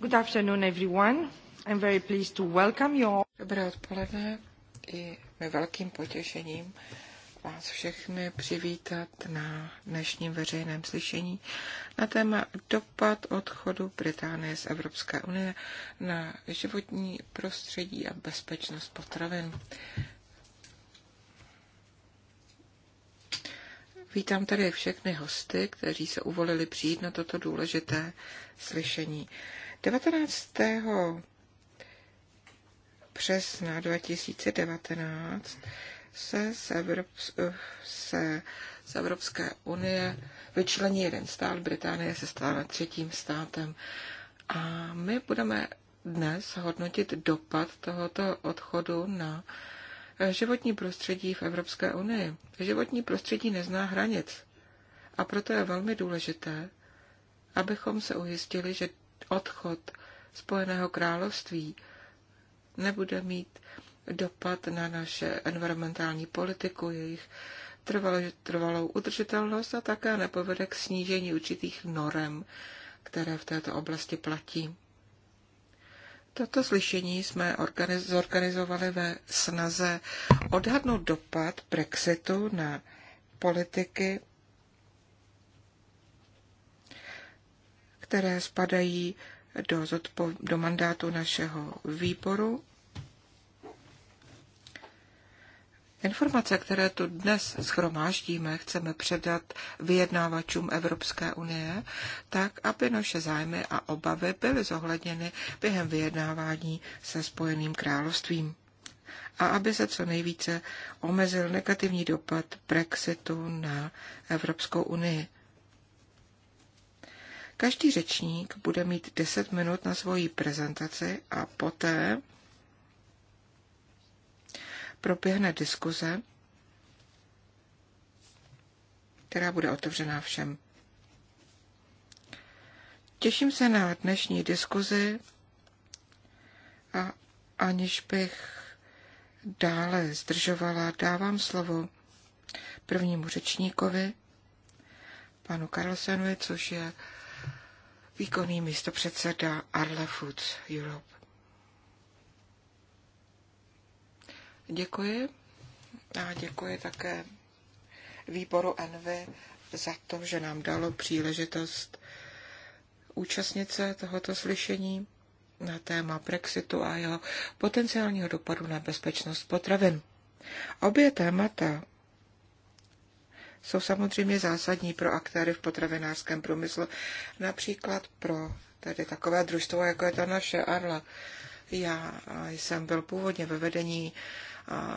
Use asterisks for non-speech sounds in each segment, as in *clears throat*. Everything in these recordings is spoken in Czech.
Good afternoon, everyone. I'm very pleased to welcome you all. Dobré odpoledne. I my velkým potěšením vás všechny přivítat na dnešním veřejném slyšení na téma dopad odchodu Británie z Evropské unie na životní prostředí a bezpečnost potravin. Vítám tady všechny hosty, kteří se uvolili přijít na toto důležité slyšení. 19. března 2019 se z, Evrops- se z Evropské unie vyčlení jeden stát, Británie se stala třetím státem. A my budeme dnes hodnotit dopad tohoto odchodu na životní prostředí v Evropské unii. Životní prostředí nezná hranic. A proto je velmi důležité, abychom se ujistili, že odchod Spojeného království nebude mít dopad na naše environmentální politiku, jejich trvalou, trvalou udržitelnost a také nepovede k snížení určitých norem, které v této oblasti platí. Toto slyšení jsme zorganizovali ve snaze odhadnout dopad Brexitu na politiky které spadají do, zodpo- do mandátu našeho výboru. Informace, které tu dnes schromáždíme, chceme předat vyjednávačům Evropské unie, tak aby naše zájmy a obavy byly zohledněny během vyjednávání se Spojeným královstvím a aby se co nejvíce omezil negativní dopad Brexitu na Evropskou unii. Každý řečník bude mít 10 minut na svoji prezentaci a poté proběhne diskuze, která bude otevřená všem. Těším se na dnešní diskuzi a aniž bych dále zdržovala, dávám slovo prvnímu řečníkovi, panu Karlsenovi, což je výkonný místopředseda Arla Foods Europe. Děkuji a děkuji také výboru Envy za to, že nám dalo příležitost účastnit se tohoto slyšení na téma Brexitu a jeho potenciálního dopadu na bezpečnost potravin. Obě témata jsou samozřejmě zásadní pro aktéry v potravinářském průmyslu, například pro tady takové družstvo, jako je ta naše Arla. Já jsem byl původně ve vedení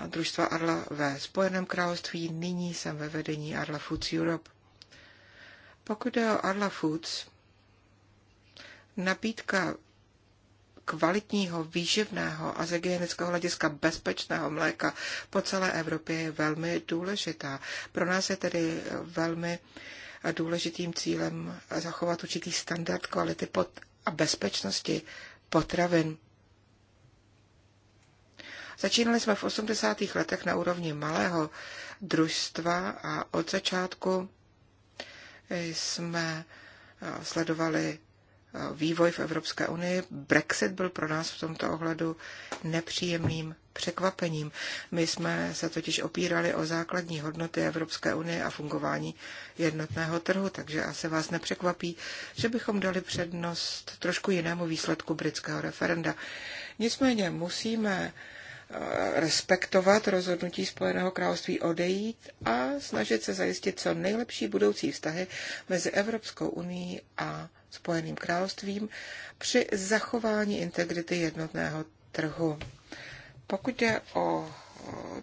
družstva Arla ve Spojeném království, nyní jsem ve vedení Arla Foods Europe. Pokud jde o Arla Foods, nabídka kvalitního, výživného a z hygienického hlediska bezpečného mléka po celé Evropě je velmi důležitá. Pro nás je tedy velmi důležitým cílem zachovat určitý standard kvality pot a bezpečnosti potravin. Začínali jsme v 80. letech na úrovni malého družstva a od začátku jsme sledovali vývoj v Evropské unii. Brexit byl pro nás v tomto ohledu nepříjemným překvapením. My jsme se totiž opírali o základní hodnoty Evropské unie a fungování jednotného trhu, takže asi vás nepřekvapí, že bychom dali přednost trošku jinému výsledku britského referenda. Nicméně musíme respektovat rozhodnutí Spojeného království odejít a snažit se zajistit co nejlepší budoucí vztahy mezi Evropskou unii a Spojeným královstvím při zachování integrity jednotného trhu. Pokud jde o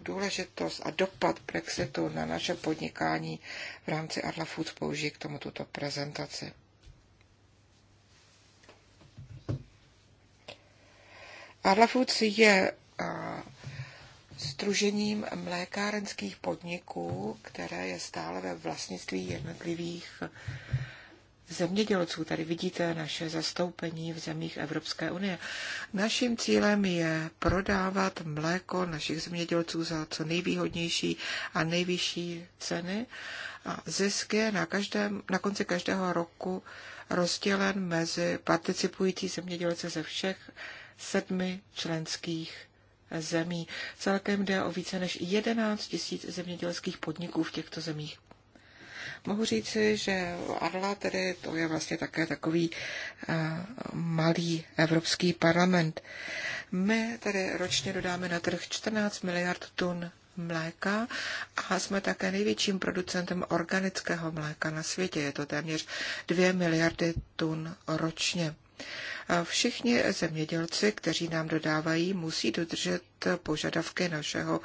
důležitost a dopad Brexitu na naše podnikání v rámci Arla Foods, použijí k tomu tuto prezentaci. Arla Foods je stružením mlékárenských podniků, které je stále ve vlastnictví jednotlivých zemědělců. Tady vidíte naše zastoupení v zemích Evropské unie. Naším cílem je prodávat mléko našich zemědělců za co nejvýhodnější a nejvyšší ceny a zisk je na, každém, na konci každého roku rozdělen mezi participující zemědělce ze všech sedmi členských zemí. Celkem jde o více než 11 tisíc zemědělských podniků v těchto zemích. Mohu říci, že Arla tedy to je vlastně také takový eh, malý evropský parlament. My tedy ročně dodáme na trh 14 miliard tun mléka a jsme také největším producentem organického mléka na světě. Je to téměř 2 miliardy tun ročně. Všichni zemědělci, kteří nám dodávají, musí dodržet požadavky našeho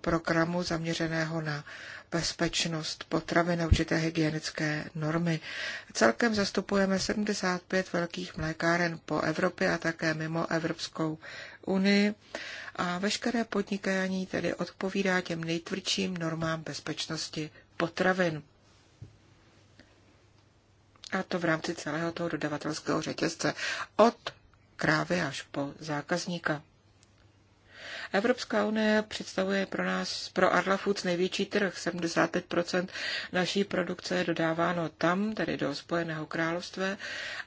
programu zaměřeného na bezpečnost potravy na určité hygienické normy. Celkem zastupujeme 75 velkých mlékáren po Evropě a také mimo Evropskou unii a veškeré podnikání tedy odpovídá těm nejtvrdším normám bezpečnosti potravin a to v rámci celého toho dodavatelského řetězce od krávy až po zákazníka. Evropská unie představuje pro nás, pro Arla Foods největší trh. 75% naší produkce je dodáváno tam, tedy do Spojeného království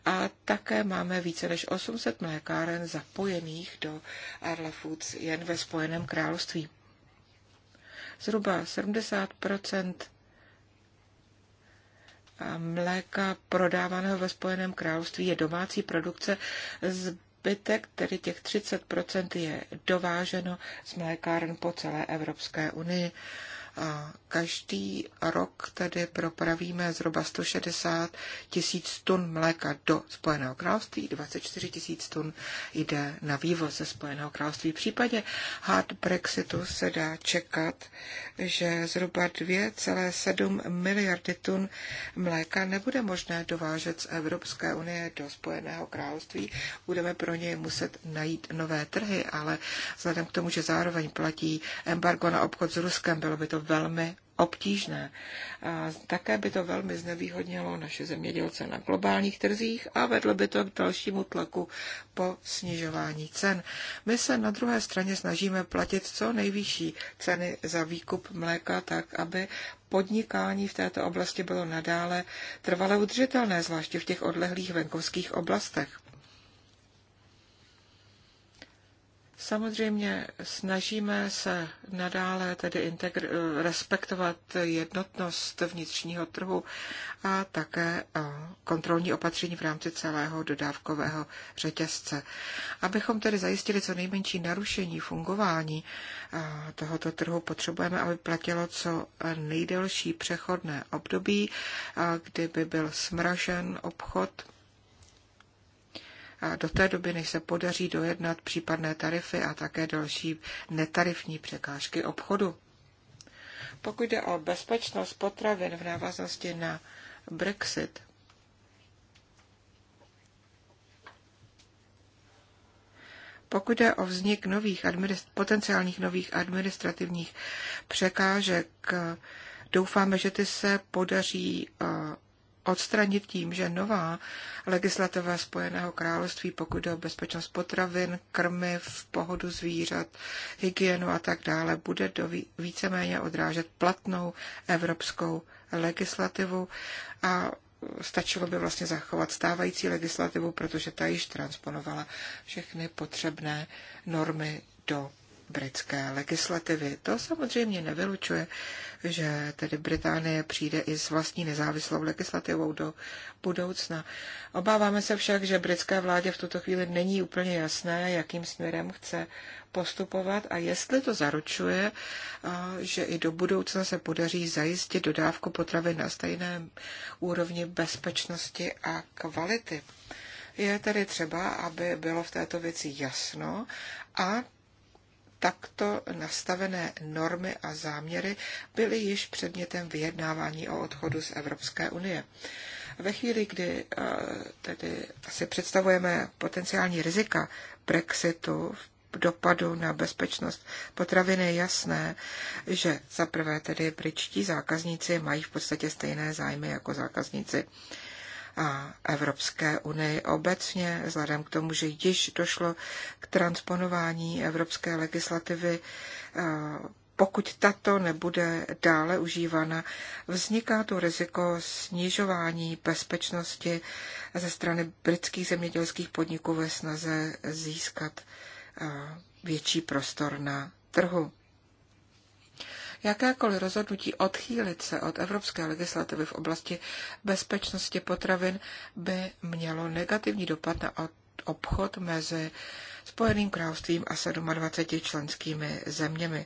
a také máme více než 800 mlékáren zapojených do Arla Foods jen ve Spojeném království. Zhruba 70 mléka prodávaného ve Spojeném království je domácí produkce z zbytek, tedy těch 30 je dováženo z mlékáren po celé Evropské unii. Každý rok tedy propravíme zhruba 160 tisíc tun mléka do Spojeného království, 24 tisíc tun jde na vývoz ze Spojeného království. V případě hard Brexitu se dá čekat, že zhruba 2,7 miliardy tun mléka nebude možné dovážet z Evropské unie do Spojeného království. Budeme pro něj muset najít nové trhy, ale vzhledem k tomu, že zároveň platí embargo na obchod s Ruskem, bylo by to velmi obtížné. A také by to velmi znevýhodnilo naše zemědělce na globálních trzích a vedlo by to k dalšímu tlaku po snižování cen. My se na druhé straně snažíme platit co nejvyšší ceny za výkup mléka tak, aby podnikání v této oblasti bylo nadále trvale udržitelné, zvláště v těch odlehlých venkovských oblastech. Samozřejmě snažíme se nadále tedy integr- respektovat jednotnost vnitřního trhu a také kontrolní opatření v rámci celého dodávkového řetězce. Abychom tedy zajistili co nejmenší narušení fungování tohoto trhu, potřebujeme, aby platilo co nejdelší přechodné období, kdyby byl smražen obchod a do té doby, než se podaří dojednat případné tarify a také další netarifní překážky obchodu. Pokud jde o bezpečnost potravin v návaznosti na Brexit, Pokud jde o vznik nových potenciálních nových administrativních překážek, doufáme, že ty se podaří eh, odstranit tím, že nová legislativa Spojeného království, pokud jde o bezpečnost potravin, krmiv, pohodu zvířat, hygienu a tak dále, bude do víceméně odrážet platnou evropskou legislativu a stačilo by vlastně zachovat stávající legislativu, protože ta již transponovala všechny potřebné normy do britské legislativy. To samozřejmě nevylučuje, že tedy Británie přijde i s vlastní nezávislou legislativou do budoucna. Obáváme se však, že britské vládě v tuto chvíli není úplně jasné, jakým směrem chce postupovat a jestli to zaručuje, že i do budoucna se podaří zajistit dodávku potravy na stejné úrovni bezpečnosti a kvality. Je tedy třeba, aby bylo v této věci jasno a takto nastavené normy a záměry byly již předmětem vyjednávání o odchodu z Evropské unie. Ve chvíli, kdy eh, tedy si představujeme potenciální rizika Brexitu v dopadu na bezpečnost potravin je jasné, že zaprvé tedy britští zákazníci mají v podstatě stejné zájmy jako zákazníci a Evropské unii obecně, vzhledem k tomu, že již došlo k transponování evropské legislativy eh, pokud tato nebude dále užívána, vzniká tu riziko snižování bezpečnosti ze strany britských zemědělských podniků ve snaze získat eh, větší prostor na trhu. Jakékoliv rozhodnutí odchýlit se od evropské legislativy v oblasti bezpečnosti potravin by mělo negativní dopad na obchod mezi Spojeným královstvím a 27 členskými zeměmi.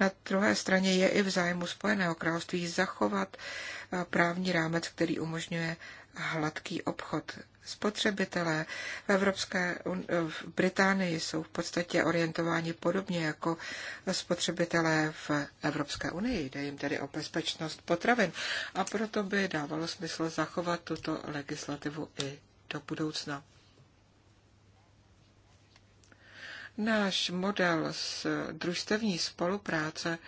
Na druhé straně je i v zájmu Spojeného království zachovat eh, právní rámec, který umožňuje hladký obchod. Spotřebitelé v Evropské v Británii jsou v podstatě orientováni podobně jako spotřebitelé v Evropské unii. Jde jim tedy o bezpečnost potravin. A proto by dávalo smysl zachovat tuto legislativu i do budoucna. Náš model s družstevní spolupráce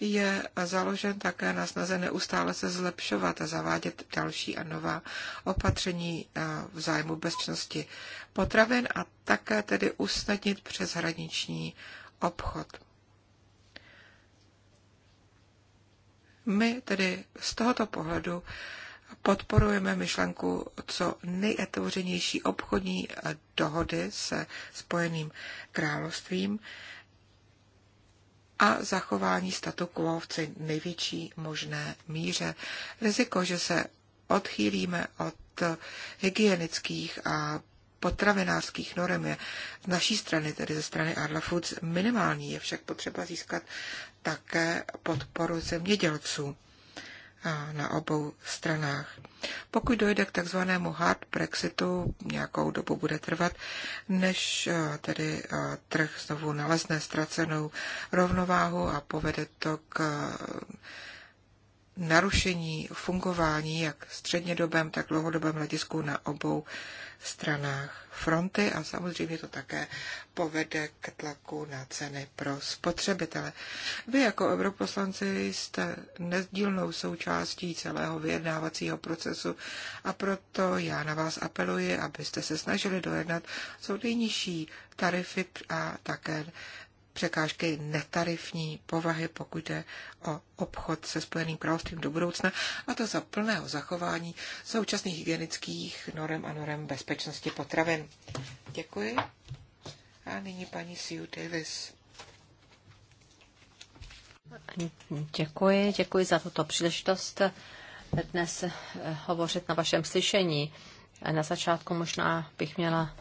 je založen také na snaze neustále se zlepšovat a zavádět další a nová opatření v zájmu bezpečnosti potravin a také tedy usnadnit přeshraniční obchod. My tedy z tohoto pohledu podporujeme myšlenku co nejetvořenější obchodní eh, dohody se Spojeným královstvím a zachování statu quo v co největší možné míře. Riziko, že se odchýlíme od hygienických a potravinářských norem je z naší strany, tedy ze strany Adla Foods, minimální. Je však potřeba získat také podporu zemědělců na obou stranách. Pokud dojde k takzvanému hard Brexitu, nějakou dobu bude trvat, než eh, tedy eh, trh znovu nalezne ztracenou rovnováhu a povede to k eh, narušení fungování jak v střednědobém, tak dlouhodobém hledisku na obou stranách fronty a samozřejmě to také povede k tlaku na ceny pro spotřebitele. Vy jako europoslanci jste nezdílnou součástí celého vyjednávacího procesu a proto já na vás apeluji, abyste se snažili dojednat co nejnižší tarify a také překážky netarifní povahy, pokud jde o obchod se Spojeným královstvím do budoucna, a to za plného zachování současných hygienických norem a norem bezpečnosti potravin. Děkuji. A nyní paní Sue Davis. Děkuji, děkuji za tuto příležitost dnes hovořit na vašem slyšení. Na začátku možná bych měla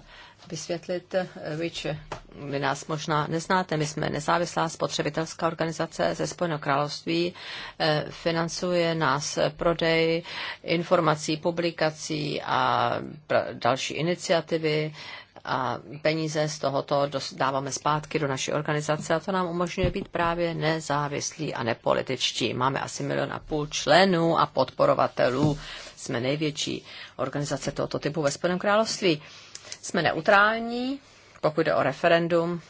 vysvětlit, Rich, eh, vy nás možná neznáte, my jsme nezávislá spotřebitelská organizace ze Spojeného království, eh, financuje nás prodej informací, publikací a další iniciativy a peníze z tohoto dáváme zpátky do naší organizace a to nám umožňuje být právě nezávislí a nepolitičtí. Máme asi milion a půl členů a podporovatelů. Jsme největší organizace tohoto typu ve Spojeném království jsme neutrální, pokud jde o referendum,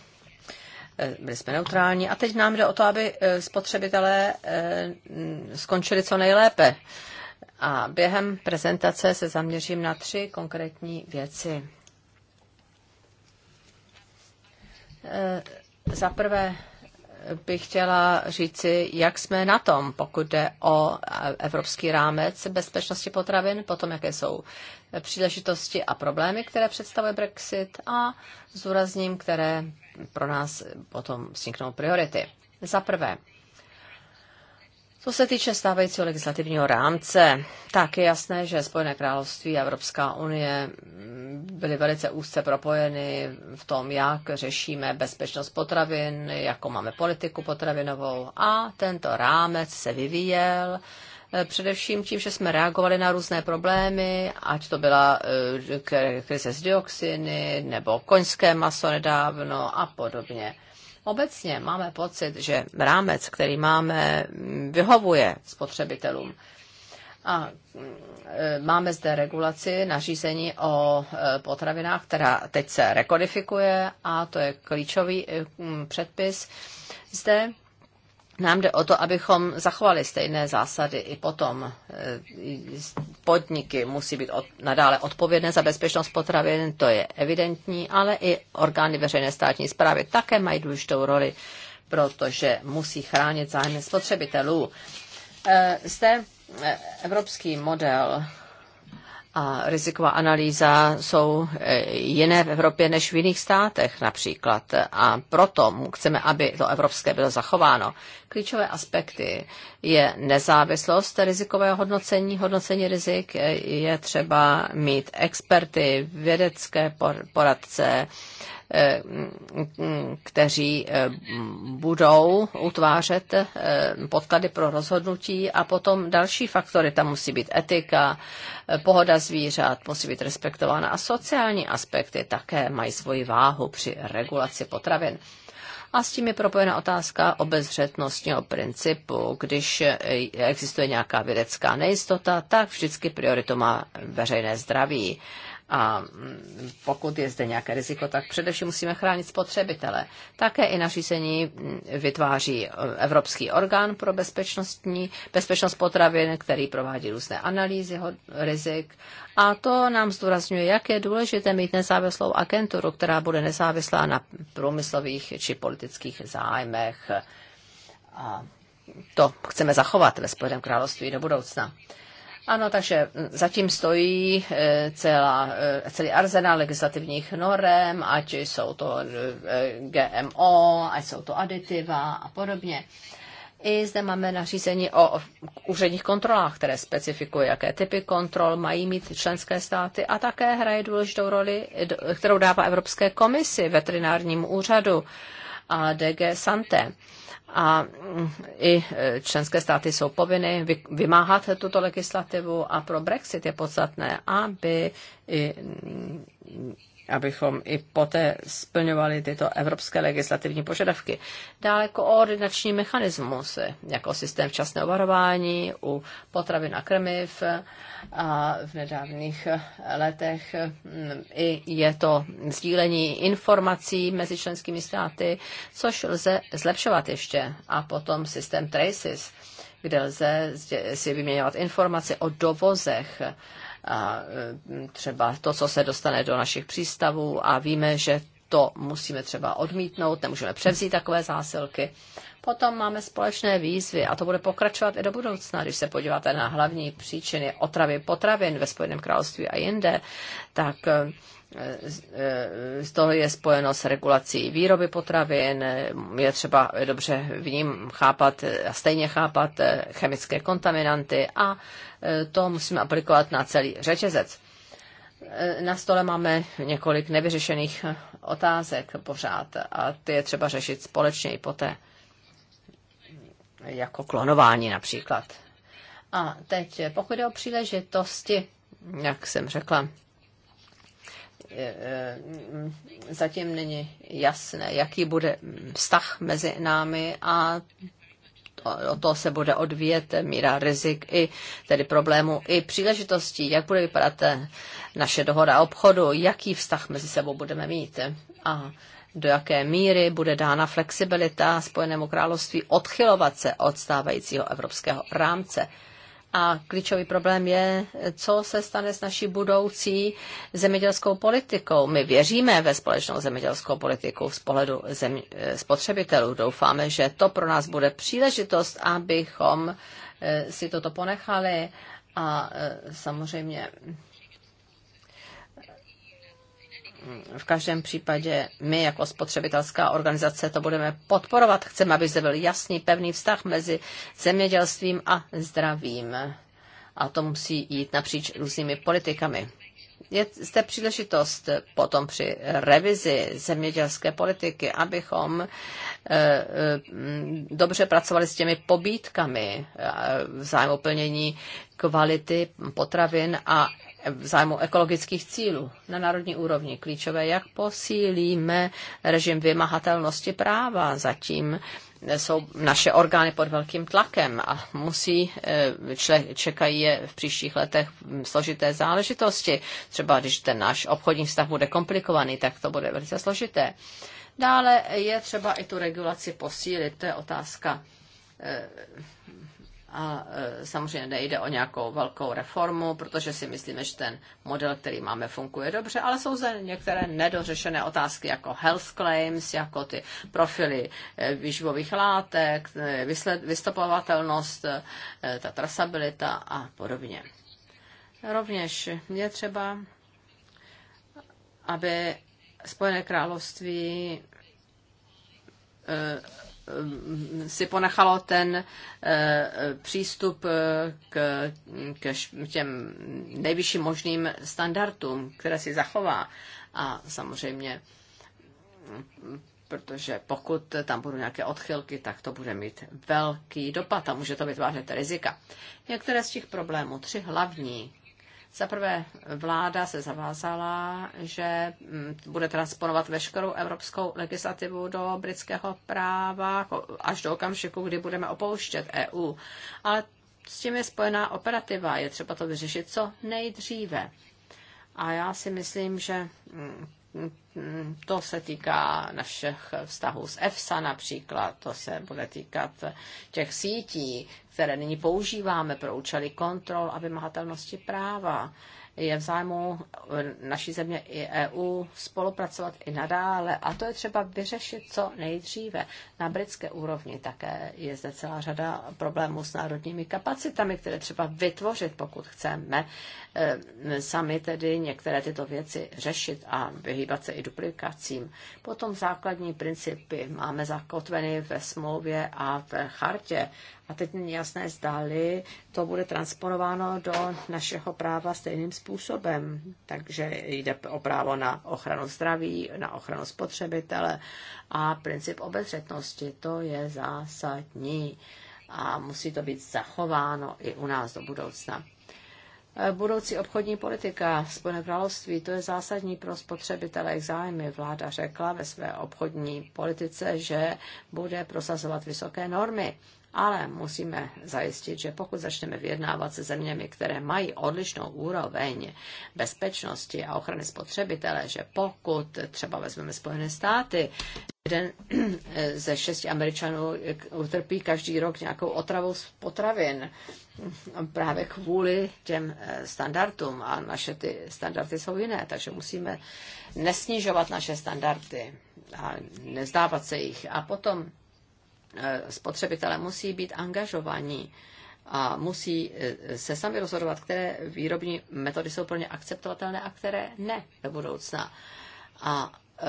eh, byli jsme neutrální a teď nám jde o to, aby eh, spotřebitelé eh, skončili co nejlépe. A během prezentace se zaměřím na tři konkrétní věci. Za prvé bych chtěla říci, jak jsme na tom, pokud jde o evropský rámec bezpečnosti potravin, potom jaké jsou příležitosti a problémy, které představuje Brexit a zúrazním, které pro nás potom vzniknou priority. Za prvé, co se týče stávajícího legislativního rámce, tak je jasné, že Spojené království a Evropská unie byly velice úzce propojeny v tom, jak řešíme bezpečnost potravin, jakou máme politiku potravinovou a tento rámec se vyvíjel Eh, především tím, že jsme reagovali na různé problémy, ať to byla eh, krize z dioxiny nebo koňské maso nedávno a podobně. Obecně máme pocit, že rámec, který máme, mm, vyhovuje spotřebitelům. A eh, máme zde regulaci nařízení o potravinách, která teď se rekodifikuje a to je klíčový mm, předpis. Zde nám jde o to, abychom zachovali stejné zásady i potom. E, podniky musí být od, nadále odpovědné za bezpečnost potravin, to je evidentní, ale i orgány veřejné státní zprávy také mají důležitou roli, protože musí chránit zájmy spotřebitelů. E, zde e, evropský model a riziková analýza jsou jiné v Evropě než v jiných státech například. A proto chceme, aby to evropské bylo zachováno. Klíčové aspekty je nezávislost rizikového hodnocení, hodnocení rizik, je třeba mít experty, vědecké poradce, eh, kteří eh, budou utvářet eh, podklady pro rozhodnutí a potom další faktory, tam musí být etika, pohoda zvířat, musí být respektována a sociální aspekty také mají svoji váhu při regulaci potravin. A s tím je propojena otázka obezřetnostního principu. Když eh, existuje nějaká vědecká nejistota, tak vždycky prioritu má veřejné zdraví a mm, pokud je zde nějaké riziko, tak především musíme chránit spotřebitele. Také i nařízení mm, vytváří e, Evropský orgán pro bezpečnostní, bezpečnost potravin, který provádí různé analýzy rizik. A to nám zdůrazňuje, jak je důležité mít nezávislou agenturu, která bude nezávislá na průmyslových či politických zájmech. A to chceme zachovat ve Spojeném království do budoucna. Ano, takže zatím stojí e, celá, e, celý arzenál legislativních norem, ať jsou to e, GMO, ať jsou to aditiva a podobně. I zde máme nařízení o úředních kontrolách, které specifikuje, jaké typy kontrol mají mít členské státy a také hraje důležitou roli, kterou dává Evropské komisi, veterinárnímu úřadu a DG Santé. A mm, i e, členské státy jsou povinny vymáhat tuto legislativu a pro Brexit je podstatné, aby i abychom i poté splňovali tyto evropské legislativní požadavky. Dále koordinační mechanismus, jako systém včasného varování u potravin a krmiv a v nedávných letech mm, i je to sdílení informací mezi členskými státy, což lze zlepšovat ještě. A potom systém Traces, kde lze si vyměňovat informace o dovozech a e, třeba to, co se dostane do našich přístavů a víme, že to musíme třeba odmítnout, nemůžeme převzít takové zásilky. Potom máme společné výzvy a to bude pokračovat i do budoucna. Když se podíváte na hlavní příčiny otravy potravin ve Spojeném království a jinde, tak e, Eh, z toho je spojeno s regulací výroby potravin, je třeba dobře v ním chápat a stejně chápat eh, chemické kontaminanty a eh, to musíme aplikovat na celý řetězec. Na stole máme několik nevyřešených otázek pořád a ty je třeba řešit společně i poté, jako klonování například. A teď, pokud je o příležitosti, jak jsem řekla, Eh, eh, zatím není jasné, jaký bude vztah mezi námi a o to se bude odvíjet míra rizik i tedy problémů i příležitostí, jak bude vypadat naše dohoda obchodu, jaký vztah mezi sebou budeme mít a do jaké míry bude dána flexibilita Spojenému království odchylovat se od stávajícího evropského rámce. A klíčový problém je, co se stane s naší budoucí zemědělskou politikou. My věříme ve společnou zemědělskou politiku z pohledu zem, eh, spotřebitelů. Doufáme, že to pro nás bude příležitost, abychom eh, si toto ponechali. A eh, samozřejmě v každém případě my jako spotřebitelská organizace to budeme podporovat. Chceme, aby zde byl jasný, pevný vztah mezi zemědělstvím a zdravím. A to musí jít napříč různými politikami. Je zde příležitost potom při revizi zemědělské politiky, abychom eh, eh, dobře pracovali s těmi pobítkami eh, v zájmu plnění kvality potravin a v zájmu ekologických cílů na národní úrovni. Klíčové, jak posílíme režim vymahatelnosti práva. Zatím jsou naše orgány pod velkým tlakem a musí, eh, čekají je v příštích letech složité záležitosti. Třeba když ten náš obchodní vztah bude komplikovaný, tak to bude velice složité. Dále je třeba i tu regulaci posílit, to je otázka eh, a e, samozřejmě nejde o nějakou velkou reformu, protože si myslíme, že ten model, který máme, funguje dobře, ale jsou zde některé nedořešené otázky, jako health claims, jako ty profily e, výživových látek, e, vystupovatelnost, ta trasabilita a podobně. Rovněž je třeba, aby Spojené království Eh, si ponechalo ten eh, přístup eh, k, k těm nejvyšším možným standardům, které si zachová. A samozřejmě, protože pokud tam budou nějaké odchylky, tak to bude mít velký dopad a může to vytvářet rizika. Některé z těch problémů, tři hlavní, za prvé, vláda se zavázala, že mm, bude transponovat veškerou evropskou legislativu do britského práva jako až do okamžiku, kdy budeme opouštět EU. Ale s tím je spojená operativa, je třeba to vyřešit co nejdříve. A já si myslím, že mm, to se týká našich vztahů s EFSA například, to se bude týkat těch sítí, které nyní používáme pro účely kontrol a vymahatelnosti práva je v zájmu eh, naší země i EU spolupracovat i nadále a to je třeba vyřešit co nejdříve. Na britské úrovni také je zde celá řada problémů s národními kapacitami, které třeba vytvořit, pokud chceme eh, sami tedy některé tyto věci řešit a vyhýbat se i duplikacím. Potom základní principy máme zakotveny ve smlouvě a v chartě a teď není jasné, zdali to bude transponováno do našeho práva stejným způsobem. Takže jde o právo na ochranu zdraví, na ochranu spotřebitele a princip obezřetnosti. To je zásadní a musí to být zachováno i u nás do budoucna. Budoucí obchodní politika Spojeného království, to je zásadní pro spotřebitele jejich zájmy. Vláda řekla ve své obchodní politice, že bude prosazovat vysoké normy ale musíme zajistit, že pokud začneme vyjednávat se zeměmi, které mají odlišnou úroveň bezpečnosti a ochrany spotřebitele, že pokud třeba vezmeme Spojené státy, jeden *clears throat* ze šesti Američanů utrpí každý rok nějakou otravou z potravin právě kvůli těm eh, standardům a naše ty standardy jsou jiné, takže musíme nesnižovat naše standardy a nezdávat se jich. A potom Eh, spotřebitelé musí být angažovaní a musí eh, se sami rozhodovat, které výrobní metody jsou pro ně akceptovatelné a které ne do budoucna. A eh,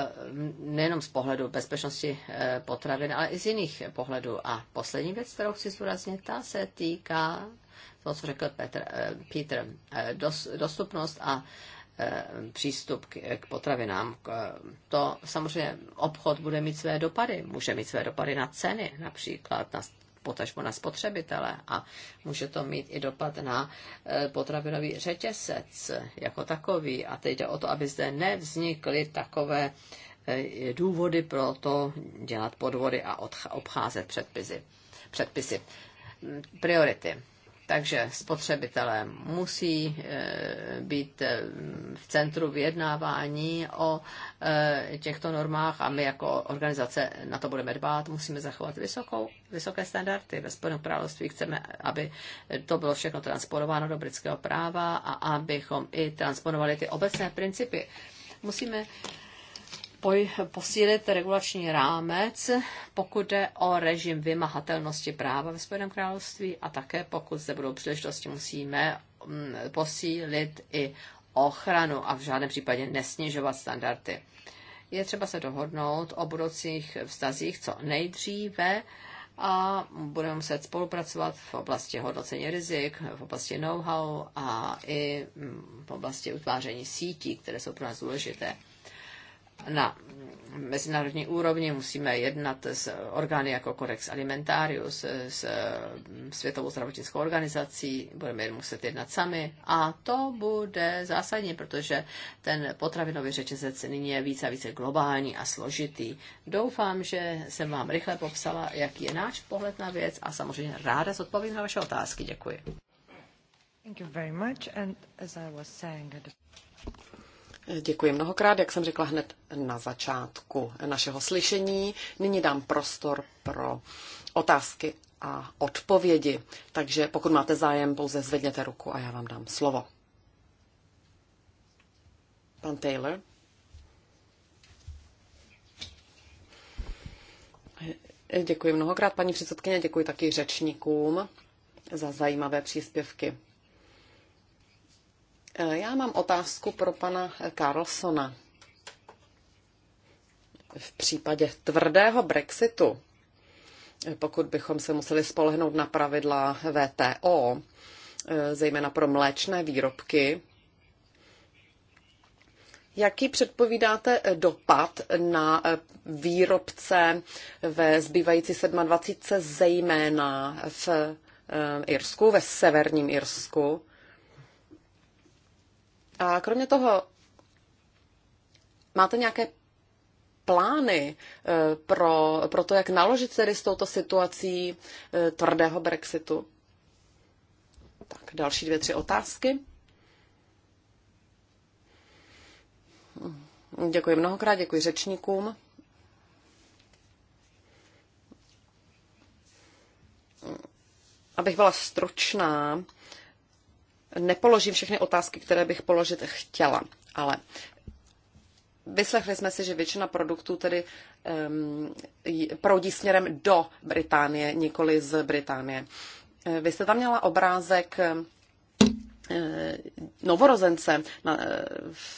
nejenom z pohledu bezpečnosti potravin, ale i z jiných pohledů. A poslední věc, kterou chci zdůraznit, ta se týká toho, co řekl Petr, Peter, dostupnost a Eh, přístup k potravinám. To samozřejmě obchod bude mít své dopady. Může mít své dopady na ceny, například na potažmo na spotřebitele a může to mít i dopad na eh, potravinový řetězec jako takový. A teď jde o to, aby zde nevznikly takové eh, důvody pro to dělat podvody a obcházet předpisy. předpisy. Priority. Takže spotřebitelé musí e, být e, v centru vyjednávání o e, těchto normách a my jako organizace na to budeme dbát. Musíme zachovat vysokou, vysoké standardy. Ve Spojeném království chceme, aby to bylo všechno transponováno do britského práva a abychom i transponovali ty obecné principy. Musíme posílit regulační rámec, pokud jde o režim vymahatelnosti práva ve Spojeném království a také pokud zde budou příležitosti, musíme mm, posílit i ochranu a v žádném případě nesnižovat standardy. Je třeba se dohodnout o budoucích vztazích co nejdříve a budeme muset spolupracovat v oblasti hodnocení rizik, v oblasti know-how a i mm, v oblasti utváření sítí, které jsou pro nás důležité na mezinárodní úrovni musíme jednat s orgány jako Corex Alimentarius, s Světovou zdravotnickou organizací, budeme jen muset jednat sami a to bude zásadní, protože ten potravinový řetězec nyní je více a více globální a složitý. Doufám, že jsem vám rychle popsala, jaký je náš pohled na věc a samozřejmě ráda zodpovím na vaše otázky. Děkuji. Thank you very much and as I was saying... Děkuji mnohokrát, jak jsem řekla hned na začátku našeho slyšení. Nyní dám prostor pro otázky a odpovědi. Takže pokud máte zájem, pouze zvedněte ruku a já vám dám slovo. Pan Taylor. Děkuji mnohokrát, paní předsedkyně, děkuji taky řečníkům za zajímavé příspěvky. Eh, já mám otázku pro pana Carlsona. V případě tvrdého Brexitu, eh, pokud bychom se museli spolehnout na pravidla VTO, eh, zejména pro mléčné výrobky, Jaký předpovídáte dopad na výrobce ve zbývající 27, zejména v Irsku, ve severním Irsku? A kromě toho, máte nějaké plány e, pro, pro to, jak naložit tedy s touto situací e, tvrdého Brexitu? Tak další dvě, tři otázky. Děkuji mnohokrát, děkuji řečníkům. Abych byla stručná, nepoložím všechny otázky, které bych položit chtěla, ale vyslechli jsme si, že většina produktů tedy um, proudí směrem do Británie, nikoli z Británie. Eh, vy jste tam měla obrázek eh, novorozence eh,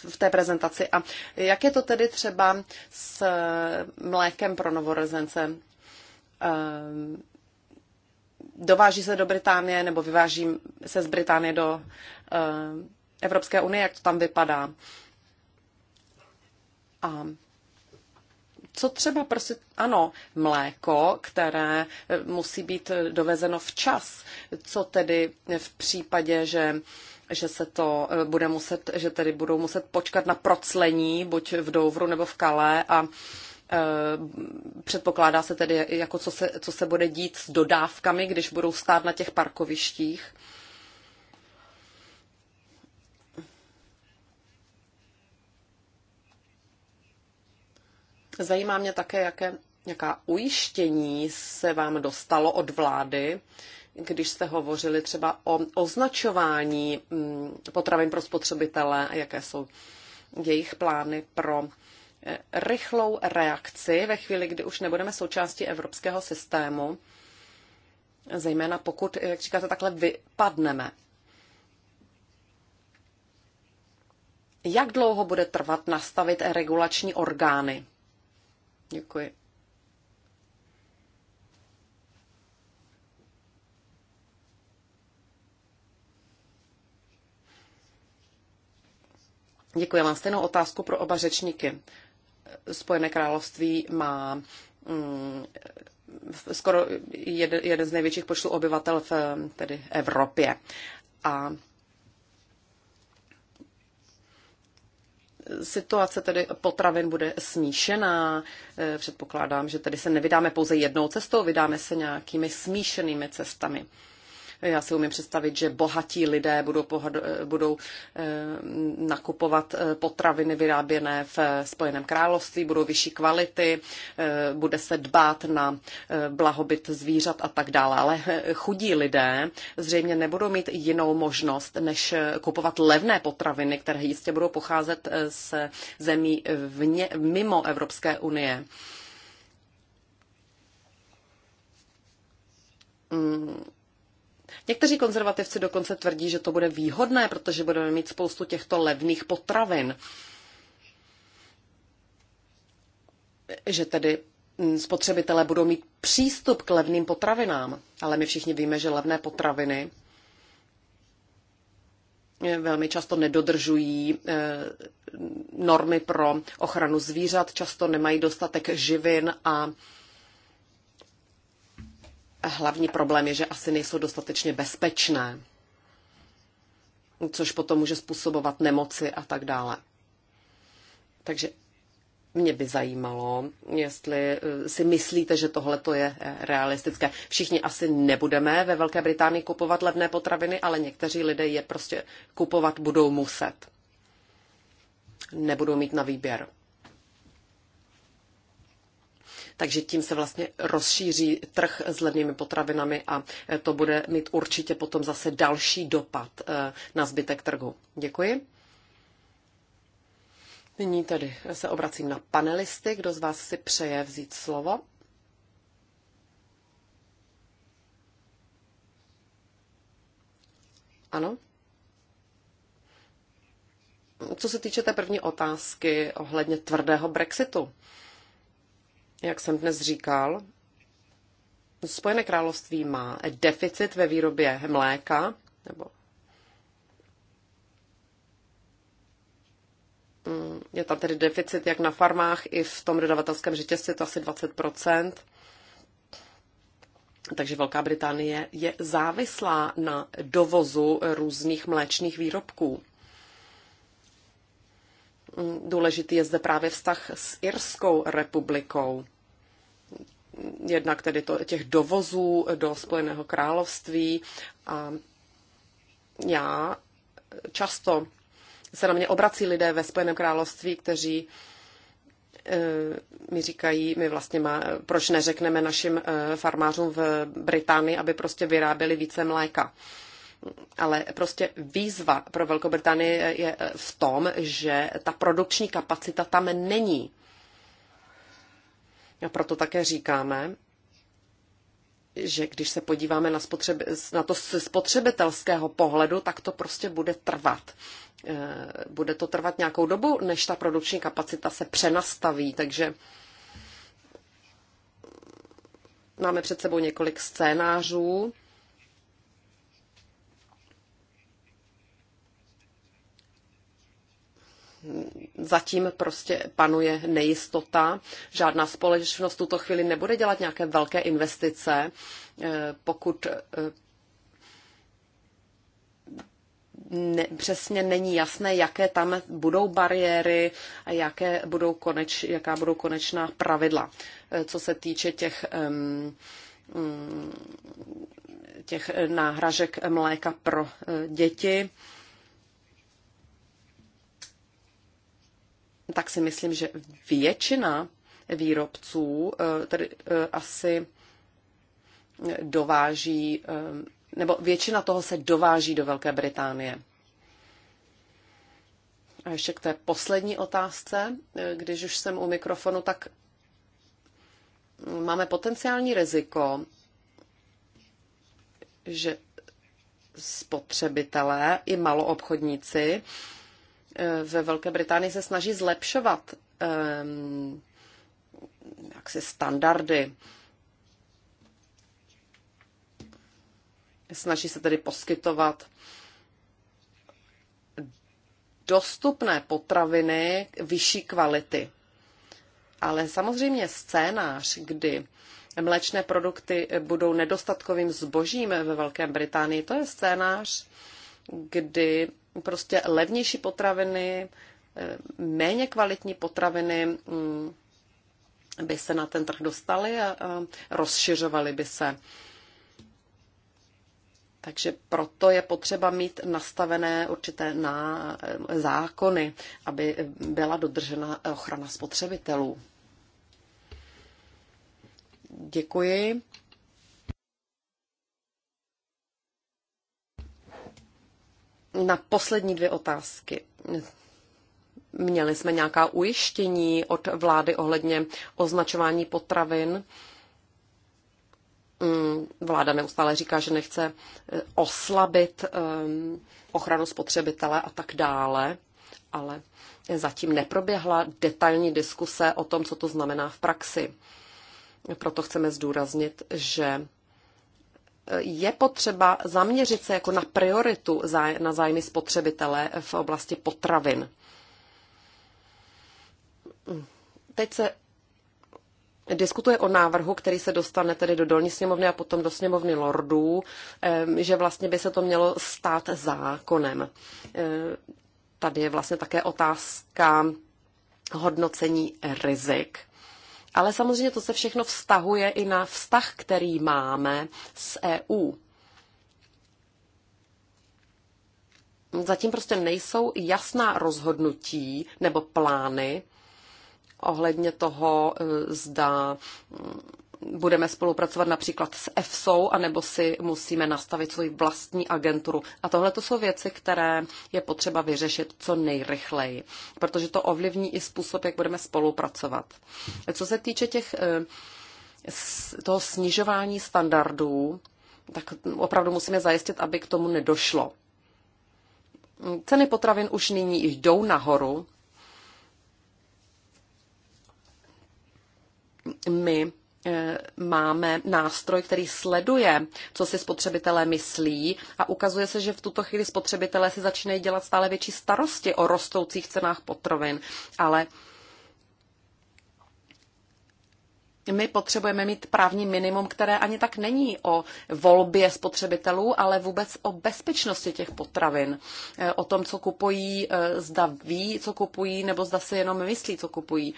v té prezentaci. A jak je to tedy třeba s mlékem pro novorozence? dováží se do Británie nebo vyváží se z Británie do eh, Evropské unie, jak to tam vypadá. A co třeba prostě, ano, mléko, které eh, musí být eh, dovezeno včas, co tedy v případě, že že se to bude muset, že tedy budou muset počkat na proclení, buď v Douvru nebo v Kalé a Eh, předpokládá se tedy, jako co, se, co se bude dít s dodávkami, když budou stát na těch parkovištích. Zajímá mě také, jaké, jaká ujištění se vám dostalo od vlády, když jste hovořili třeba o označování mm, potravin pro spotřebitele a jaké jsou jejich plány pro rychlou reakci ve chvíli, kdy už nebudeme součástí evropského systému, zejména pokud, jak říkáte, takhle vypadneme. Jak dlouho bude trvat nastavit regulační orgány? Děkuji. Děkuji. Já mám stejnou otázku pro oba řečníky. Spojené království má mm, skoro jeden, jeden z největších počtů obyvatel v tedy Evropě. A situace tedy potravin bude smíšená. E, předpokládám, že tedy se nevydáme pouze jednou cestou, vydáme se nějakými smíšenými cestami. Já si umím představit, že bohatí lidé budou, pohod- eh, budou eh, nakupovat eh, potraviny vyráběné v Spojeném království, budou vyšší kvality, bude se dbát na blahobyt zvířat a tak dále. Ale chudí lidé zřejmě nebudou mít jinou možnost, než kupovat levné potraviny, které jistě budou pocházet z zemí vně, mimo Evropské unie. Mm Někteří konzervativci dokonce tvrdí, že to bude výhodné, protože budeme mít spoustu těchto levných potravin. Že tedy spotřebitelé budou mít přístup k levným potravinám, ale my všichni víme, že levné potraviny velmi často nedodržují eh, normy pro ochranu zvířat, často nemají dostatek živin a Hlavní problém je, že asi nejsou dostatečně bezpečné, což potom může způsobovat nemoci a tak dále. Takže mě by zajímalo, jestli eh, si myslíte, že tohle to je eh, realistické. Všichni asi nebudeme ve Velké Británii kupovat levné potraviny, ale někteří lidé je prostě kupovat budou muset. Nebudou mít na výběr takže tím se vlastně rozšíří trh s levnými potravinami a eh, to bude mít určitě potom zase další dopad eh, na zbytek trhu. Děkuji. Nyní tedy se obracím na panelisty. Kdo z vás si přeje vzít slovo? Ano? Co se týče té první otázky ohledně tvrdého Brexitu, jak jsem dnes říkal, Spojené království má deficit ve výrobě mléka, nebo mm, je tam tedy deficit jak na farmách, i v tom dodavatelském řetězci, to asi 20%. Takže Velká Británie je závislá na dovozu různých mléčných výrobků. Důležitý je zde právě vztah s Irskou republikou. Jednak tedy to, těch dovozů do Spojeného království. A já často se na mě obrací lidé ve Spojeném království, kteří eh, mi říkají, my vlastně má, proč neřekneme našim eh, farmářům v Británii, aby prostě vyráběli více mléka ale prostě výzva pro Velkou Británii je eh, v tom, že ta produkční kapacita tam není. A proto také říkáme, že když se podíváme na, spotřeby, na to z spotřebitelského pohledu, tak to prostě bude trvat. Eh, bude to trvat nějakou dobu, než ta produkční kapacita se přenastaví, takže máme před sebou několik scénářů. zatím prostě panuje nejistota. Žádná společnost tuto chvíli nebude dělat nějaké velké investice, eh, pokud eh, ne, přesně není jasné, jaké tam budou bariéry a jaké budou koneč, jaká budou konečná pravidla, eh, co se týče těch, mm, těch náhražek mléka pro děti. No tak si myslím, že většina výrobců eh, tedy eh, asi eh, dováží, nebo většina toho se dováží do Velké Británie. A ještě k té poslední otázce, když už jsem u mikrofonu, tak máme potenciální riziko, že spotřebitelé i maloobchodníci Eh, ve Velké Británii se snaží zlepšovat um, jaksi standardy. Snaží se tedy poskytovat dostupné potraviny vyšší kvality. Ale samozřejmě scénář, kdy mléčné produkty budou nedostatkovým zbožím ve Velké Británii, to je scénář, kdy prostě levnější potraviny, eh, méně kvalitní potraviny mm, by se na ten trh dostaly a rozšiřovaly by se. Takže proto je potřeba mít nastavené určité na eh, zákony, aby byla dodržena ochrana spotřebitelů. Děkuji. na poslední dvě otázky. Měli jsme nějaká ujištění od vlády ohledně označování potravin. Mm, vláda neustále říká, že nechce eh, oslabit ehm, ochranu spotřebitele a tak dále, ale zatím neproběhla detailní diskuse o tom, co to znamená v praxi. Proto chceme zdůraznit, že je potřeba zaměřit se jako na prioritu na zájmy spotřebitele v oblasti potravin. Teď se diskutuje o návrhu, který se dostane tedy do dolní sněmovny a potom do sněmovny lordů, že vlastně by se to mělo stát zákonem. Tady je vlastně také otázka hodnocení rizik. Ale samozřejmě to se všechno vztahuje i na vztah, který máme s EU. Zatím prostě nejsou jasná rozhodnutí nebo plány ohledně toho, eh, zda mm, budeme spolupracovat například s EFSou, anebo si musíme nastavit svoji vlastní agenturu. A tohle to jsou věci, které je potřeba vyřešit co nejrychleji, protože to ovlivní i způsob, jak budeme spolupracovat. Co se týče těch, eh, toho snižování standardů, tak opravdu musíme zajistit, aby k tomu nedošlo. Ceny potravin už nyní jdou nahoru. My E, máme nástroj, který sleduje, co si spotřebitelé myslí a ukazuje se, že v tuto chvíli spotřebitelé si začínají dělat stále větší starosti o rostoucích cenách potravin, ale my potřebujeme mít právní minimum, které ani tak není o volbě spotřebitelů, ale vůbec o bezpečnosti těch potravin, e, o tom, co kupují, e, zda ví, co kupují, nebo zda si jenom myslí, co kupují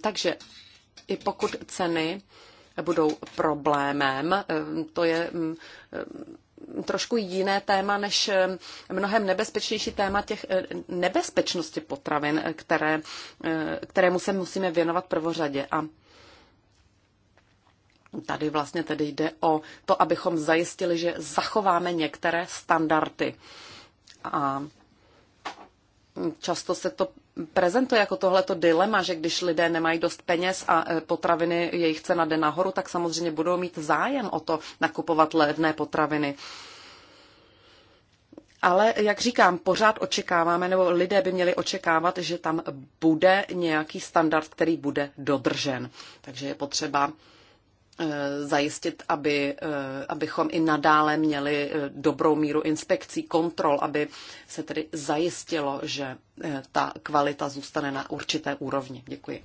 Takže i pokud ceny budou problémem, eh, to je mm, eh, trošku jiné téma než eh, mnohem nebezpečnější téma těch nebezpečnosti potravin, které, kterému se musíme věnovat prvořadě. A tady vlastně tedy jde o to, abychom zajistili, že zachováme některé standardy. A Často se to prezentuje jako tohleto dilema, že když lidé nemají dost peněz a e, potraviny, jejich cena jde nahoru, tak samozřejmě budou mít zájem o to nakupovat levné potraviny. Ale jak říkám, pořád očekáváme, nebo lidé by měli očekávat, že tam bude nějaký standard, který bude dodržen. Takže je potřeba Eh, zajistit, aby, eh, abychom i nadále měli eh, dobrou míru inspekcí, kontrol, aby se tedy zajistilo, že ta kvalita zůstane na určité úrovni. Děkuji.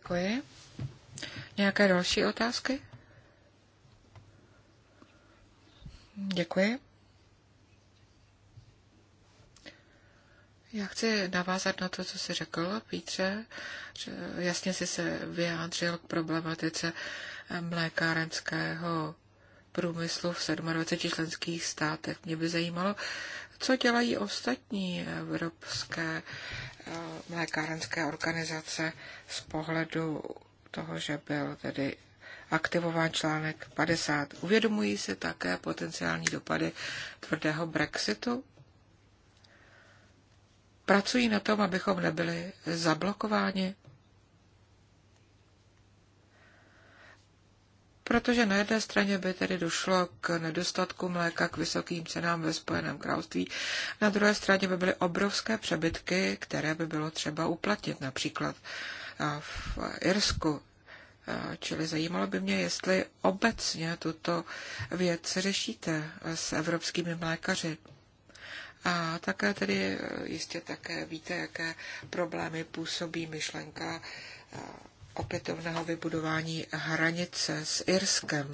Děkuji. Nějaké další otázky? Děkuji. Já chci navázat na to, co jsi řekl, Pítře. Jasně jsi se vyjádřil k problematice eh, mlékárenského průmyslu v 27 členských státech. Mě by zajímalo, co dělají ostatní evropské eh, mlékárenské organizace z pohledu toho, že byl tedy aktivován článek 50. Uvědomují se také potenciální dopady tvrdého Brexitu? pracují na tom, abychom nebyli zablokováni. Protože na jedné straně by tedy došlo k nedostatku mléka, k vysokým cenám ve Spojeném království, na druhé straně by byly obrovské přebytky, které by bylo třeba uplatit, například v Irsku. Čili zajímalo by mě, jestli obecně tuto věc řešíte s evropskými mlékaři. A také tedy eh, jistě také víte, jaké problémy působí myšlenka eh, opětovného vybudování hranice s Irskem.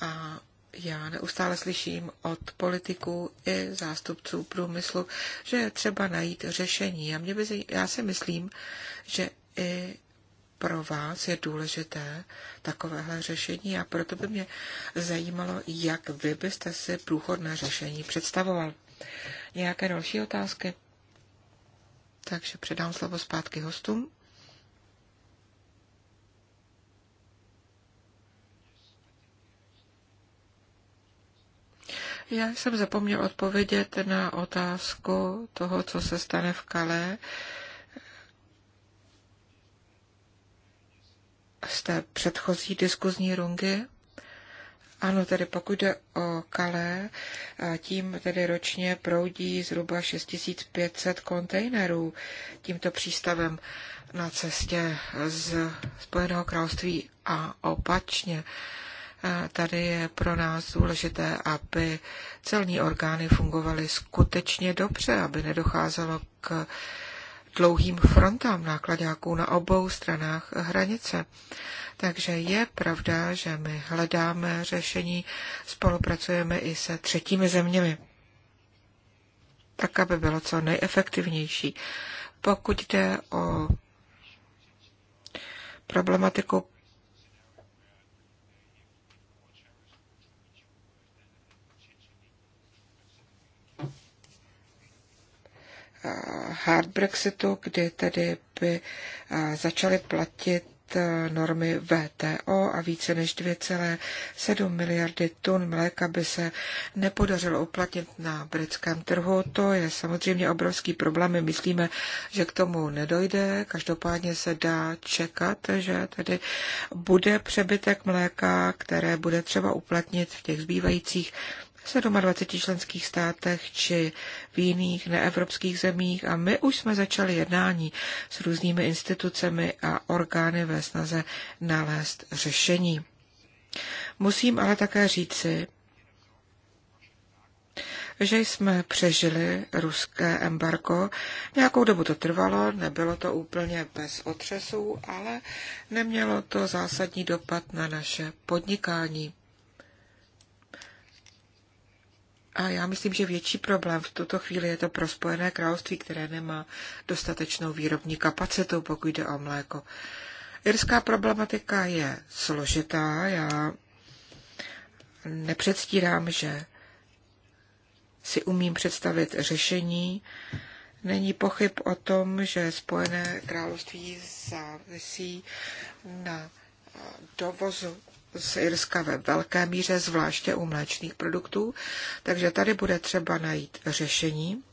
A já neustále slyším od politiků i zástupců průmyslu, že je třeba najít řešení. A mě by, já si myslím, že i pro vás je důležité takovéhle řešení a proto by mě zajímalo, jak vy byste si průchodné řešení představoval. Nějaké další otázky? Takže předám slovo zpátky hostům. Já jsem zapomněl odpovědět na otázku toho, co se stane v Kalé. Z té předchozí diskuzní rungy. Ano, tedy pokud jde o Kalé, eh, tím tedy ročně proudí zhruba 6500 kontejnerů tímto přístavem na cestě z Spojeného království a opačně. Eh, tady je pro nás důležité, aby celní orgány fungovaly skutečně dobře, aby nedocházelo k dlouhým frontám nákladáků na obou stranách hranice. Takže je pravda, že my hledáme řešení, spolupracujeme i se třetími zeměmi, tak aby bylo co nejefektivnější. Pokud jde o problematiku hard Brexitu, kdy tedy by začaly platit Eh, normy VTO a více než 2,7 miliardy tun mléka by se nepodařilo uplatnit na britském trhu. To je samozřejmě obrovský problém. My myslíme, že k tomu nedojde. Každopádně se dá čekat, že tedy bude přebytek mléka, které bude třeba uplatnit v těch zbývajících v 27 členských státech či v jiných neevropských zemích a my už jsme začali jednání s různými institucemi a orgány ve snaze nalézt řešení. Musím ale také říci, že jsme přežili ruské embargo. Nějakou dobu to trvalo, nebylo to úplně bez otřesů, ale nemělo to zásadní dopad na naše podnikání. A já myslím, že větší problém v tuto chvíli je to pro Spojené království, které nemá dostatečnou výrobní kapacitu, pokud jde o mléko. Irská problematika je složitá. Já nepředstírám, že si umím představit řešení. Není pochyb o tom, že Spojené království závisí na dovozu z Irska ve velké míře, zvláště u mléčných produktů, takže tady bude třeba najít řešení.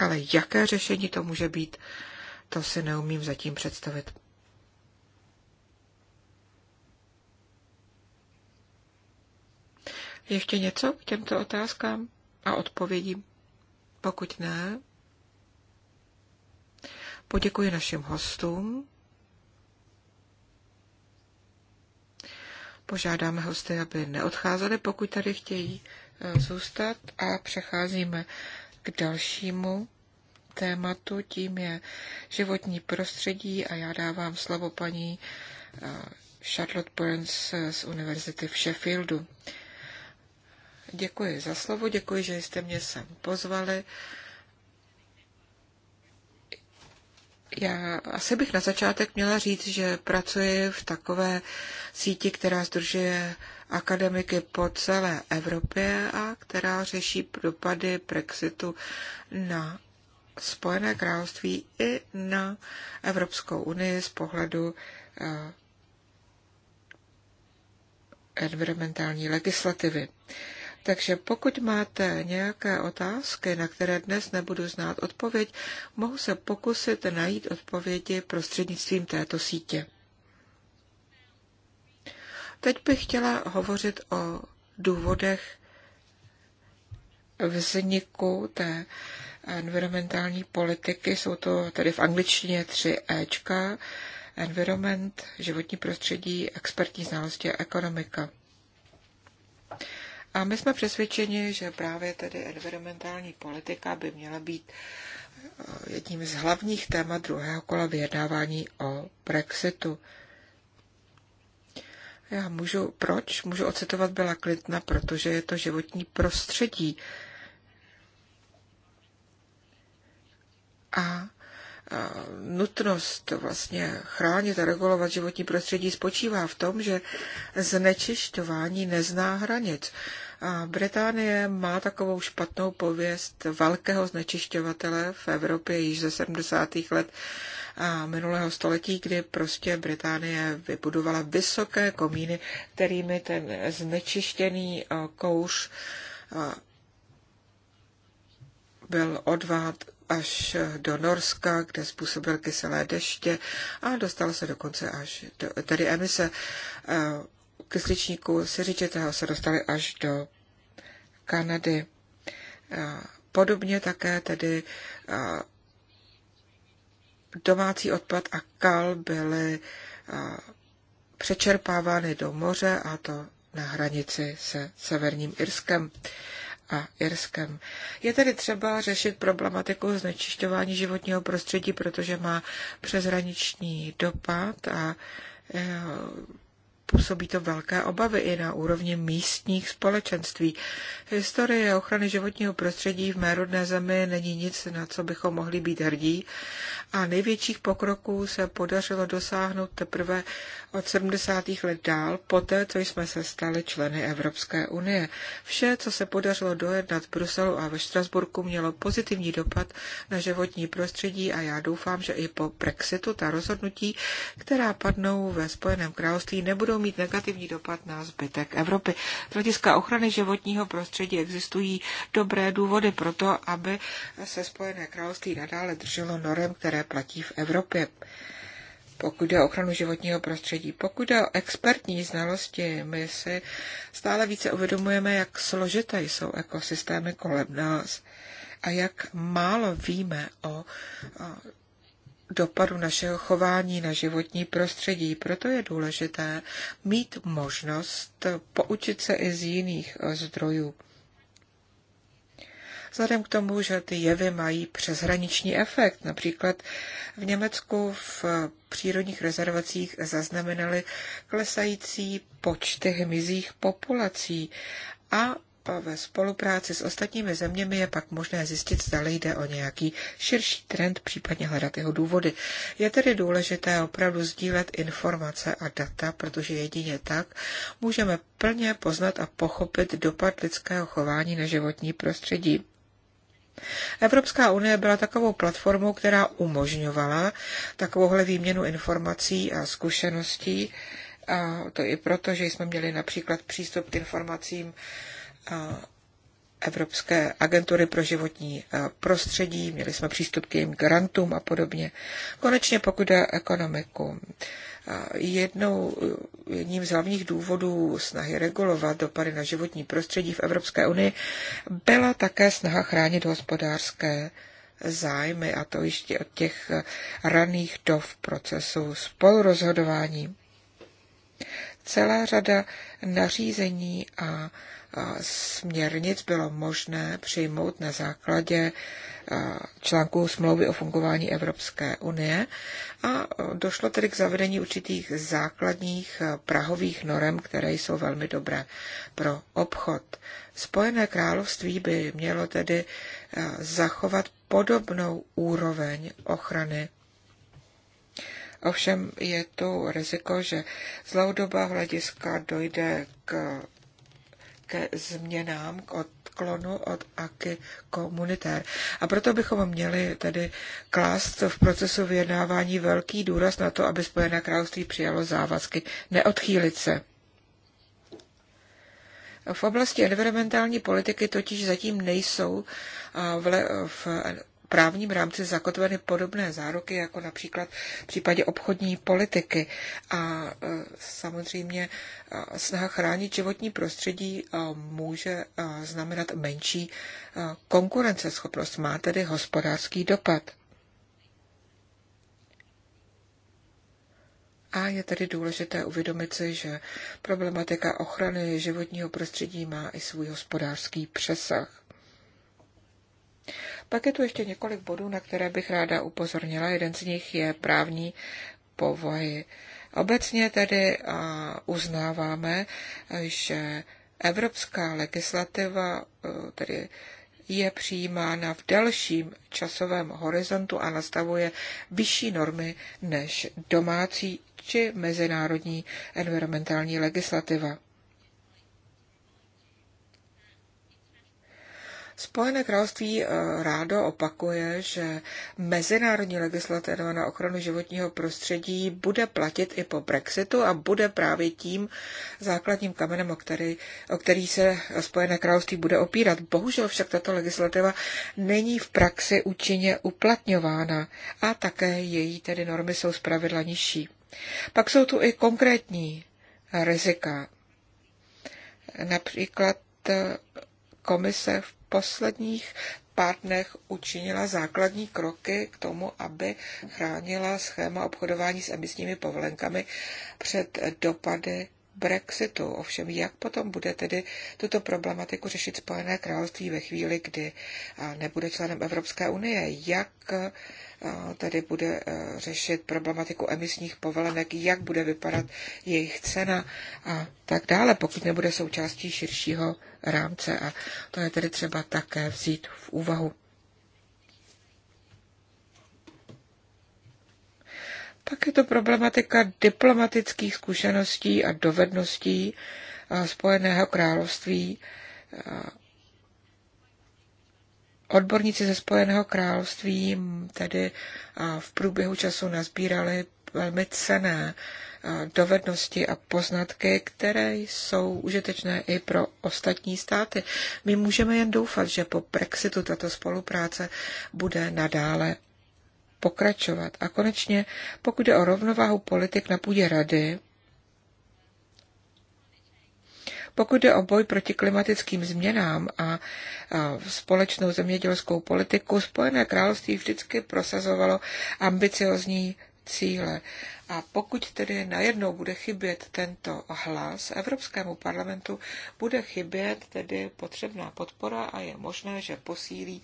Ale jaké řešení to může být, to si neumím zatím představit. Ještě něco k těmto otázkám a odpovědím? Pokud ne, poděkuji našim hostům Požádáme hosty, aby neodcházeli, pokud tady chtějí e, zůstat a přecházíme k dalšímu tématu, tím je životní prostředí a já dávám slovo paní e, Charlotte Burns z Univerzity v Sheffieldu. Děkuji za slovo, děkuji, že jste mě sem pozvali. Já asi bych na začátek měla říct, že pracuji v takové síti, která združuje akademiky po celé Evropě a která řeší dopady Brexitu na Spojené království i na Evropskou unii z pohledu eh, environmentální legislativy. Takže pokud máte nějaké otázky, na které dnes nebudu znát odpověď, mohu se pokusit najít odpovědi prostřednictvím této sítě. Teď bych chtěla hovořit o důvodech vzniku té environmentální politiky. Jsou to tady v angličtině tři Ečka. Environment, životní prostředí, expertní znalosti a ekonomika. A my jsme přesvědčeni, že právě tedy environmentální politika by měla být eh, jedním z hlavních témat druhého kola vyjednávání o Brexitu. Já můžu, proč? Můžu ocitovat byla Clintona, protože je to životní prostředí. A nutnost vlastně chránit a regulovat životní prostředí spočívá v tom, že znečišťování nezná hranic. Británie má takovou špatnou pověst velkého znečišťovatele v Evropě již ze 70. let minulého století, kdy prostě Británie vybudovala vysoké komíny, kterými ten znečištěný eh, kouř eh, byl odvád až eh, do Norska, kde způsobil kyselé deště a dostal se dokonce až do, tedy emise kysličníku siřičitého se dostali až do Kanady. Podobně také tedy domácí odpad a kal byly přečerpávány do moře a to na hranici se severním Irskem a Irskem. Je tedy třeba řešit problematiku znečišťování životního prostředí, protože má přeshraniční dopad a e, působí to velké obavy i na úrovni místních společenství. Historie ochrany životního prostředí v mé rodné zemi není nic, na co bychom mohli být hrdí a největších pokroků se podařilo dosáhnout teprve od 70. let dál, poté, co jsme se stali členy Evropské unie. Vše, co se podařilo dojednat v Bruselu a ve Štrasburku, mělo pozitivní dopad na životní prostředí a já doufám, že i po Brexitu ta rozhodnutí, která padnou ve Spojeném království, nebudou mít negativní dopad na zbytek Evropy. Z hlediska ochrany životního prostředí existují dobré důvody pro to, aby se Spojené království nadále drželo norem, které platí v Evropě pokud jde o ochranu životního prostředí. Pokud jde o expertní znalosti, my si stále více uvědomujeme, jak složité jsou ekosystémy kolem nás a jak málo víme o, o dopadu našeho chování na životní prostředí. Proto je důležité mít možnost poučit se i z jiných eh, zdrojů. Vzhledem k tomu, že ty jevy mají přeshraniční efekt, například v Německu v eh, přírodních rezervacích zaznamenaly klesající počty hmyzích populací a ve spolupráci s ostatními zeměmi je pak možné zjistit, zda jde o nějaký širší trend, případně hledat jeho důvody. Je tedy důležité opravdu sdílet informace a data, protože jedině tak můžeme plně poznat a pochopit dopad lidského chování na životní prostředí. Evropská unie byla takovou platformou, která umožňovala takovouhle výměnu informací a zkušeností, a to i proto, že jsme měli například přístup k informacím Evropské agentury pro životní prostředí, měli jsme přístup k jejím grantům a podobně. Konečně pokud jde ekonomiku, jednou, jedním z hlavních důvodů snahy regulovat dopady na životní prostředí v Evropské unii byla také snaha chránit hospodářské zájmy, a to ještě od těch raných dov procesu spolurozhodování. Celá řada nařízení a směrnic bylo možné přijmout na základě článků smlouvy o fungování Evropské unie a došlo tedy k zavedení určitých základních prahových norem, které jsou velmi dobré pro obchod. Spojené království by mělo tedy zachovat podobnou úroveň ochrany Ovšem je tu riziko, že z dlouhodobého hlediska dojde k ke změnám, k odklonu od aky komunitér. A proto bychom měli tedy klást v procesu vyjednávání velký důraz na to, aby Spojené království přijalo závazky neodchýlit se. V oblasti environmentální politiky totiž zatím nejsou v, v právním rámci zakotveny podobné záruky, jako například v případě obchodní politiky. A e, samozřejmě e, snaha chránit životní prostředí e, může znamenat menší konkurenceschopnost, má tedy hospodářský dopad. A je tedy důležité uvědomit si, že problematika ochrany životního prostředí má i svůj hospodářský přesah. Pak je tu ještě několik bodů, na které bych ráda upozornila. Jeden z nich je právní povahy. Obecně tedy uznáváme, že evropská legislativa, e, tedy je přijímána v delším časovém horizontu a nastavuje vyšší normy než domácí či mezinárodní environmentální legislativa. Spojené království eh, rádo opakuje, že mezinárodní legislativa na ochranu životního prostředí bude platit i po Brexitu a bude právě tím základním kamenem, o který, o který se Spojené království bude opírat. Bohužel však tato legislativa není v praxi účinně uplatňována a také její tedy normy jsou zpravidla nižší. Pak jsou tu i konkrétní rizika. Například eh, komise v posledních pár dnech učinila základní kroky k tomu, aby chránila schéma obchodování s emisními povolenkami před dopady Brexitu. Ovšem, jak potom bude tedy tuto problematiku řešit Spojené království ve chvíli, kdy nebude členem Evropské unie? Jak tedy bude e, řešit problematiku emisních povolenek, jak bude vypadat jejich cena a tak dále, pokud nebude součástí širšího rámce. A to je tedy třeba také vzít v úvahu. Pak je to problematika diplomatických zkušeností a dovedností Spojeného království Odborníci ze Spojeného království tedy v průběhu času nazbírali velmi cené dovednosti a poznatky, které jsou užitečné i pro ostatní státy. My můžeme jen doufat, že po Brexitu tato spolupráce bude nadále pokračovat. A konečně, pokud jde o rovnováhu politik na půdě rady, pokud jde o boj proti klimatickým změnám a společnou zemědělskou politiku, Spojené království vždycky prosazovalo ambiciozní cíle. A pokud tedy najednou bude chybět tento hlas, Evropskému parlamentu bude chybět tedy potřebná podpora a je možné, že posílí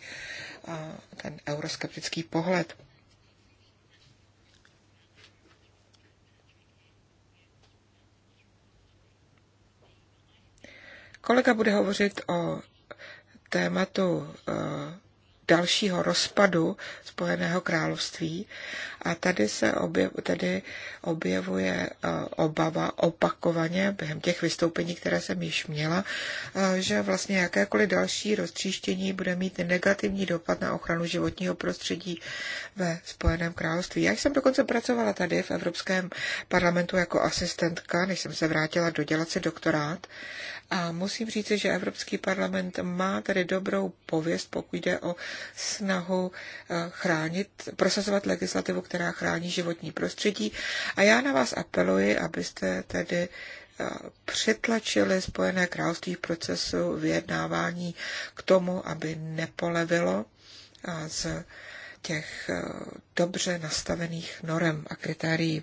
ten euroskeptický pohled. Kolega bude hovořit o tématu eh, dalšího rozpadu Spojeného království. A tady se objev, tady objevuje eh, obava opakovaně během těch vystoupení, které jsem již měla, eh, že vlastně jakékoliv další roztříštění bude mít negativní dopad na ochranu životního prostředí ve Spojeném království. Já jsem dokonce pracovala tady v Evropském parlamentu jako asistentka, než jsem se vrátila dodělat si doktorát. A musím říci, že Evropský parlament má tady dobrou pověst, pokud jde o snahu eh, chránit, prosazovat legislativu, která chrání životní prostředí. A já na vás apeluji, abyste tedy eh, přetlačili Spojené království v procesu vyjednávání k tomu, aby nepolevilo eh, z těch dobře nastavených norem a kritérií.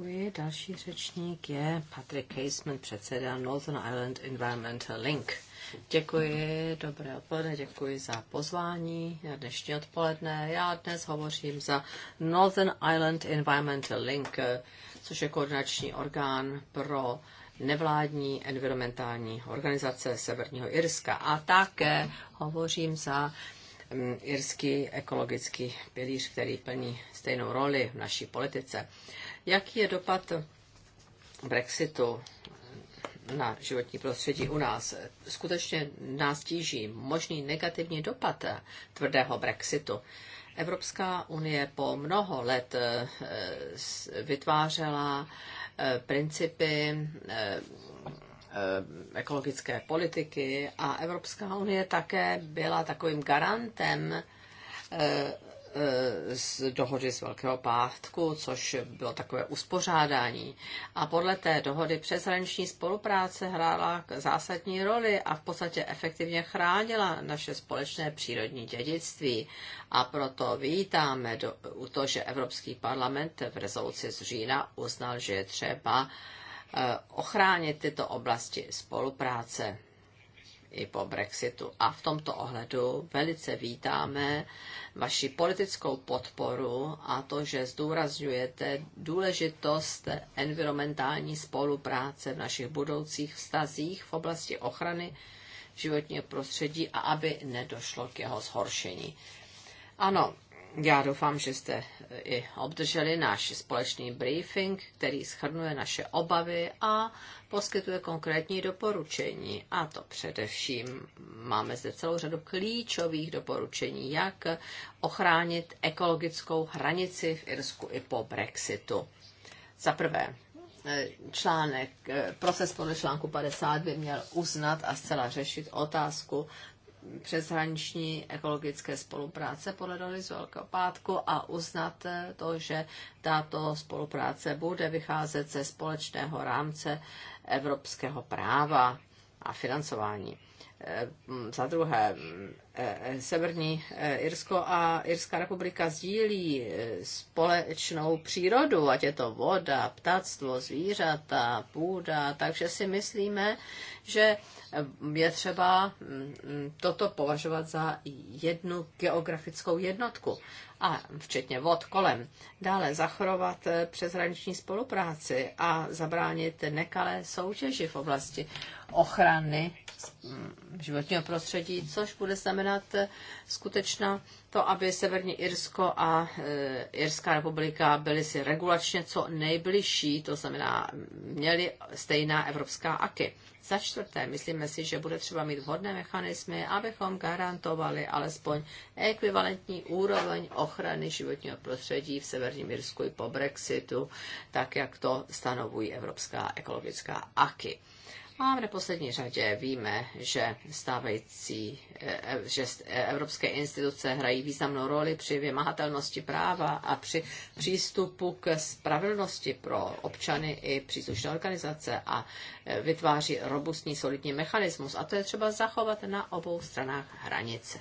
Děkuji. Další řečník je Patrick Caseman, předseda Northern Ireland Environmental Link. Děkuji, dobré odpoledne, děkuji za pozvání na dnešní odpoledne. Já dnes hovořím za Northern Ireland Environmental Link, což je koordinační orgán pro nevládní environmentální organizace Severního Irska a také hovořím za mm, irský ekologický pilíř, který plní stejnou roli v naší politice. Jaký je dopad Brexitu na životní prostředí u nás? Skutečně nás tíží možný negativní dopad tvrdého Brexitu. Evropská unie po mnoho let eh, vytvářela eh, principy eh, ekologické politiky a Evropská unie také byla takovým garantem Eh, z dohody z Velkého pátku, což bylo takové uspořádání. A podle té dohody přeshraniční spolupráce hrála zásadní roli a v podstatě efektivně chránila naše společné přírodní dědictví. A proto vítáme do, to, že Evropský parlament v rezoluci z října uznal, že je třeba eh, ochránit tyto oblasti spolupráce i po Brexitu. A v tomto ohledu velice vítáme vaši politickou podporu a to, že zdůrazňujete důležitost environmentální spolupráce v našich budoucích vztazích v oblasti ochrany životního prostředí a aby nedošlo k jeho zhoršení. Ano, já doufám, že jste i obdrželi náš společný briefing, který schrnuje naše obavy a poskytuje konkrétní doporučení. A to především máme zde celou řadu klíčových doporučení, jak ochránit ekologickou hranici v Irsku i po Brexitu. Za prvé, článek, eh, proces podle článku 50 by měl uznat a zcela řešit otázku přeshraniční ekologické spolupráce podle z Velkého pátku a uznat eh, to, že tato spolupráce bude vycházet ze společného rámce evropského práva a financování. Eh, za druhé, eh, Severní eh, Irsko a Irská republika sdílí společnou přírodu, ať je to voda, ptactvo, zvířata, půda, takže si myslíme, že je třeba mm, toto považovat za jednu geografickou jednotku a včetně vod kolem. Dále zachorovat přeshraniční spolupráci a zabránit nekalé soutěži v oblasti ochrany mm, životního prostředí, což bude znamenat eh, skutečná to, aby Severní Irsko a eh, Irská republika byly si regulačně co nejbližší, to znamená, měly stejná evropská aky. Za čtvrté, myslíme si, že bude třeba mít vhodné mechanismy, abychom garantovali alespoň ekvivalentní úroveň ochrany životního prostředí v Severním Irsku i po Brexitu, tak jak to stanovují Evropská ekologická aky. A v neposlední řadě víme, že stávající, eh, eh, že eh, evropské instituce hrají významnou roli při vymahatelnosti práva a při přístupu k spravedlnosti pro občany i příslušné organizace a vytváří robustní solidní mechanismus. A to je třeba zachovat na obou stranách hranice.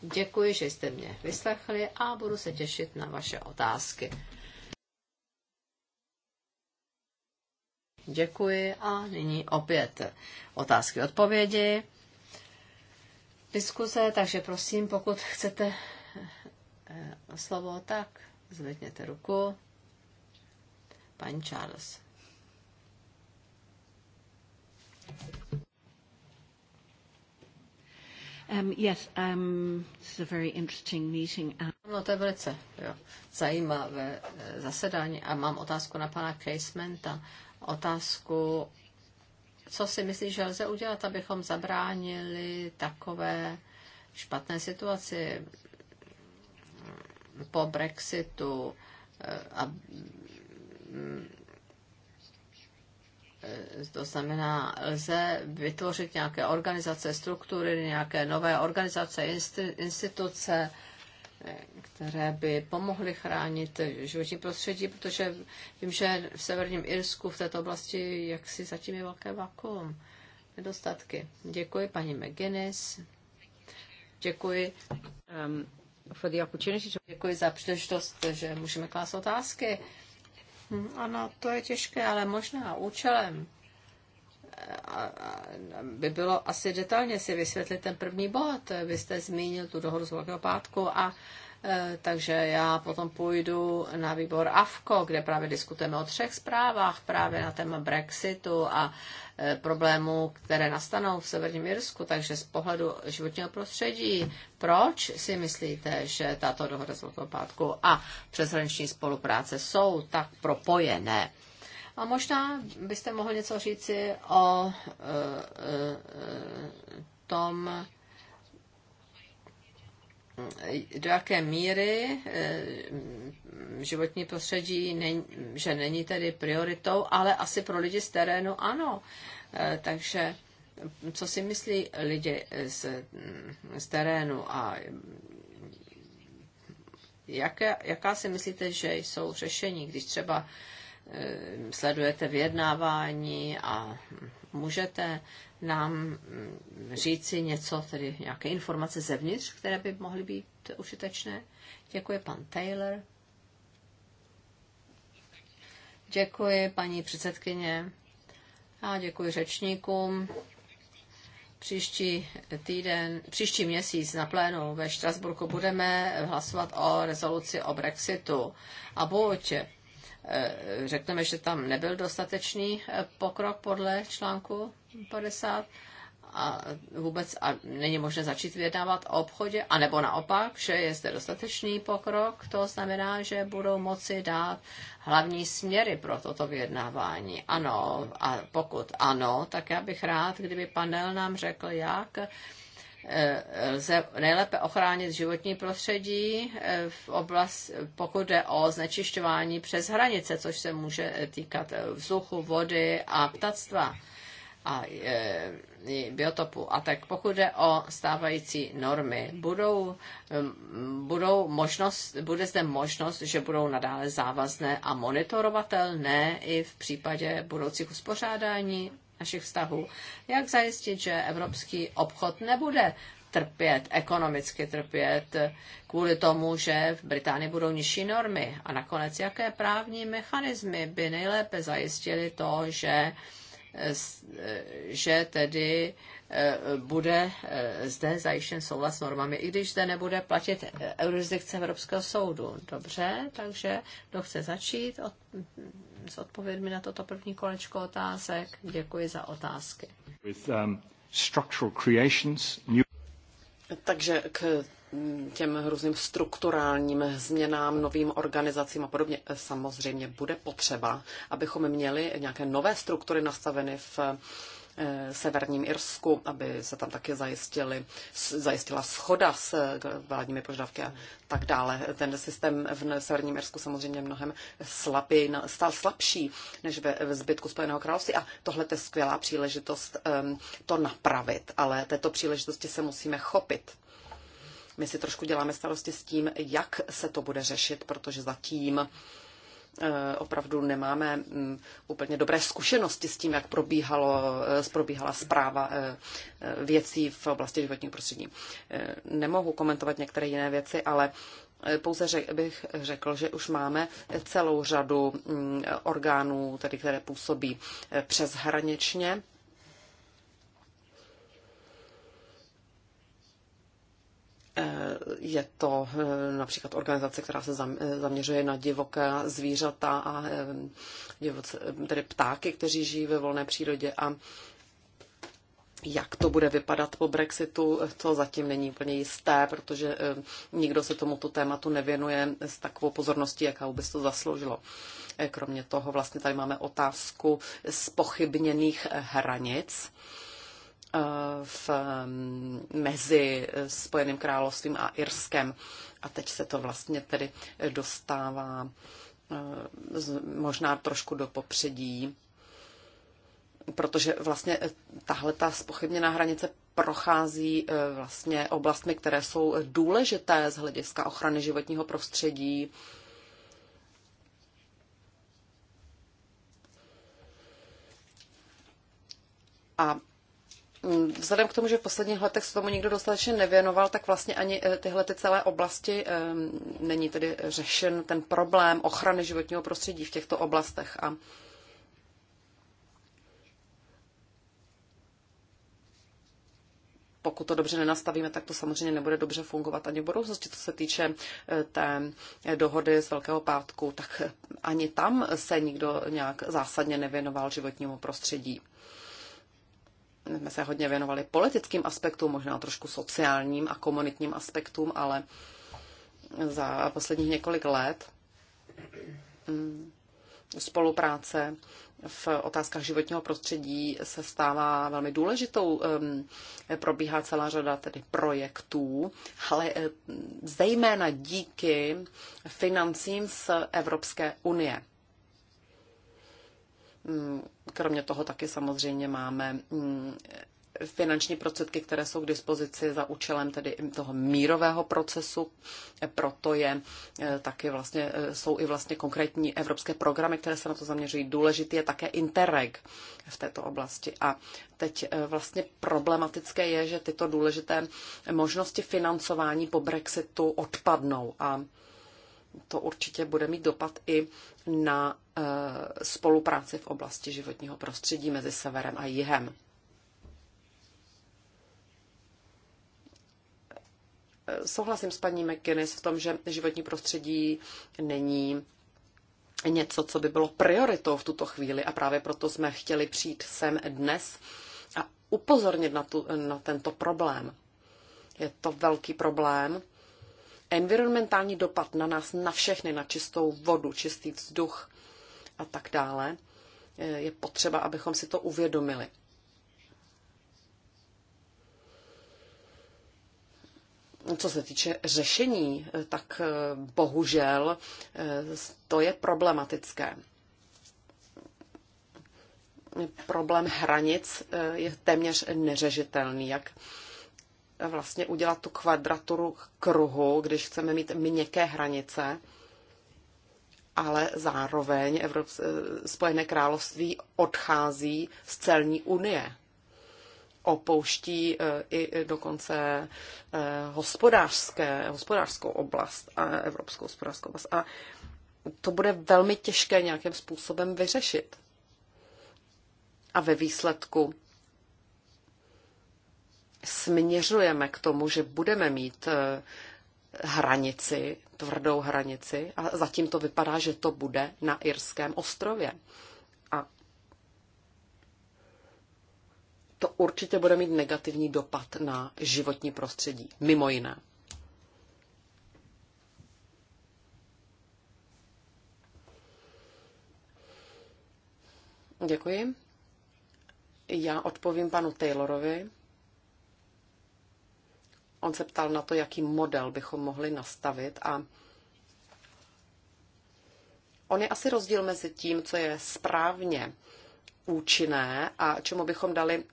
Děkuji, že jste mě vyslechli a budu se těšit na vaše otázky. Děkuji a nyní opět otázky odpovědi. Diskuze, takže prosím, pokud chcete eh, slovo, tak zvedněte ruku. pan Charles. Um, yes, um, this is a very interesting meeting. No, to je velice jo, zajímavé eh, zasedání a mám otázku na pana Casementa otázku, co si myslí, že lze udělat, abychom zabránili takové špatné situaci po Brexitu eh, a eh, to znamená, lze vytvořit nějaké organizace, struktury, nějaké nové organizace, instituce, které by pomohly chránit životní prostředí, protože vím, že v severním Irsku v této oblasti jaksi zatím je velké vakuum, nedostatky. Děkuji paní McGuinness, děkuji um, for the opportunity. Děkuji za příležitost, že můžeme klást otázky. Hm, ano, to je těžké, ale možná účelem by bylo asi detailně si vysvětlit ten první bod. Vy jste zmínil tu dohodu z Velkého pátku a e, takže já potom půjdu na výbor AFKO, kde právě diskutujeme o třech zprávách právě na téma Brexitu a e, problémů, které nastanou v Severním Jirsku. Takže z pohledu životního prostředí, proč si myslíte, že tato dohoda z Velkého pátku a přeshraniční spolupráce jsou tak propojené? A možná byste mohl něco říci o e, e, tom, do jaké míry e, životní prostředí, že není tedy prioritou, ale asi pro lidi z terénu ano. Takže co si myslí lidi z, z terénu a jaké, jaká si myslíte, že jsou řešení, když třeba Eh, sledujete vyjednávání a můžete nám mm, říci něco, tedy nějaké informace zevnitř, které by mohly být užitečné? Děkuji, pan Taylor. Děkuji, paní předsedkyně. A děkuji řečníkům. Příští týden, příští měsíc na plénu ve Štrasburku budeme hlasovat o rezoluci o Brexitu. A buď Eh, řekneme, že tam nebyl dostatečný eh, pokrok podle článku 50 a vůbec a není možné začít vyjednávat o obchodě, anebo naopak, že je zde dostatečný pokrok, to znamená, že budou moci dát hlavní směry pro toto vyjednávání. Ano, a pokud ano, tak já bych rád, kdyby panel nám řekl, jak lze nejlépe ochránit životní prostředí eh, v oblast, pokud jde o znečišťování přes hranice, což se může týkat eh, vzduchu, vody a ptactva a e, biotopu. A tak pokud jde o stávající normy, budou, mm, budou možnost, bude zde možnost, že budou nadále závazné a monitorovatelné i v případě budoucích uspořádání našich vztahů. Jak zajistit, že evropský obchod nebude trpět, ekonomicky trpět, kvůli tomu, že v Británii budou nižší normy. A nakonec, jaké právní mechanismy by nejlépe zajistily to, že, že tedy eh, bude eh, zde zajištěn souhlas s normami, i když zde nebude platit eh, jurisdikce Evropského soudu. Dobře, takže kdo chce začít? s odpovědmi na toto první kolečko otázek. Děkuji za otázky. With, um, structural creations, new... Takže k mm, těm různým strukturálním změnám, novým organizacím a podobně eh, samozřejmě bude potřeba, abychom měli nějaké nové struktury nastaveny v Eh, severním Irsku, aby se tam také zajistili, zajistila schoda s eh, vládními požadavky a tak dále. Ten systém v severním Irsku samozřejmě mnohem slabý, stál slabší než ve zbytku Spojeného království a tohle je skvělá příležitost to napravit, ale této příležitosti se musíme chopit. My si trošku děláme starosti s tím, jak se to bude řešit, protože zatím Eh, opravdu nemáme mm, úplně dobré zkušenosti s tím, jak probíhalo, eh, probíhala zpráva eh, věcí v oblasti životního prostředí. Nemohu komentovat některé jiné věci, ale pouze řek, bych řekl, že už máme celou řadu mm, orgánů, tedy které působí přeshraničně Eh, je to eh, například organizace, která se eh, zaměřuje na divoká zvířata a divoce, tedy ptáky, kteří žijí ve volné přírodě a jak to bude vypadat po Brexitu, to zatím není úplně jisté, protože nikdo se tomuto tématu nevěnuje s takovou pozorností, jaká by to zasloužilo. Kromě toho vlastně tady máme otázku z pochybněných hranic v, mm, mezi Spojeným královstvím a Irskem. A teď se to vlastně tedy dostává eh, možná trošku do popředí, protože vlastně eh, tahle ta spochybněná hranice prochází eh, vlastně oblastmi, které jsou důležité z hlediska ochrany životního prostředí, a Vzhledem k tomu, že v posledních letech se tomu nikdo dostatečně nevěnoval, tak vlastně ani eh, tyhle ty celé oblasti eh, není tedy řešen ten problém ochrany životního prostředí v těchto oblastech. A pokud to dobře nenastavíme, tak to samozřejmě nebude dobře fungovat ani v budoucnosti, co se týče eh, té dohody z Velkého pátku, tak ani tam se nikdo nějak zásadně nevěnoval životnímu prostředí jsme se hodně věnovali politickým aspektům, možná trošku sociálním a komunitním aspektům, ale za posledních několik let mm, spolupráce v otázkách životního prostředí se stává velmi důležitou. Mm, probíhá celá řada tedy projektů, ale eh, zejména díky financím z Evropské unie. Mm, kromě toho taky samozřejmě máme mm, finanční prostředky, které jsou k dispozici za účelem tedy toho mírového procesu. E, proto je e, taky vlastně, e, jsou i vlastně konkrétní evropské programy, které se na to zaměřují. Důležitý je také Interreg v této oblasti. A teď vlastně problematické je, že tyto důležité možnosti financování po Brexitu odpadnou a to určitě bude mít dopad i na eh, spolupráci v oblasti životního prostředí mezi severem a jihem. Eh, souhlasím s paní McGuinness v tom, že životní prostředí není něco, co by bylo prioritou v tuto chvíli a právě proto jsme chtěli přijít sem dnes a upozornit na, tu, na tento problém. Je to velký problém environmentální dopad na nás, na všechny, na čistou vodu, čistý vzduch a tak dále, eh, je potřeba, abychom si to uvědomili. co se týče řešení, eh, tak eh, bohužel to je problematické. Problém hranic je téměř neřežitelný, jak vlastně udělat tu kvadraturu kruhu, když chceme mít měkké hranice, ale zároveň Evrop... Spojené království odchází z celní unie. Opouští eh, i dokonce eh, hospodářské, hospodářskou oblast a Evropskou hospodářskou oblast. A to bude velmi těžké nějakým způsobem vyřešit. A ve výsledku směřujeme k tomu, že budeme mít eh, hranici, tvrdou hranici a zatím to vypadá, že to bude na Irském ostrově. A to určitě bude mít negativní dopad na životní prostředí, mimo jiné. Děkuji. Já odpovím panu Taylorovi. On se ptal na to, jaký model bychom mohli nastavit a on je asi rozdíl mezi tím, co je správně účinné a čemu bychom dali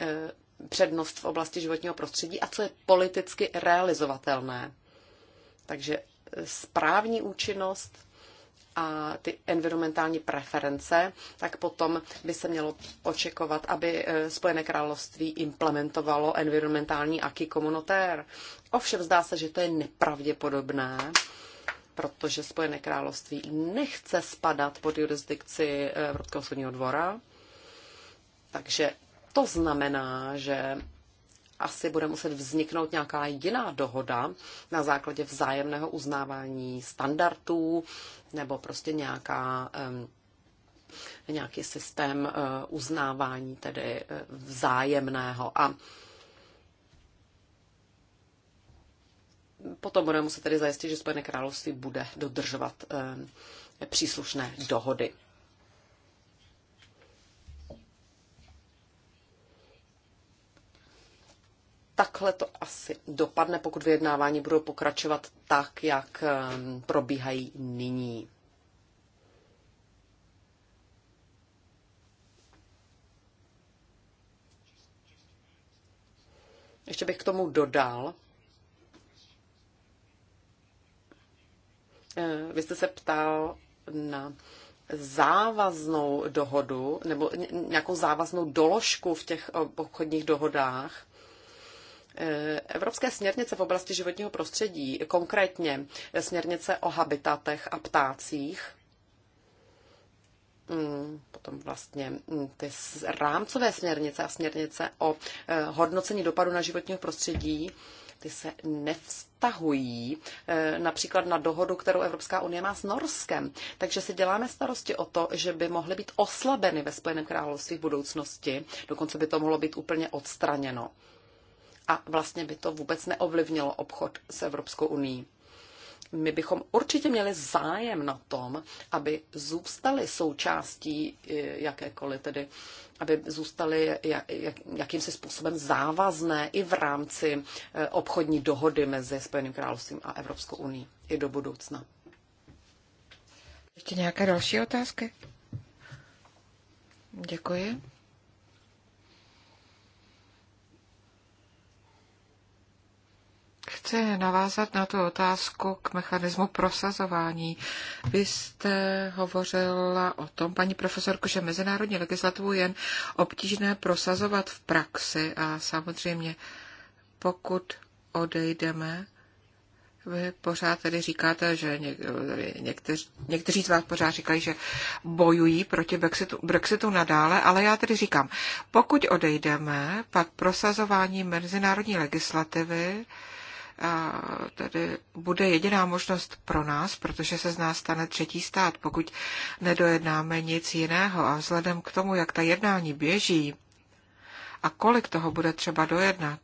e, přednost v oblasti životního prostředí a co je politicky realizovatelné. Takže e, správní účinnost a ty environmentální preference, tak potom by se mělo očekovat, aby e, Spojené království implementovalo environmentální aky komunitér. Ovšem zdá se, že to je nepravděpodobné, protože Spojené království nechce spadat pod jurisdikci e, Evropského soudního dvora. Takže to znamená, že asi bude muset vzniknout nějaká jiná dohoda na základě vzájemného uznávání standardů nebo prostě nějaká nějaký systém eh, uznávání tedy eh, vzájemného a potom budeme muset tedy zajistit, že Spojené království bude dodržovat příslušné dohody. takhle to asi dopadne, pokud vyjednávání budou pokračovat tak, jak ehm, probíhají nyní. Ještě bych k tomu dodal. Eh, vy jste se ptal na závaznou dohodu nebo nějakou závaznou doložku v těch obchodních dohodách. Eh, evropské směrnice v oblasti životního prostředí, konkrétně směrnice o habitatech a ptácích, mm, potom vlastně mm, ty rámcové směrnice a směrnice o eh, hodnocení dopadu na životního prostředí, ty se nevztahují eh, například na dohodu, kterou Evropská unie má s Norskem. Takže si děláme starosti o to, že by mohly být oslabeny ve Spojeném království v budoucnosti, dokonce by to mohlo být úplně odstraněno a vlastně by to vůbec neovlivnilo obchod s Evropskou unii. My bychom určitě měli zájem na tom, aby zůstaly součástí eh, jakékoliv tedy, aby zůstaly jakýmsi způsobem závazné i v rámci eh, obchodní dohody mezi Spojeným královstvím a Evropskou uní i do budoucna. Ještě nějaké další otázky? Děkuji. chci navázat na tu otázku k mechanismu prosazování. Vy jste hovořila o tom, paní profesorku, že mezinárodní legislativu jen obtížné prosazovat v praxi a samozřejmě pokud odejdeme vy pořád tedy říkáte, že někteří, někteří z vás pořád říkají, že bojují proti Brexitu, Brexitu nadále, ale já tedy říkám, pokud odejdeme, pak prosazování mezinárodní legislativy tedy bude jediná možnost pro nás, protože se z nás stane třetí stát, pokud nedojednáme nic jiného. A vzhledem k tomu, jak ta jednání běží a kolik toho bude třeba dojednat,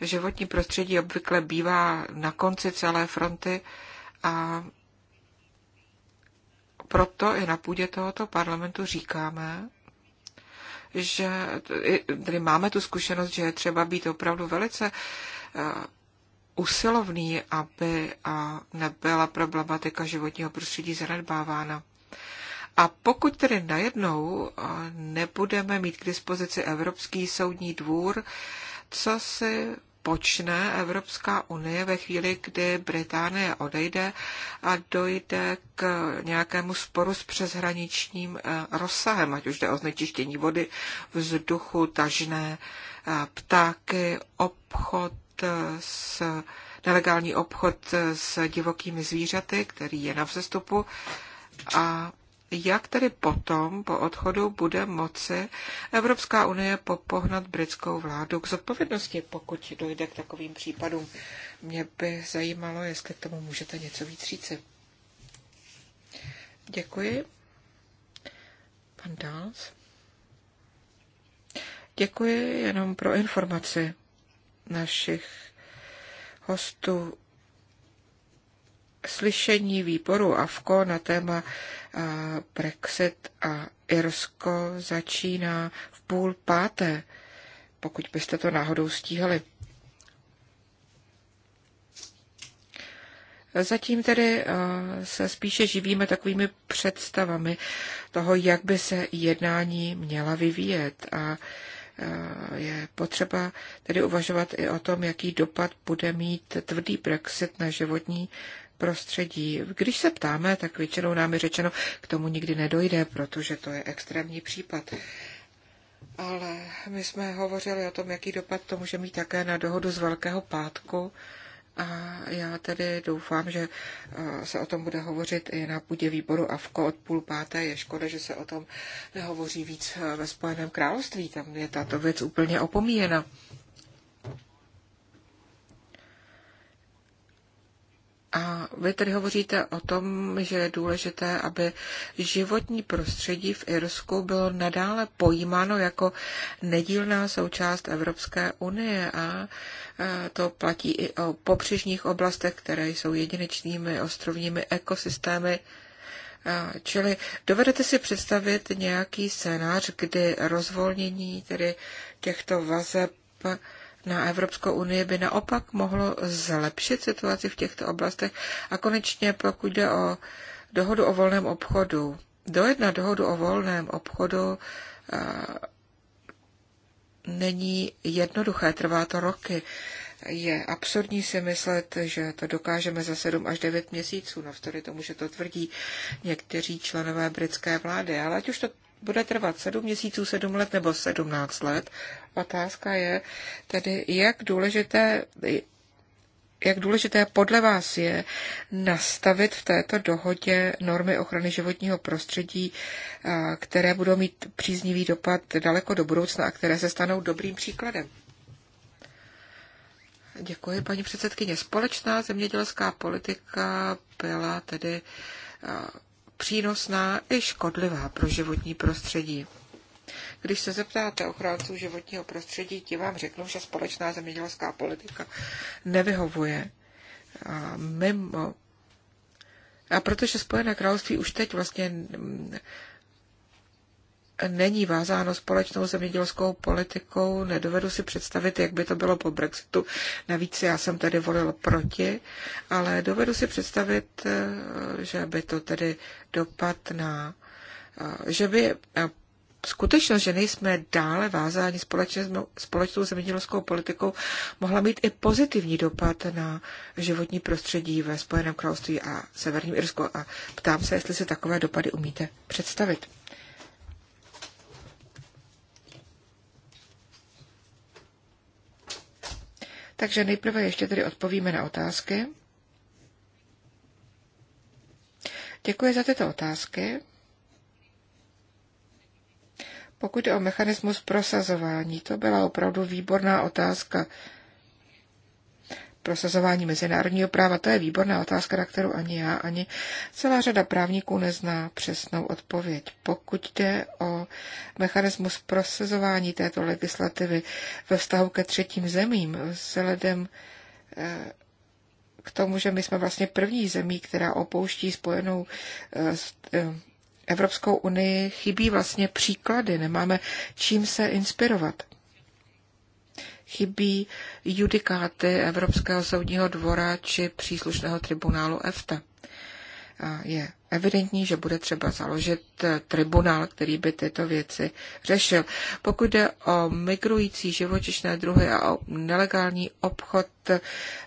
životní prostředí obvykle bývá na konci celé fronty a proto i na půdě tohoto parlamentu říkáme, že tedy máme tu zkušenost, že je třeba být opravdu velice Eh, usilovný, aby eh, nebyla problematika životního prostředí zanedbávána. A pokud tedy najednou eh, nebudeme mít k dispozici Evropský soudní dvůr, co si počne Evropská unie ve chvíli, kdy Británie odejde a dojde k nějakému sporu s přeshraničním rozsahem, ať už jde o znečištění vody, vzduchu, tažné ptáky, obchod, Eh, s nelegální obchod eh, s divokými zvířaty, který je na vzestupu. A jak tedy potom, po odchodu, bude moci Evropská unie popohnat britskou vládu k zodpovědnosti, pokud dojde k takovým případům. Mě by zajímalo, jestli k tomu můžete něco víc říci. Děkuji. Pan Dals. Děkuji jenom pro informaci našich hostů slyšení výboru AFKO na téma Brexit a Irsko začíná v půl páté, pokud byste to náhodou stíhali. Zatím tedy se spíše živíme takovými představami toho, jak by se jednání měla vyvíjet. A Eh, je potřeba tedy uvažovat i o tom, jaký dopad bude mít tvrdý Brexit na životní prostředí. Když se ptáme, tak většinou nám je řečeno, k tomu nikdy nedojde, protože to je extrémní případ. Ale my jsme hovořili o tom, jaký dopad to může mít také na dohodu z Velkého pátku, a já tedy doufám, že eh, se o tom bude hovořit i na půdě výboru AFKO od půl páté. Je škoda, že se o tom nehovoří víc eh, ve Spojeném království. Tam je tato věc úplně opomíjena. A vy tedy hovoříte o tom, že je důležité, aby životní prostředí v Irsku bylo nadále pojímáno jako nedílná součást Evropské unie a e, to platí i o pobřežních oblastech, které jsou jedinečnými ostrovními ekosystémy. E, čili dovedete si představit nějaký scénář, kdy rozvolnění tedy těchto vazeb na Evropskou unii by naopak mohlo zlepšit situaci v těchto oblastech. A konečně, pokud jde o dohodu o volném obchodu, dojedna dohodu o volném obchodu eh, není jednoduché, trvá to roky. Je absurdní si myslet, že to dokážeme za 7 až 9 měsíců, navzdory tomu, že to tvrdí někteří členové britské vlády. Ale ať už to bude trvat 7 měsíců, 7 let nebo 17 let. Otázka je tedy, jak důležité jak důležité podle vás je nastavit v této dohodě normy ochrany životního prostředí, které budou mít příznivý dopad daleko do budoucna a které se stanou dobrým příkladem. Děkuji, paní předsedkyně. Společná zemědělská politika byla tedy přínosná i škodlivá pro životní prostředí. Když se zeptáte ochránců životního prostředí, ti vám řeknou, že společná zemědělská politika nevyhovuje a mimo. A protože Spojené království už teď vlastně mm, není vázáno společnou zemědělskou politikou. Nedovedu si představit, jak by to bylo po Brexitu. Navíc já jsem tedy volil proti, ale dovedu si představit, eh, že by to tedy dopad na eh, že by eh, skutečnost, že nejsme dále vázáni společnou zemědělskou politikou, mohla mít i pozitivní dopad na životní prostředí ve Spojeném království a Severním Irsku. A ptám se, jestli si takové dopady umíte představit. Takže nejprve ještě tedy odpovíme na otázky. Děkuji za tyto otázky. Pokud je o mechanismus prosazování, to byla opravdu výborná otázka prosazování mezinárodního práva? To je výborná otázka, na kterou ani já, ani celá řada právníků nezná přesnou odpověď. Pokud jde o mechanismus prosazování této legislativy ve vztahu ke třetím zemím, vzhledem eh, k tomu, že my jsme vlastně první zemí, která opouští spojenou eh, eh, Evropskou unii, chybí vlastně příklady, nemáme čím se inspirovat chybí judikáty Evropského soudního dvora či příslušného tribunálu EFTA je evidentní, že bude třeba založit eh, tribunál, který by tyto věci řešil. Pokud jde o migrující živočišné druhy a o nelegální obchod eh,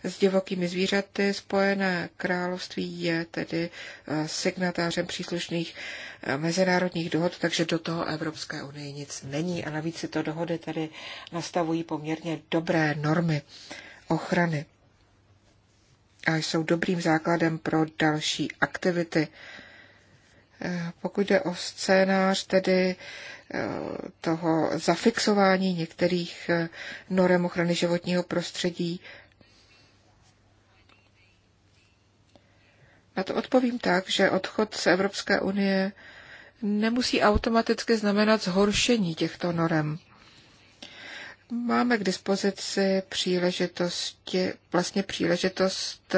s divokými zvířaty, Spojené království je tedy eh, signatářem příslušných mezinárodních dohod, takže do toho Evropské unie nic není. A navíc si to dohody tedy nastavují poměrně dobré normy ochrany a jsou dobrým základem pro další aktivity. Eh, pokud jde o scénář tedy eh, toho zafixování některých eh, norem ochrany životního prostředí, na to odpovím tak, že odchod z Evropské unie nemusí automaticky znamenat zhoršení těchto norem máme k dispozici příležitost, vlastně příležitost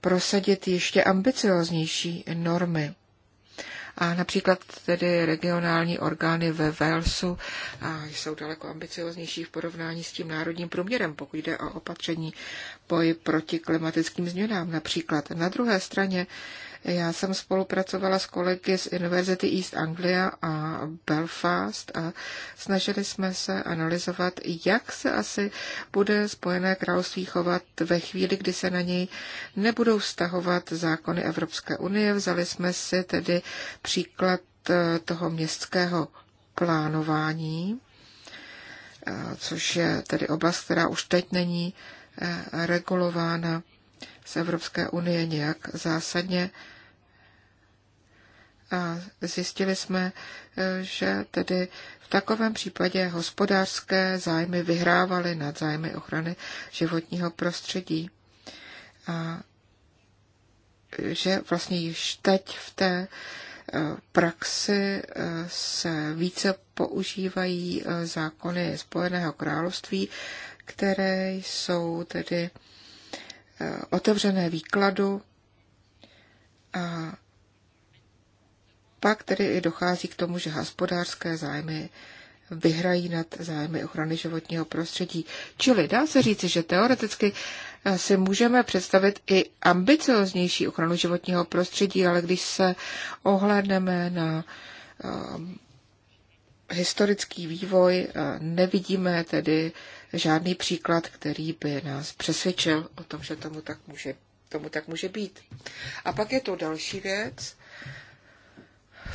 prosadit ještě ambicioznější normy. A například tedy regionální orgány ve Walesu jsou daleko ambicioznější v porovnání s tím národním průměrem, pokud jde o opatření boji proti klimatickým změnám. Například na druhé straně já jsem spolupracovala s kolegy z Univerzity East Anglia a Belfast a snažili jsme se analyzovat, jak se asi bude Spojené království chovat ve chvíli, kdy se na něj nebudou vztahovat zákony Evropské unie. Vzali jsme si tedy příklad eh, toho městského plánování, eh, což je tedy oblast, která už teď není eh, regulována z Evropské unie nějak zásadně. A zjistili jsme, eh, že tedy v takovém případě hospodářské zájmy vyhrávaly nad zájmy ochrany životního prostředí. A že vlastně již teď v té eh, praxi eh, se více používají zákony Spojeného království, které jsou tedy Eh, otevřené výkladu a pak tedy i dochází k tomu, že hospodářské zájmy vyhrají nad zájmy ochrany životního prostředí. Čili dá se říci, že teoreticky eh, si můžeme představit i ambicioznější ochranu životního prostředí, ale když se ohlédneme na eh, historický vývoj, nevidíme tedy žádný příklad, který by nás přesvědčil o tom, že tomu tak může, tomu tak může být. A pak je to další věc.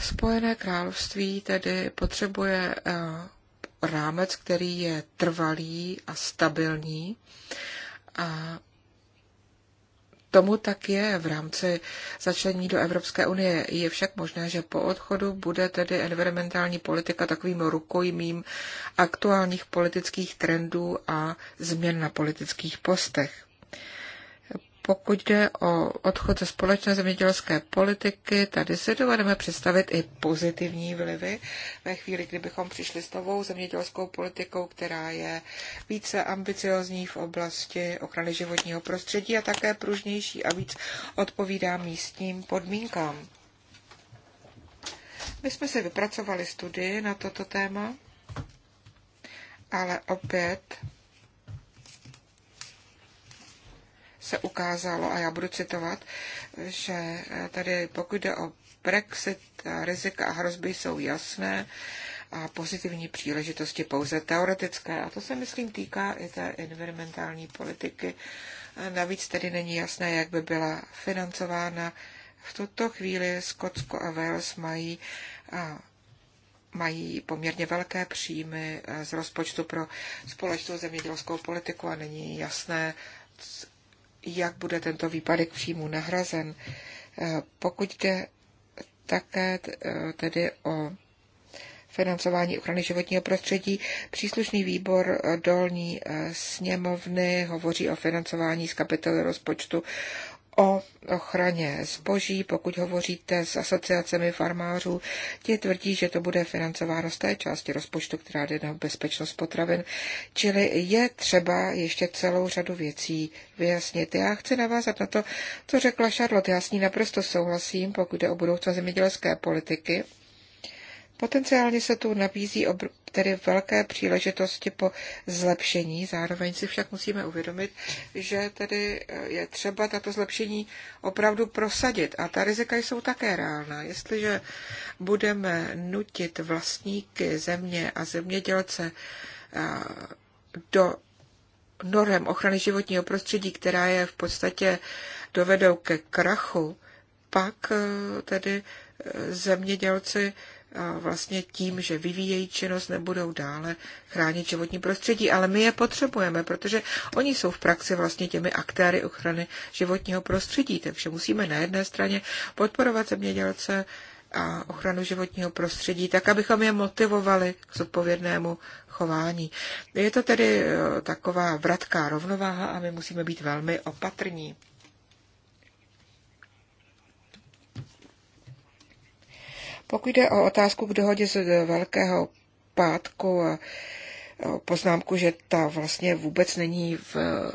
Spojené království tedy potřebuje eh, rámec, který je trvalý a stabilní a Tomu tak je v rámci začlení do Evropské unie. Je však možné, že po odchodu bude tedy environmentální politika takovým rukojmím aktuálních politických trendů a změn na politických postech. Pokud jde o odchod ze společné zemědělské politiky, tady si dovedeme představit i pozitivní vlivy. Ve chvíli, kdybychom přišli s novou zemědělskou politikou, která je více ambiciozní v oblasti ochrany životního prostředí a také pružnější a víc odpovídá místním podmínkám. My jsme si vypracovali studii na toto téma, ale opět se ukázalo, a já budu citovat, že eh, tady pokud jde o Brexit, eh, rizika a hrozby jsou jasné a pozitivní příležitosti pouze teoretické. A to se, myslím, týká i té environmentální politiky. Navíc tedy není jasné, jak by byla financována. V tuto chvíli Skotsko a Wales mají mají poměrně velké příjmy eh, z rozpočtu pro společnou zemědělskou politiku a není jasné, jak bude tento výpadek příjmu nahrazen. Eh, pokud jde také eh, tedy o financování ochrany životního prostředí. Příslušný výbor eh, dolní sněmovny hovoří o financování z kapitoly rozpočtu o ochraně zboží. Pokud hovoříte s asociacemi farmářů, ti tvrdí, že to bude financováno z té části rozpočtu, která jde na bezpečnost potravin. Čili je třeba ještě celou řadu věcí vyjasnit. Já chci navázat na to, co řekla Charlotte. Já s ní naprosto souhlasím, pokud jde o budoucnost zemědělské politiky. Potenciálně se tu nabízí obr- tedy velké příležitosti po zlepšení. Zároveň si však musíme uvědomit, že tedy eh, je třeba tato zlepšení opravdu prosadit. A ta rizika jsou také reálná. Jestliže budeme nutit vlastníky země a zemědělce eh, do norem ochrany životního prostředí, která je v podstatě dovedou ke krachu, pak eh, tedy zemědělci vlastně tím, že vyvíjejí činnost, nebudou dále chránit životní prostředí. Ale my je potřebujeme, protože oni jsou v praxi vlastně těmi aktéry ochrany životního prostředí. Takže musíme na jedné straně podporovat zemědělce a ochranu životního prostředí, tak abychom je motivovali k zodpovědnému chování. Je to tedy eh, taková vratká rovnováha a my musíme být velmi opatrní. Pokud jde o otázku k dohodě z eh, Velkého pátku a eh, poznámku, že ta vlastně vůbec není v eh,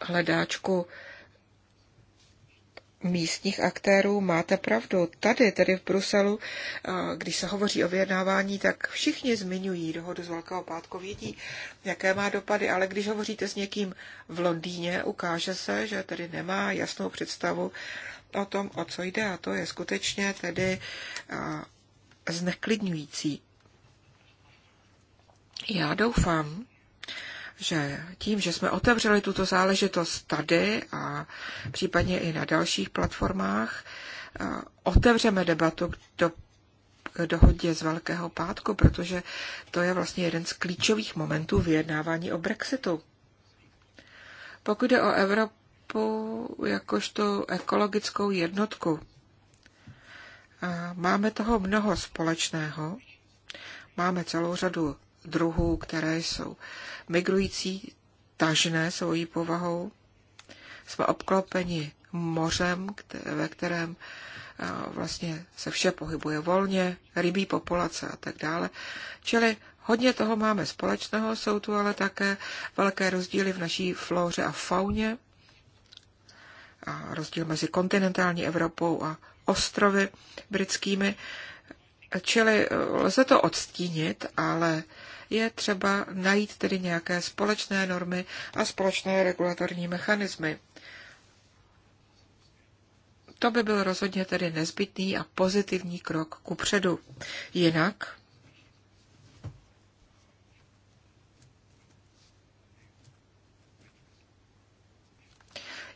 hledáčku místních aktérů, máte pravdu. Tady, tedy v Bruselu, když se hovoří o vyjednávání, tak všichni zmiňují dohodu z Velkého pátku, vědí, jaké má dopady, ale když hovoříte s někým v Londýně, ukáže se, že tedy nemá jasnou představu o tom, o co jde, a to je skutečně tedy zneklidňující. Já doufám, že tím, že jsme otevřeli tuto záležitost tady a případně i na dalších platformách, otevřeme debatu k, do, k dohodě z Velkého pátku, protože to je vlastně jeden z klíčových momentů vyjednávání o Brexitu. Pokud jde o Evropu, Evropu jakožto ekologickou jednotku. A máme toho mnoho společného. Máme celou řadu druhů, které jsou migrující, tažné svojí povahou. Jsme obklopeni mořem, ve kterém vlastně se vše pohybuje volně, rybí populace a tak dále. Čili hodně toho máme společného, jsou tu ale také velké rozdíly v naší flóře a fauně a rozdíl mezi kontinentální Evropou a ostrovy britskými. Čili eh, lze to odstínit, ale je třeba najít tedy nějaké společné normy a společné regulatorní mechanismy. To by byl rozhodně tedy nezbytný a pozitivní krok ku předu. Jinak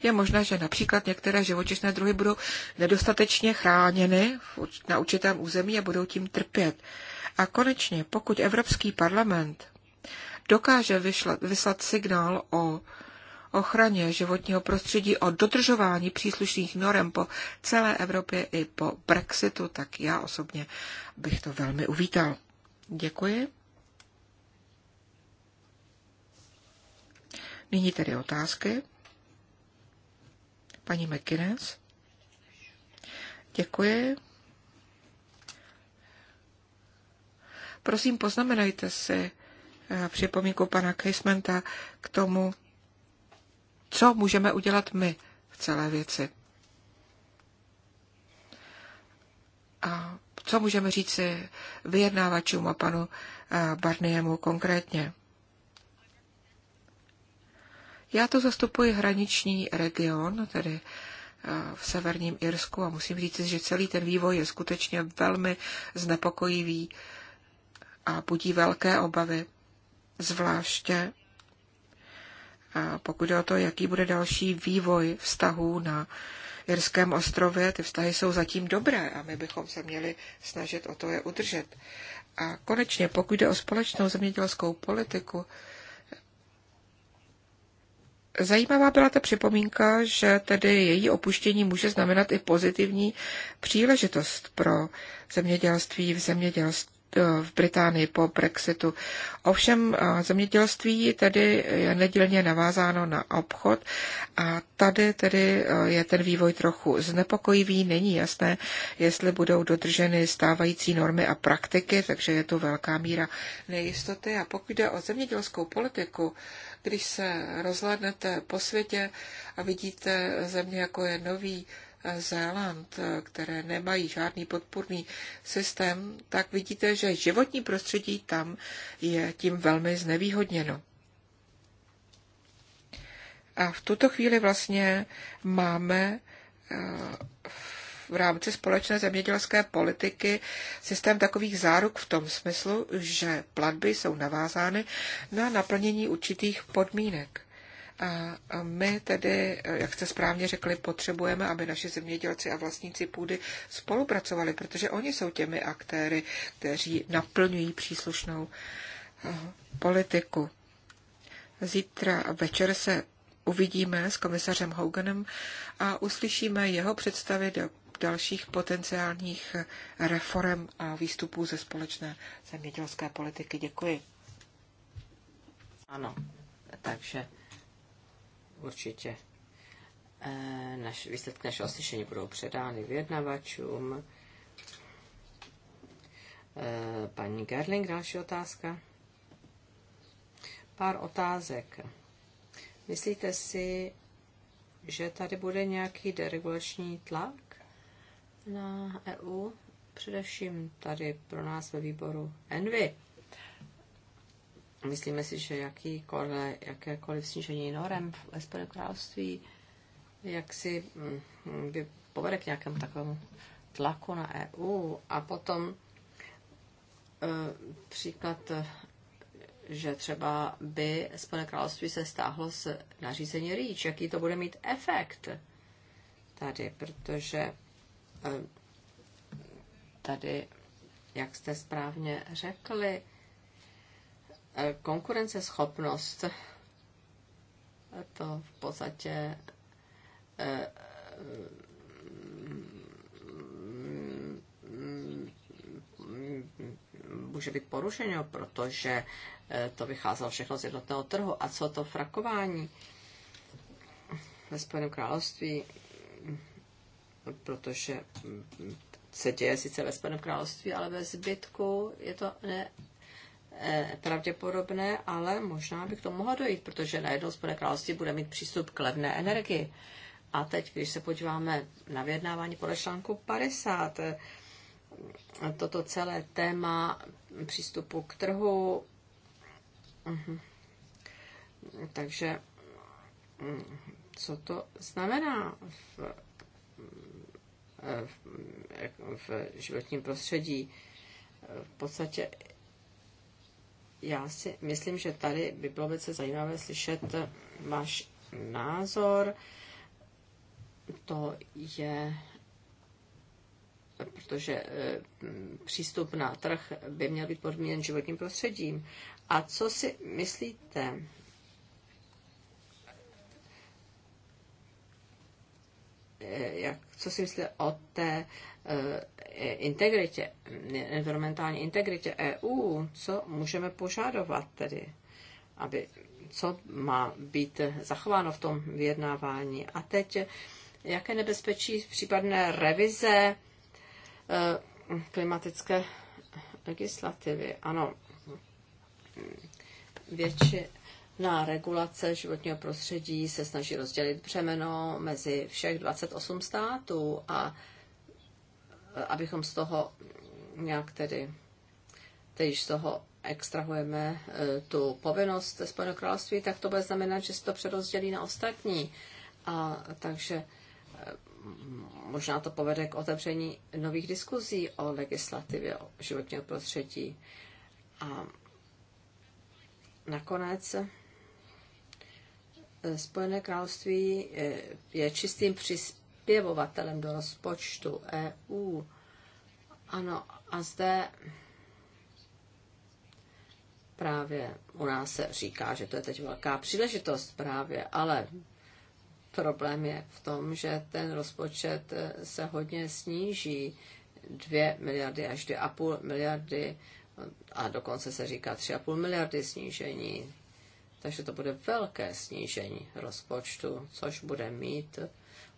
je možné, že například některé živočišné druhy budou nedostatečně chráněny na určitém území a budou tím trpět. A konečně, pokud Evropský parlament dokáže vyšlat vyslat signál o ochraně životního prostředí, o dodržování příslušných norem po celé Evropě i po Brexitu, tak já osobně bych to velmi uvítal. Děkuji. Nyní tedy otázky. Paní McInnes. Děkuji. Prosím, poznamenajte si eh, připomínku pana Casementa k tomu, co můžeme udělat my v celé věci. A co můžeme říci vyjednávačům a panu eh, Barniemu konkrétně. Já to zastupuji hraniční region, tedy eh, v severním Irsku a musím říct, že celý ten vývoj je skutečně velmi znepokojivý a budí velké obavy, zvláště pokud je o to, jaký bude další vývoj vztahů na Jirském ostrově, ty vztahy jsou zatím dobré a my bychom se měli snažit o to je udržet. A konečně, pokud jde o společnou zemědělskou politiku, Zajímavá byla ta připomínka, že tedy její opuštění může znamenat i pozitivní příležitost pro zemědělství v, zemědělství, Eh, v Británii po Brexitu. Ovšem eh, zemědělství tedy je nedělně navázáno na obchod a tady tedy eh, je ten vývoj trochu znepokojivý. Není jasné, jestli budou dodrženy stávající normy a praktiky, takže je tu velká míra nejistoty. A pokud jde o zemědělskou politiku, když se rozhlednete po světě a vidíte země, jako je nový Zéland, které nemají žádný podpůrný systém, tak vidíte, že životní prostředí tam je tím velmi znevýhodněno. A v tuto chvíli vlastně máme eh, v rámci společné zemědělské politiky systém takových záruk v tom smyslu, že platby jsou navázány na naplnění určitých podmínek. A my tedy, jak jste správně řekli, potřebujeme, aby naši zemědělci a vlastníci půdy spolupracovali, protože oni jsou těmi aktéry, kteří naplňují příslušnou eh, politiku. Zítra večer se uvidíme s komisařem Hoganem a uslyšíme jeho představy do dalších potenciálních reform a výstupů ze společné zemědělské politiky. Děkuji. Ano, takže určitě e, naš, výsledky našeho slyšení budou předány vyjednavačům. E, paní Gerling, další otázka. Pár otázek. Myslíte si, že tady bude nějaký deregulační tlak na EU? Především tady pro nás ve výboru Envy. Myslíme si, že jakýkoliv, jakékoliv snížení norem v Spojeném království jak si by mm, povede k nějakému takovému tlaku na EU a potom e, příklad, že třeba by Spojené království se stáhlo z nařízení REACH, jaký to bude mít efekt tady, protože e, tady, jak jste správně řekli, konkurenceschopnost, to v podstatě eh, může být porušeno, protože eh, to vycházelo všechno z jednotného trhu. A co to frakování ve Spojeném království, protože se děje sice ve Spojeném království, ale ve zbytku je to ne, Eh, pravděpodobné, ale možná by k tomu mohla dojít, protože najednou Spojené království bude mít přístup k levné energii. A teď, když se podíváme na vyjednávání podle článku 50, eh, toto celé téma přístupu k trhu, mhm. takže mm, co to znamená v, eh, v, v životním prostředí? V podstatě já si myslím, že tady by bylo velice zajímavé slyšet váš názor. To je protože eh, přístup na trh by měl být podmíněn životním prostředím. A co si myslíte? Eh, jak, co si myslíte o té Eh, integritě, environmentální integritě EU, co můžeme požadovat tedy, aby, co má být zachováno v tom vyjednávání. A teď, jaké nebezpečí případné revize eh, klimatické legislativy. Ano, většina regulace životního prostředí se snaží rozdělit břemeno mezi všech 28 států a abychom z toho nějak tedy, tedy z toho extrahujeme eh, tu povinnost Spojeného království, tak to bude znamenat, že se to přerozdělí na ostatní. A takže eh, možná to povede k otevření nových diskuzí o legislativě o životního prostředí. A nakonec eh, Spojené království je čistým přispěním přispěvovatelem do rozpočtu EU. Ano, a zde právě u nás se říká, že to je teď velká příležitost právě, ale problém je v tom, že ten rozpočet se hodně sníží 2 miliardy až 2,5 miliardy a dokonce se říká 3,5 miliardy snížení. Takže to bude velké snížení rozpočtu, což bude mít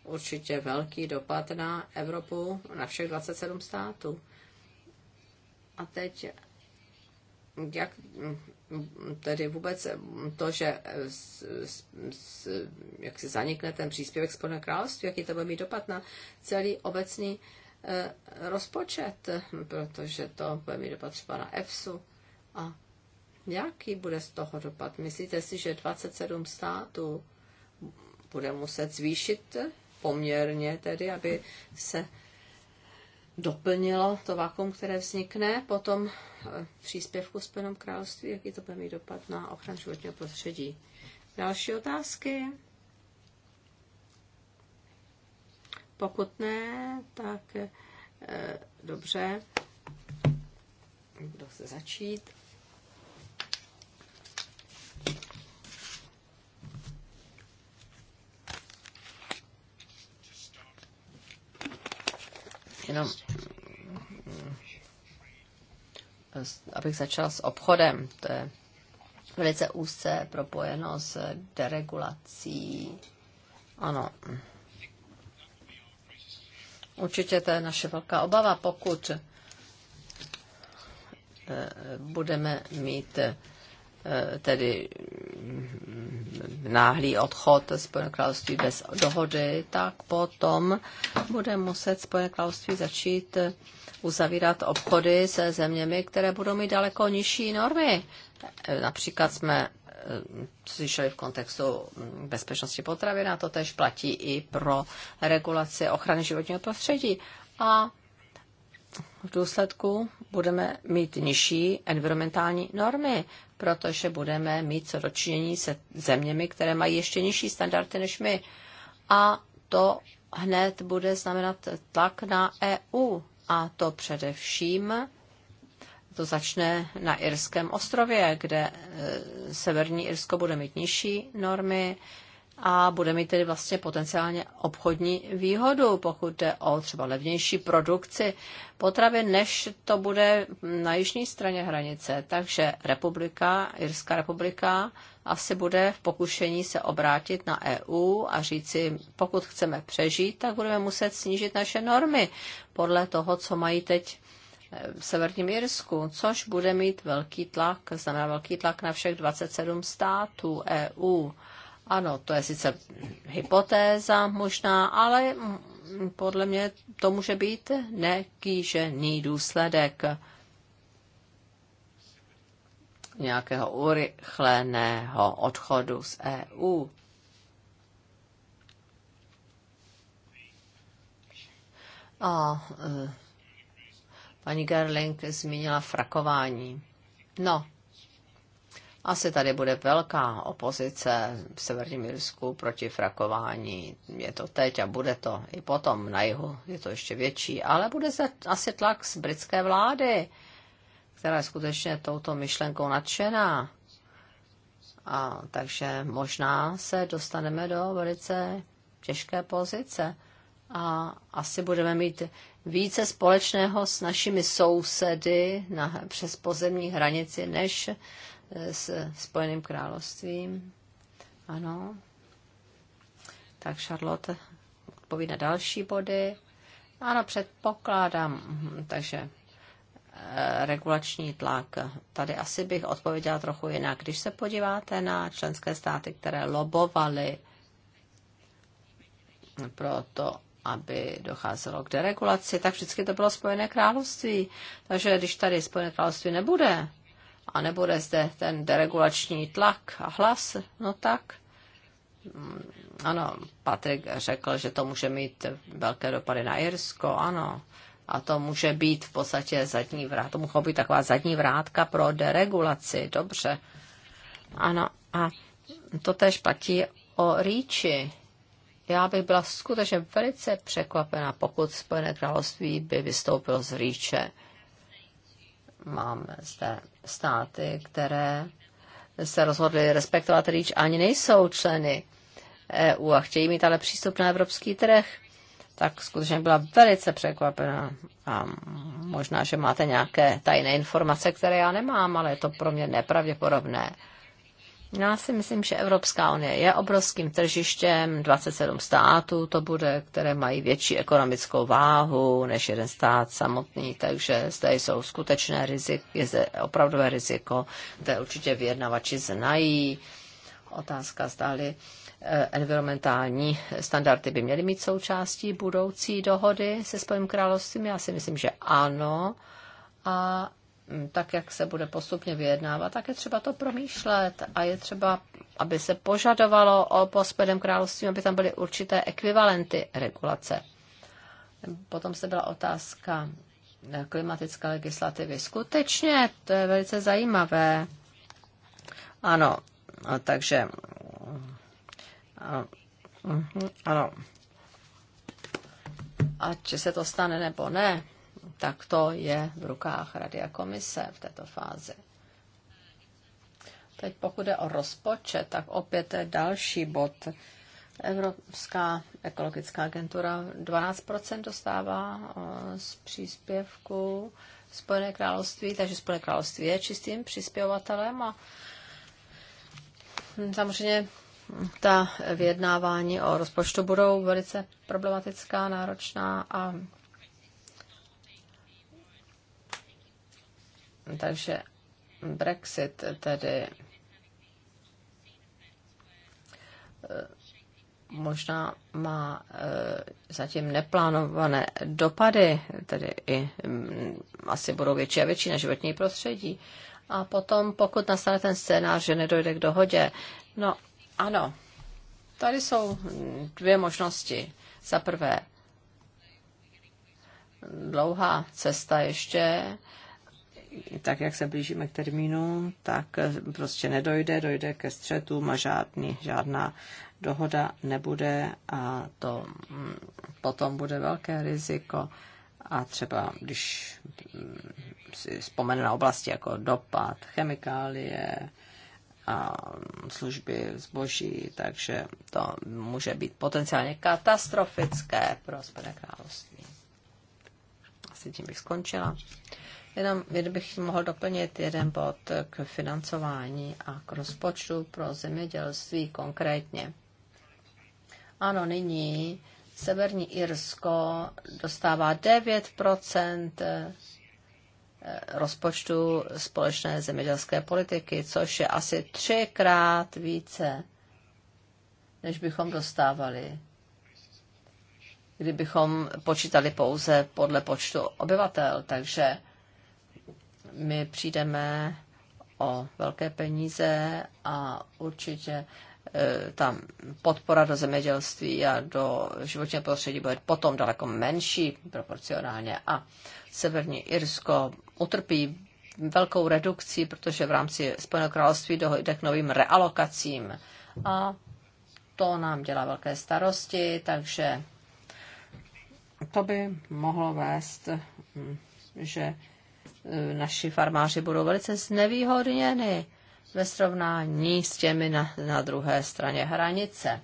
určitě velký dopad na Evropu, na všech 27 států. A teď, jak tedy vůbec to, že z, z, jak si zanikne ten příspěvek Spojeného království, jaký to bude mít dopad na celý obecný eh, rozpočet, protože to bude mít dopad třeba na EFSU. A jaký bude z toho dopad? Myslíte si, že 27 států bude muset zvýšit poměrně tedy, aby se doplnilo to vakuum, které vznikne potom eh, příspěvku z Penom království, jaký to bude mít dopad na ochranu životního prostředí. Další otázky? Pokud ne, tak eh, dobře. Kdo se začít? jenom eh, abych začal s obchodem. To je velice úzce propojeno s deregulací. Ano. Určitě to je naše velká obava, pokud eh, budeme mít eh, tedy náhlý odchod Spojené království bez dohody, tak potom bude muset Spojené království začít uzavírat obchody se zeměmi, které budou mít daleko nižší normy. Například jsme eh, slyšeli v kontextu bezpečnosti potravin a to tež platí i pro regulaci ochrany životního prostředí. A v důsledku budeme mít nižší environmentální normy, protože budeme mít co dočinění se zeměmi, které mají ještě nižší standardy než my. A to hned bude znamenat tlak na EU. A to především to začne na Irském ostrově, kde eh, Severní Irsko bude mít nižší normy, a bude mít tedy vlastně potenciálně obchodní výhodu, pokud jde o třeba levnější produkci potravy, než to bude na jižní straně hranice. Takže republika, Irská republika, asi bude v pokušení se obrátit na EU a říci, pokud chceme přežít, tak budeme muset snížit naše normy podle toho, co mají teď eh, v Severním Irsku, což bude mít velký tlak, znamená velký tlak na všech 27 států EU. Ano, to je sice hypotéza možná, ale podle mě to může být nekýžený důsledek nějakého urychleného odchodu z EU. A eh, paní Gerling zmínila frakování. No, asi tady bude velká opozice v Severním Jirsku proti frakování. Je to teď a bude to i potom na jihu, je to ještě větší, ale bude se asi tlak z britské vlády, která je skutečně touto myšlenkou nadšená. A, takže možná se dostaneme do velice těžké pozice a asi budeme mít více společného s našimi sousedy na, přes pozemní hranici, než s Spojeným královstvím. Ano. Tak Charlotte odpoví na další body. Ano, předpokládám, hm, takže eh, regulační tlak. Tady asi bych odpověděla trochu jinak. Když se podíváte na členské státy, které lobovaly pro to, aby docházelo k deregulaci, tak vždycky to bylo Spojené království. Takže když tady Spojené království nebude, a nebude zde ten deregulační tlak a hlas, no tak mm, ano, Patrik řekl, že to může mít velké dopady na Irsko, ano. A to může být v podstatě zadní vrátka, to může být taková zadní vrátka pro deregulaci, dobře. Ano, a to tež platí o rýči. Já bych byla skutečně velice překvapena, pokud Spojené království by vystoupilo z rýče. Máme zde státy, které se rozhodly respektovat REACH, ani nejsou členy EU a chtějí mít ale přístup na evropský trh, tak skutečně byla velice překvapená. A možná, že máte nějaké tajné informace, které já nemám, ale je to pro mě nepravděpodobné. Já si myslím, že Evropská unie je obrovským tržištěm, 27 států to bude, které mají větší ekonomickou váhu než jeden stát samotný, takže zde jsou skutečné riziky, je zde opravdové riziko, které určitě vyjednavači znají. Otázka zdali eh, environmentální standardy by měly mít součástí budoucí dohody se Spojeným královstvím. Já si myslím, že ano. A tak jak se bude postupně vyjednávat, tak je třeba to promýšlet a je třeba, aby se požadovalo o pospedem království, aby tam byly určité ekvivalenty regulace. Potom se byla otázka klimatické legislativy. Skutečně, to je velice zajímavé. Ano, takže ano, ano. ať se to stane nebo ne, tak to je v rukách Rady a komise v této fázi. Teď pokud je o rozpočet, tak opět je další bod. Evropská ekologická agentura 12% dostává eh, z příspěvku Spojené království, takže Spojené království je čistým přispěvatelem a samozřejmě ta vyjednávání o rozpočtu budou velice problematická, náročná a Takže Brexit tedy eh, možná má eh, zatím neplánované dopady, tedy i mm, asi budou větší a větší na životní prostředí. A potom, pokud nastane ten scénář, že nedojde k dohodě, no ano, tady jsou dvě možnosti. Za prvé, dlouhá cesta ještě tak jak se blížíme k termínu, tak prostě nedojde, dojde ke střetu a žádný, žádná dohoda nebude a to mm, potom bude velké riziko. A třeba, když mm, si vzpomenu na oblasti jako dopad, chemikálie a služby zboží, takže to může být potenciálně katastrofické pro Spojené království. Asi tím bych skončila. Jenom kdybych mohl doplnit jeden bod k financování a k rozpočtu pro zemědělství konkrétně. Ano, nyní Severní Irsko dostává 9 eh, rozpočtu společné zemědělské politiky, což je asi třikrát více, než bychom dostávali, kdybychom počítali pouze podle počtu obyvatel. Takže my přijdeme o velké peníze a určitě e, tam podpora do zemědělství a do životního prostředí bude potom daleko menší proporcionálně. A Severní Irsko utrpí velkou redukcí, protože v rámci Spojeného království dojde k novým realokacím. A to nám dělá velké starosti, takže to by mohlo vést, mm, že naši farmáři budou velice znevýhodněni ve srovnání s těmi na, na druhé straně hranice.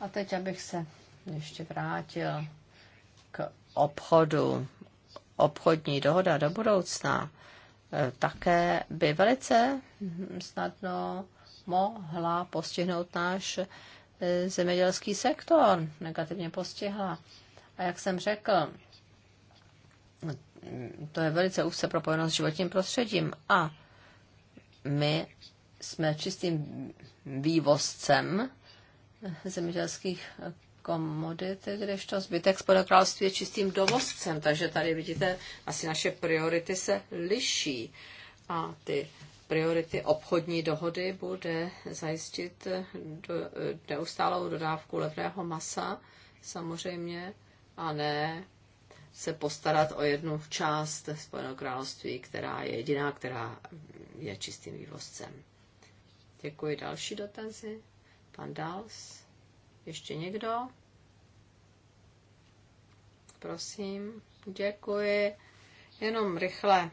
A teď, abych se ještě vrátil k obchodu. Obchodní dohoda do budoucna eh, také by velice snadno mohla postihnout náš eh, zemědělský sektor, negativně postihla. A jak jsem řekl, to je velice úzce propojeno s životním prostředím a my jsme čistým vývozcem zemědělských komodit, to zbytek Spojeného království je čistým dovozcem. Takže tady vidíte, asi naše priority se liší. A ty priority obchodní dohody bude zajistit do, neustálou dodávku levného masa, samozřejmě, a ne se postarat o jednu část Spojeného království, která je jediná, která je čistým vývozcem. Děkuji. Další dotazy? Pan Dals? Ještě někdo? Prosím. Děkuji. Jenom rychle.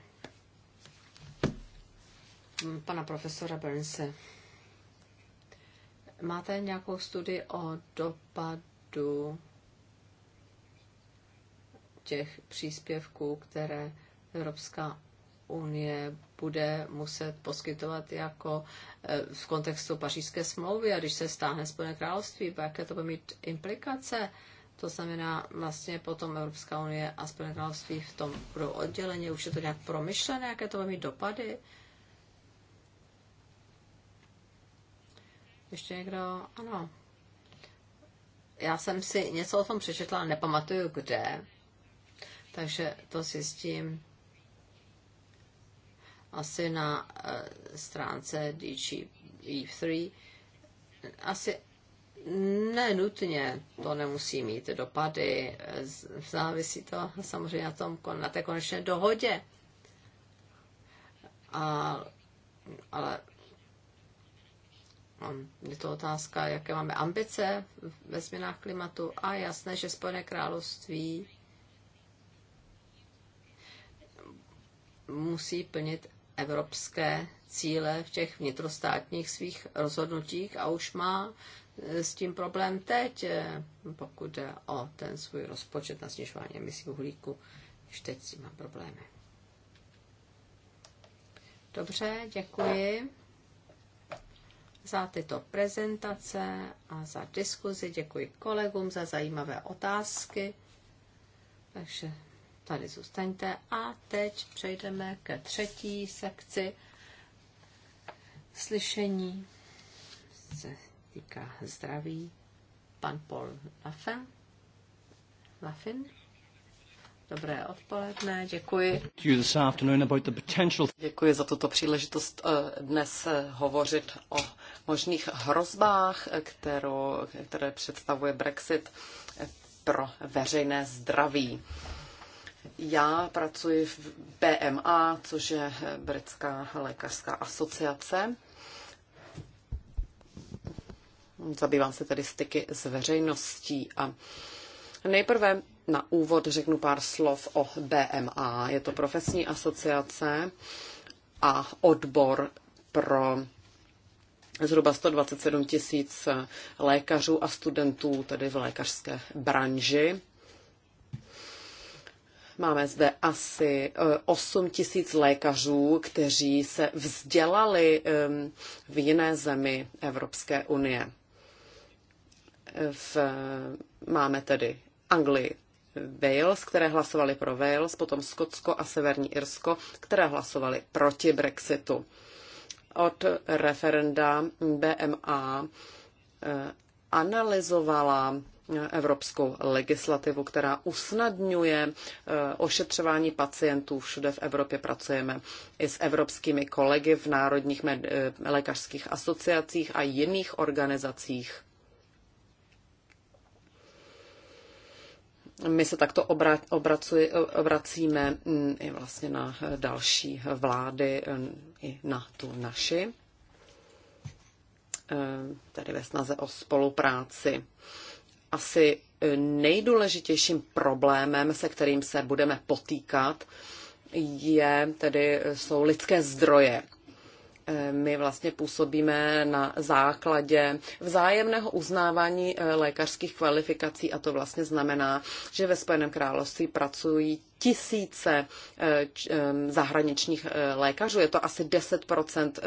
Hm, pana profesora Burnse. Máte nějakou studii o dopadu těch příspěvků, které Evropská unie bude muset poskytovat jako eh, v kontextu pařížské smlouvy a když se stáhne Spojené království, jaké to bude mít implikace. To znamená, vlastně potom Evropská unie a Spojené království v tom budou odděleně, už je to nějak promyšlené, jaké to bude mít dopady. Ještě někdo? Ano. Já jsem si něco o tom přečetla, nepamatuju kde, takže to si tím asi na eh, stránce e 3 Asi nenutně to nemusí mít dopady, eh, závisí to samozřejmě na, tom, na té konečné dohodě. A, ale no, je to otázka, jaké máme ambice ve změnách klimatu a jasné, že Spojené království musí plnit evropské cíle v těch vnitrostátních svých rozhodnutích a už má e, s tím problém teď, e, pokud jde o ten svůj rozpočet na snižování emisí uhlíku, už teď si má problémy. Dobře, děkuji za tyto prezentace a za diskuzi. Děkuji kolegům za zajímavé otázky. Takže tady zůstaňte a teď přejdeme ke třetí sekci slyšení. Se týká zdraví. Pan Paul Laffin. Laffin. Dobré odpoledne, děkuji. Děkuji za tuto příležitost eh, dnes eh, hovořit o možných hrozbách, kterou, které představuje Brexit eh, pro veřejné zdraví. Já pracuji v BMA, což je Britská lékařská asociace. Zabývám se tedy styky s veřejností a nejprve na úvod řeknu pár slov o BMA. Je to profesní asociace a odbor pro zhruba 127 tisíc lékařů a studentů tedy v lékařské branži. Máme zde asi 8 eh, tisíc lékařů, kteří se vzdělali ehm, v jiné zemi Evropské unie. V, eh, máme tedy Anglii, Wales, které hlasovali pro Wales, potom Skotsko a Severní Irsko, které hlasovali proti Brexitu. Od referenda BMA eh, analyzovala evropskou legislativu, která usnadňuje eh, ošetřování pacientů. Všude v Evropě pracujeme i s evropskými kolegy v národních eh, lékařských asociacích a jiných organizacích. My se takto obracíme mm, i vlastně na eh, další vlády, mm, i na tu naši, tedy ve snaze o spolupráci asi e, nejdůležitějším problémem, se kterým se budeme potýkat, je tedy, jsou lidské zdroje my vlastně působíme na základě vzájemného uznávání eh, lékařských kvalifikací a to vlastně znamená, že ve Spojeném království pracují tisíce eh, eh, zahraničních lékařů. Je to asi 10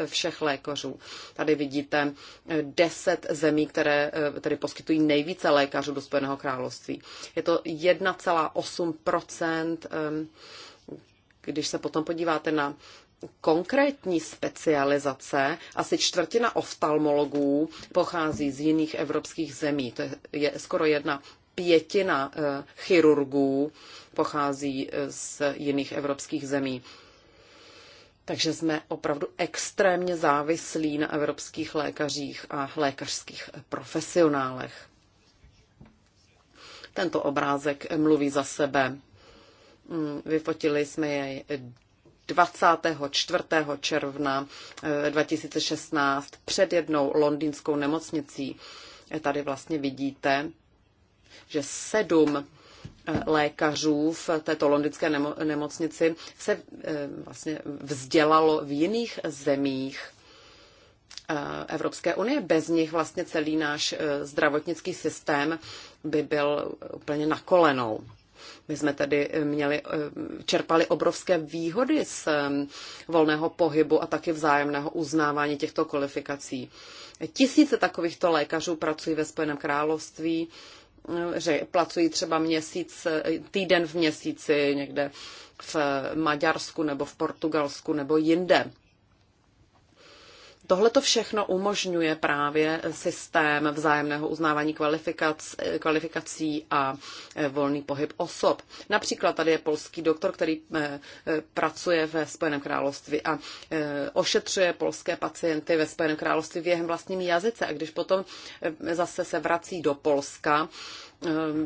všech lékařů. Tady vidíte 10 zemí, které tedy poskytují nejvíce lékařů do Spojeného království. Je to 1,8 ehm, když se potom podíváte na konkrétní specializace, asi čtvrtina oftalmologů pochází z jiných evropských zemí. To je, je skoro jedna pětina eh, chirurgů pochází eh, z jiných evropských zemí. Takže jsme opravdu extrémně závislí na evropských lékařích a lékařských profesionálech. Tento obrázek mluví za sebe. Mm, vyfotili jsme jej 24. června 2016 eh, před jednou londýnskou nemocnicí. Eh, tady vlastně vidíte, že sedm eh, lékařů v této londýnské nemocnici se vlastně vzdělalo v jiných zemích Evropské unie. Bez nich vlastně celý náš zdravotnický systém by byl úplně na kolenou. My jsme tedy eh, měli, eh, čerpali obrovské výhody z eh, volného pohybu a taky vzájemného uznávání těchto kvalifikací. Tisíce takovýchto lékařů pracují ve Spojeném království, že pracují třeba měsíc, týden v měsíci někde v Maďarsku nebo v Portugalsku nebo jinde. Tohle to všechno umožňuje právě systém vzájemného uznávání kvalifikac, kvalifikací a eh, volný pohyb osob. Například tady je polský doktor, který eh, eh, pracuje ve Spojeném království a ošetřuje polské pacienty ve Spojeném království v jejich vlastním jazyce. A když potom zase se vrací do Polska,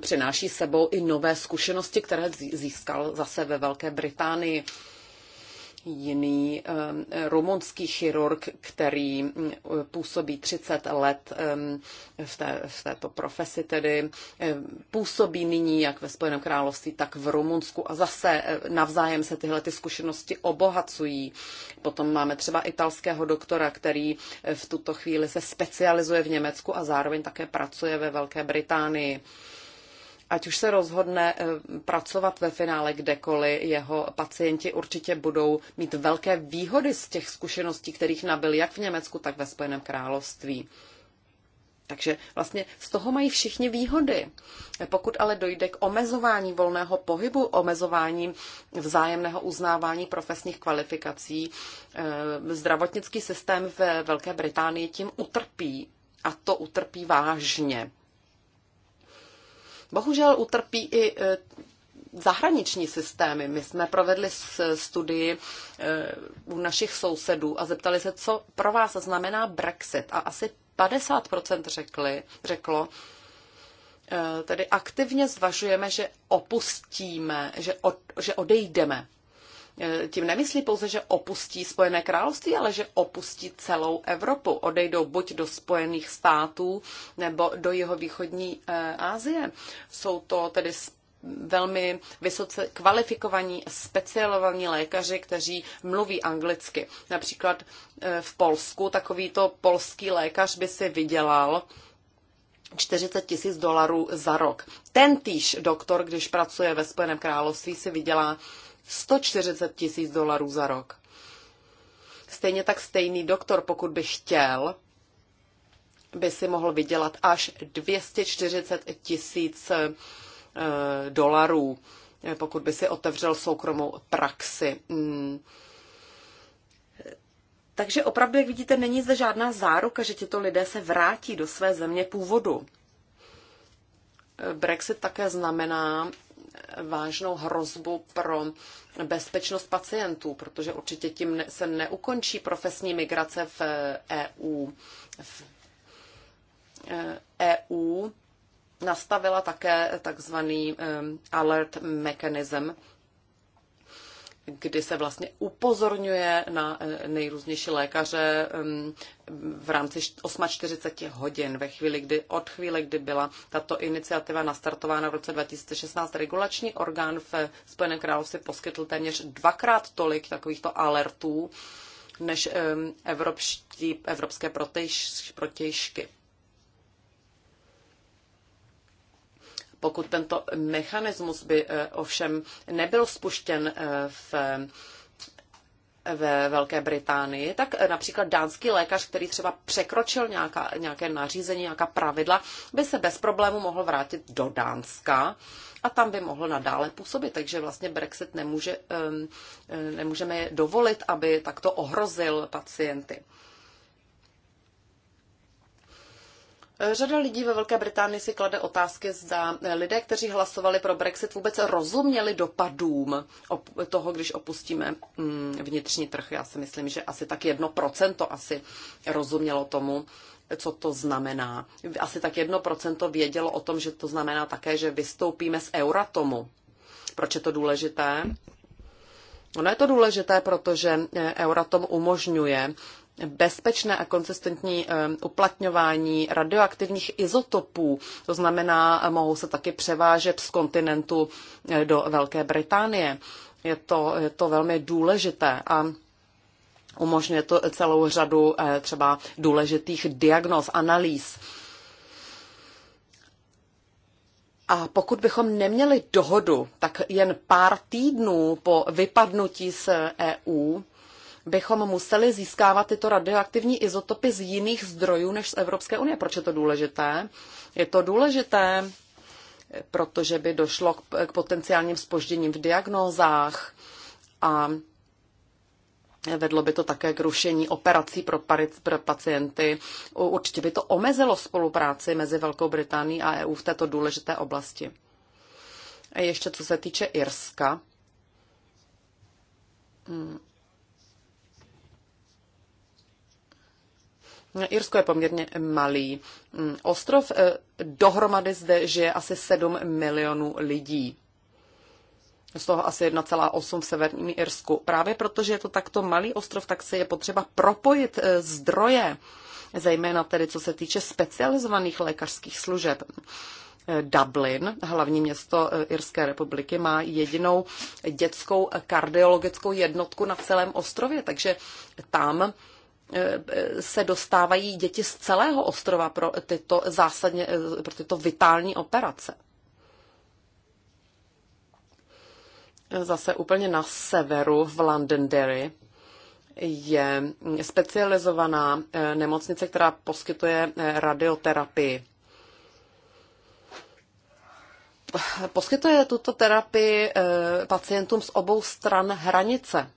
přináší sebou i nové zkušenosti, které získal zase ve Velké Británii jiný eh, rumunský chirurg, který eh, působí 30 let eh, v, té, v této profesi, tedy působí nyní jak ve Spojeném království, tak v Rumunsku a zase navzájem se tyhle ty zkušenosti obohacují. Potom máme třeba italského doktora, který v tuto chvíli se specializuje v Německu a zároveň také pracuje ve Velké Británii ať už se rozhodne eh, pracovat ve finále kdekoliv, jeho pacienti určitě budou mít velké výhody z těch zkušeností, kterých nabyl jak v Německu, tak ve Spojeném království. Takže vlastně z toho mají všichni výhody. Pokud ale dojde k omezování volného pohybu, omezování vzájemného uznávání profesních kvalifikací, eh, zdravotnický systém ve Velké Británii tím utrpí. A to utrpí vážně. Bohužel utrpí i e, zahraniční systémy. My jsme provedli studii e, u našich sousedů a zeptali se, co pro vás znamená Brexit. A asi 50% řekli, řeklo, e, tedy aktivně zvažujeme, že opustíme, že, od, že odejdeme tím nemyslí pouze, že opustí Spojené království, ale že opustí celou Evropu. Odejdou buď do Spojených států nebo do jeho východní eh, Asie. Jsou to tedy velmi vysoce kvalifikovaní, specializovaní lékaři, kteří mluví anglicky. Například eh, v Polsku takovýto polský lékař by si vydělal 40 tisíc dolarů za rok. Ten týž doktor, když pracuje ve Spojeném království, si vydělá 140 tisíc dolarů za rok. Stejně tak stejný doktor, pokud by chtěl, by si mohl vydělat až 240 tisíc eh, dolarů, eh, pokud by si otevřel soukromou praxi. Hmm. Takže opravdu, jak vidíte, není zde žádná záruka, že tito lidé se vrátí do své země původu. Brexit také znamená, vážnou hrozbu pro bezpečnost pacientů, protože určitě tím se neukončí profesní migrace v EU. Eh, e v EU eh, e nastavila také takzvaný eh, alert mechanism, kdy se vlastně upozorňuje na eh, nejrůznější lékaře v rámci 48 hodin ve chvíli, kdy od chvíle, kdy byla tato iniciativa nastartována v roce 2016, regulační orgán v Spojeném království poskytl téměř dvakrát tolik takovýchto alertů než evropští, evropské protějšky. Pokud tento mechanismus by eh, ovšem nebyl spuštěn eh, v ve Velké Británii, tak eh, například dánský lékař, který třeba překročil nějaká, nějaké nařízení, nějaká pravidla, by se bez problému mohl vrátit do Dánska a tam by mohl nadále působit. Takže vlastně Brexit nemůže, ehm, nemůžeme dovolit, aby takto ohrozil pacienty. Řada lidí ve Velké Británii si klade otázky, zda lidé, kteří hlasovali pro Brexit, vůbec rozuměli dopadům toho, když opustíme mm, vnitřní trh. Já si myslím, že asi tak jedno procento asi rozumělo tomu, co to znamená. Asi tak jedno procento vědělo o tom, že to znamená také, že vystoupíme z Euratomu. Proč je to důležité? Ono je to důležité, protože Euratom umožňuje bezpečné a konsistentní eh, uplatňování radioaktivních izotopů. To znamená, eh, mohou se taky převážet z kontinentu eh, do Velké Británie. Je to, je to velmi důležité a umožňuje to celou řadu třeba důležitých diagnóz, analýz. A pokud bychom neměli dohodu, tak jen pár týdnů po vypadnutí z EU bychom museli získávat tyto radioaktivní izotopy z jiných zdrojů než z Evropské unie. Proč je to důležité? Je to důležité, protože by došlo k potenciálním spožděním v diagnózách a Vedlo by to také k rušení operací pro, pro pacienty. Určitě by to omezilo spolupráci mezi Velkou Británií a EU v této důležité oblasti. A ještě co se týče Irska. Hmm. Irsko je poměrně malý mm, ostrov, eh, dohromady zde žije asi 7 milionů lidí. Z toho asi 1,8 v severním Irsku. Právě protože je to takto malý ostrov, tak se je potřeba propojit eh, zdroje, zejména tedy co se týče specializovaných lékařských služeb. Eh, Dublin, hlavní město Irské republiky, má jedinou dětskou kardiologickou jednotku na celém ostrově, takže tam se dostávají děti z celého ostrova pro tyto zásadně, pro tyto vitální operace. Zase úplně na severu v Londonderry je specializovaná eh, nemocnice, která poskytuje eh, radioterapii. Poskytuje tuto terapii eh, pacientům z obou stran hranice.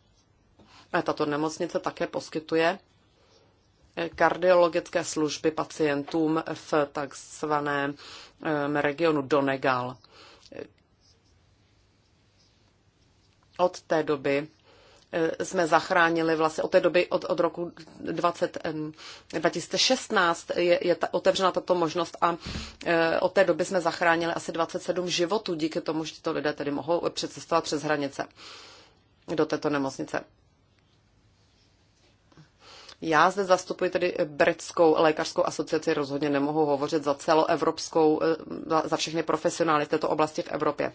Tato nemocnice také poskytuje kardiologické služby pacientům v takzvaném regionu Donegal. Od té doby eh, jsme zachránili vlastně od té doby, od, od roku 20, 2016 je, je ta, otevřena tato možnost a e, od té doby jsme zachránili asi 27 životů díky tomu, že to lidé tedy mohou přecestovat přes hranice do této nemocnice. Já zde zastupuji tedy Britskou lékařskou asociaci, rozhodně nemohu hovořit za celoevropskou, eh, za všechny profesionály v této oblasti v Evropě.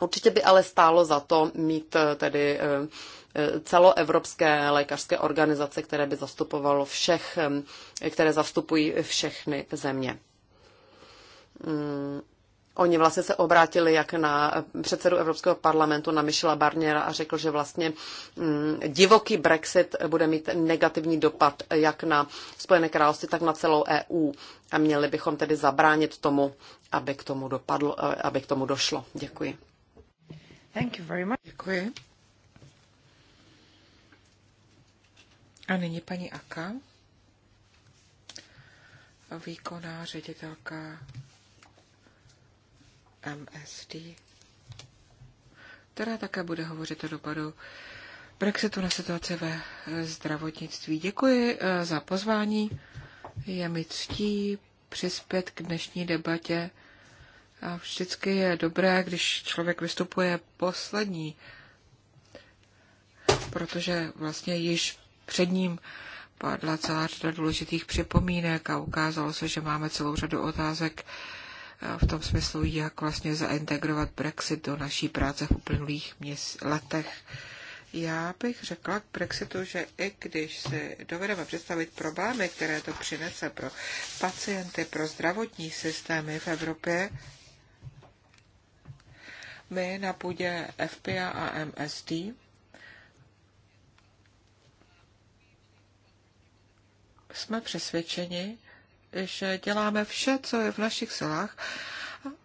Určitě by ale stálo za to mít eh, tedy eh, celoevropské lékařské organizace, které by zastupovalo všech, které zastupují všechny země. Mm. Oni vlastně se obrátili jak na předsedu Evropského parlamentu, na Michela Barniera a řekl, že vlastně mm, divoký Brexit bude mít negativní dopad jak na Spojené království, tak na celou EU. A měli bychom tedy zabránit tomu, aby k tomu, dopadlo, eh, aby k tomu došlo. Děkuji. Thank you very much. Děkuji. A nyní paní Aka, výkonná ředitelka MSD, která také bude hovořit o dopadu Brexitu na situaci ve zdravotnictví. Děkuji eh, za pozvání. Je mi ctí přispět k dnešní debatě. A vždycky je dobré, když člověk vystupuje poslední, protože vlastně již před ním padla celá řada důležitých připomínek a ukázalo se, že máme celou řadu otázek, v tom smyslu, jak vlastně zaintegrovat Brexit do naší práce v uplynulých měs- letech. Já bych řekla k Brexitu, že i když si dovedeme představit problémy, které to přinese pro pacienty, pro zdravotní systémy v Evropě, my na půdě FPA a MSD jsme přesvědčeni, že děláme vše, co je v našich silách,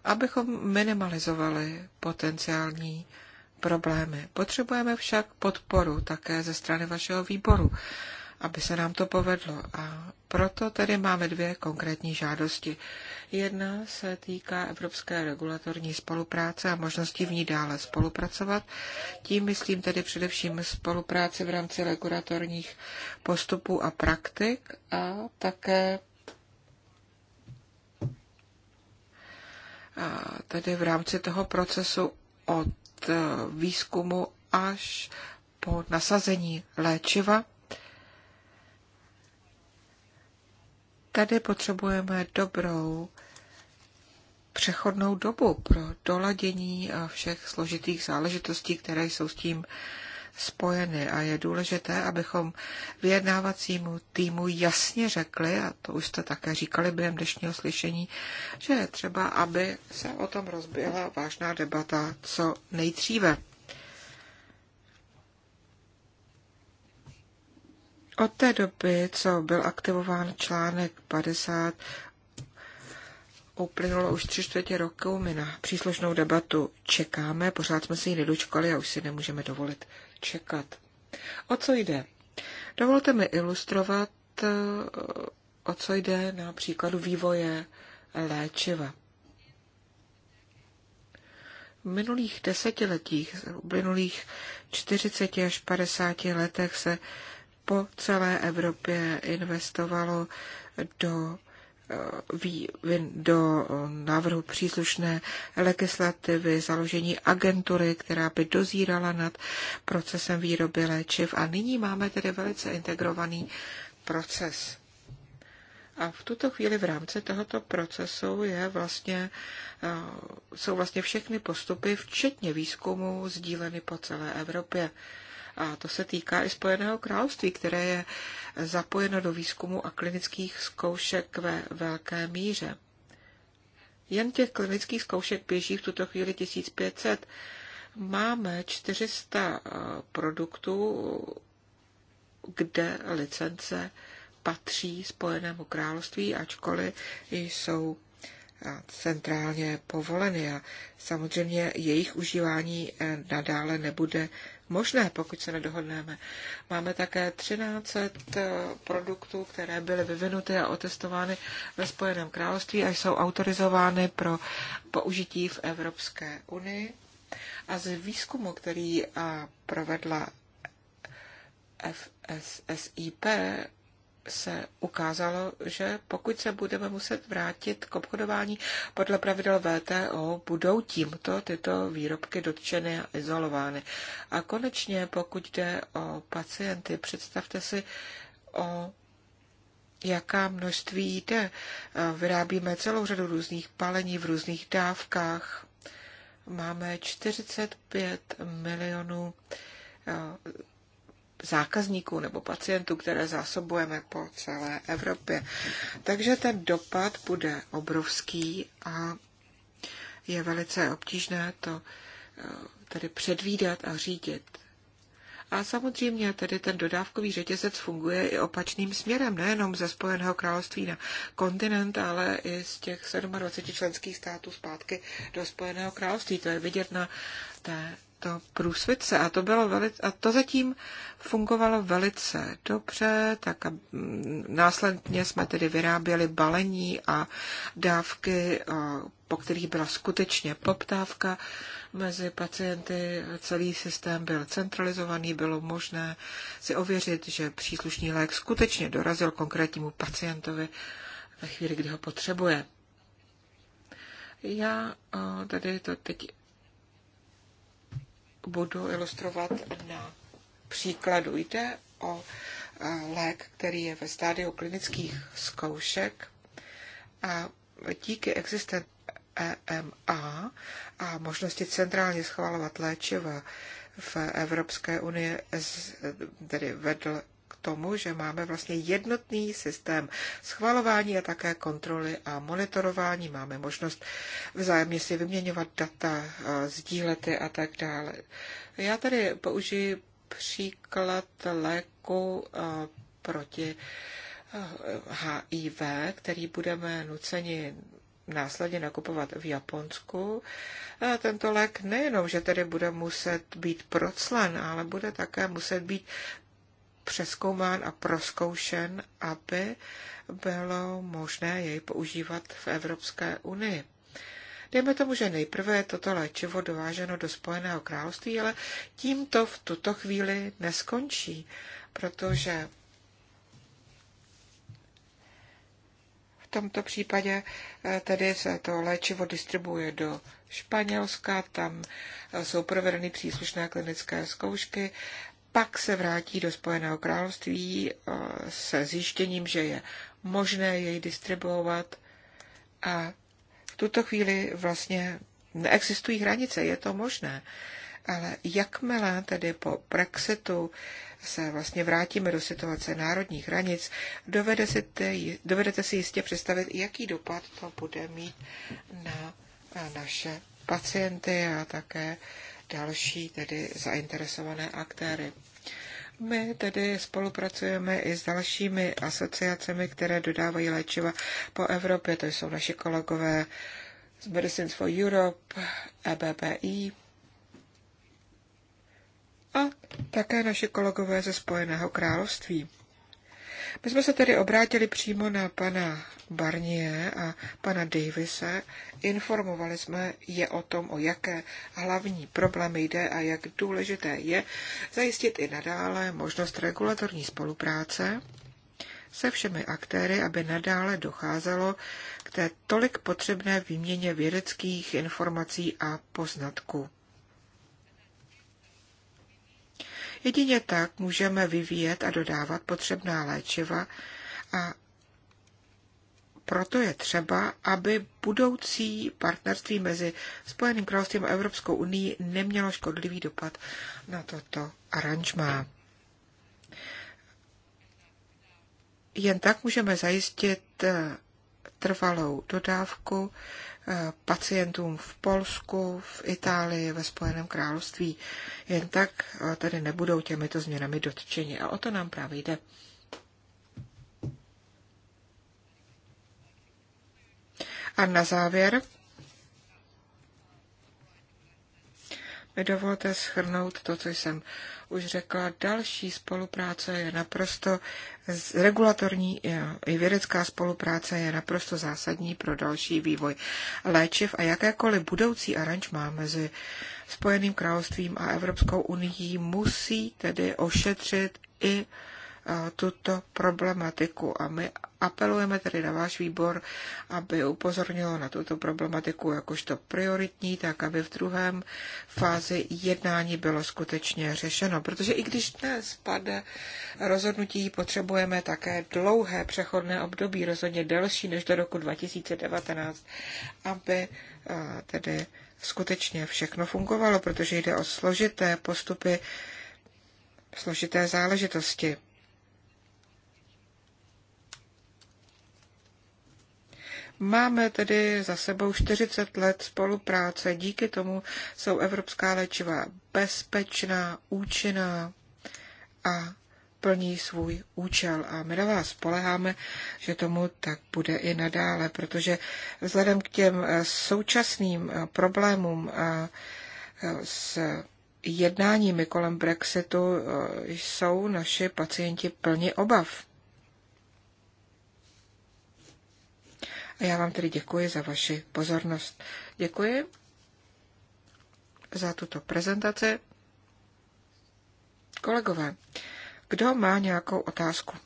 abychom minimalizovali potenciální problémy. Potřebujeme však podporu také ze strany vašeho výboru, aby se nám to povedlo. A proto tedy máme dvě konkrétní žádosti. Jedna se týká Evropské regulatorní spolupráce a možnosti v ní dále spolupracovat. Tím myslím tedy především spolupráci v rámci regulatorních postupů a praktik a také tedy v rámci toho procesu od e, výzkumu až po nasazení léčiva. Tady potřebujeme dobrou přechodnou dobu pro doladění e, všech složitých záležitostí, které jsou s tím spojeny a je důležité, abychom vyjednávacímu týmu jasně řekli, a to už jste také říkali během dnešního slyšení, že je třeba, aby se o tom rozběhla vážná debata co nejdříve. Od té doby, co byl aktivován článek 50, uplynulo už tři čtvrtě roku, my na příslušnou debatu čekáme, pořád jsme si ji nedočkali a už si nemůžeme dovolit čekat. O co jde? Dovolte mi ilustrovat, eh, o co jde na příkladu vývoje léčiva. V minulých desetiletích, v minulých 40 až 50 letech se po celé Evropě investovalo do Eh, do eh, návrhu příslušné legislativy, založení agentury, která by dozírala nad procesem výroby léčiv. A nyní máme tedy velice integrovaný proces. A v tuto chvíli v rámci tohoto procesu je vlastně, eh, jsou vlastně všechny postupy, včetně výzkumu, sdíleny po celé Evropě. A to se týká i Spojeného království, které je zapojeno do výzkumu a klinických zkoušek ve velké míře. Jen těch klinických zkoušek běží v tuto chvíli 1500. Máme 400 eh, produktů, kde licence patří Spojenému království, ačkoliv jsou eh, centrálně povoleny a samozřejmě jejich užívání eh, nadále nebude možné, pokud se nedohodneme. Máme také 1300 produktů, které byly vyvinuty a otestovány ve Spojeném království a jsou autorizovány pro použití v Evropské unii. A z výzkumu, který provedla FSSIP, se ukázalo, že pokud se budeme muset vrátit k obchodování podle pravidel VTO, budou tímto tyto výrobky dotčeny a izolovány. A konečně, pokud jde o pacienty, představte si, o jaká množství jde. Vyrábíme celou řadu různých palení v různých dávkách. Máme 45 milionů zákazníků nebo pacientů, které zásobujeme po celé Evropě. Takže ten dopad bude obrovský a je velice obtížné to eh, tedy předvídat a řídit. A samozřejmě tedy ten dodávkový řetězec funguje i opačným směrem, nejenom ze Spojeného království na kontinent, ale i z těch 27 členských států zpátky do Spojeného království. To je vidět na té to průsvitce a to, bylo velice, a to zatím fungovalo velice dobře, tak a mm, následně jsme tedy vyráběli balení a dávky, po kterých byla skutečně poptávka mezi pacienty. Celý systém byl centralizovaný, bylo možné si ověřit, že příslušný lék skutečně dorazil konkrétnímu pacientovi ve chvíli, kdy ho potřebuje. Já tady to teď budu ilustrovat na příkladu. Jde o eh, lék, který je ve stádiu klinických zkoušek a díky existenci EMA a možnosti centrálně schvalovat léčiva v Evropské unii tedy vedl tomu, že máme vlastně jednotný systém schvalování a také kontroly a monitorování. Máme možnost vzájemně si vyměňovat data, eh, sdílet je a tak dále. Já tady použiji příklad léku eh, proti HIV, eh, který budeme nuceni následně nakupovat v Japonsku. A tento lék nejenom, že tedy bude muset být proclen, ale bude také muset být přeskoumán a proskoušen, aby bylo možné jej používat v Evropské unii. Dejme tomu, že nejprve je toto léčivo dováženo do Spojeného království, ale tím to v tuto chvíli neskončí, protože v tomto případě eh, tedy se to léčivo distribuje do Španělska, tam jsou provedeny příslušné klinické zkoušky pak se vrátí do Spojeného království eh, se zjištěním, že je možné jej distribuovat a v tuto chvíli vlastně neexistují hranice, je to možné. Ale jakmile tedy po Brexitu se vlastně vrátíme do situace národních hranic, dovede si te, dovedete si jistě představit, jaký dopad to bude mít na, na naše pacienty a také další tedy zainteresované aktéry. My tedy spolupracujeme i s dalšími asociacemi, které dodávají léčiva po Evropě. To jsou naši kolegové z Medicines for Europe, EBBI a také naši kolegové ze Spojeného království. My jsme se tedy obrátili přímo na pana Barnie a pana Davise. Informovali jsme je o tom, o jaké hlavní problémy jde a jak důležité je zajistit i nadále možnost regulatorní spolupráce se všemi aktéry, aby nadále docházelo k té tolik potřebné výměně vědeckých informací a poznatků. Jedině tak můžeme vyvíjet a dodávat potřebná léčiva a proto je třeba, aby budoucí partnerství mezi Spojeným královstvím a Evropskou unii nemělo škodlivý dopad na toto aranžmá. Jen tak můžeme zajistit eh, trvalou dodávku pacientům v Polsku, v Itálii, ve Spojeném království. Jen tak eh, tedy nebudou těmito změnami dotčeni. A o to nám právě jde. A na závěr Dovolte schrnout to, co jsem už řekla. Další spolupráce je naprosto, regulatorní i vědecká spolupráce je naprosto zásadní pro další vývoj léčiv a jakékoliv budoucí aranžma mezi Spojeným královstvím a Evropskou unii musí tedy ošetřit i tuto problematiku. A my apelujeme tedy na váš výbor, aby upozornilo na tuto problematiku jakožto prioritní, tak aby v druhém fázi jednání bylo skutečně řešeno. Protože i když dnes padne rozhodnutí, potřebujeme také dlouhé přechodné období, rozhodně delší než do roku 2019, aby tedy skutečně všechno fungovalo, protože jde o složité postupy, složité záležitosti. Máme tedy za sebou 40 let spolupráce. Díky tomu jsou evropská léčiva bezpečná, účinná a plní svůj účel. A my na vás spoleháme, že tomu tak bude i nadále, protože vzhledem k těm eh, současným eh, problémům eh, s jednáními kolem Brexitu jsou naši pacienti plni obav. A já vám tedy děkuji za vaši pozornost. Děkuji za tuto prezentaci. Kolegové, kdo má nějakou otázku?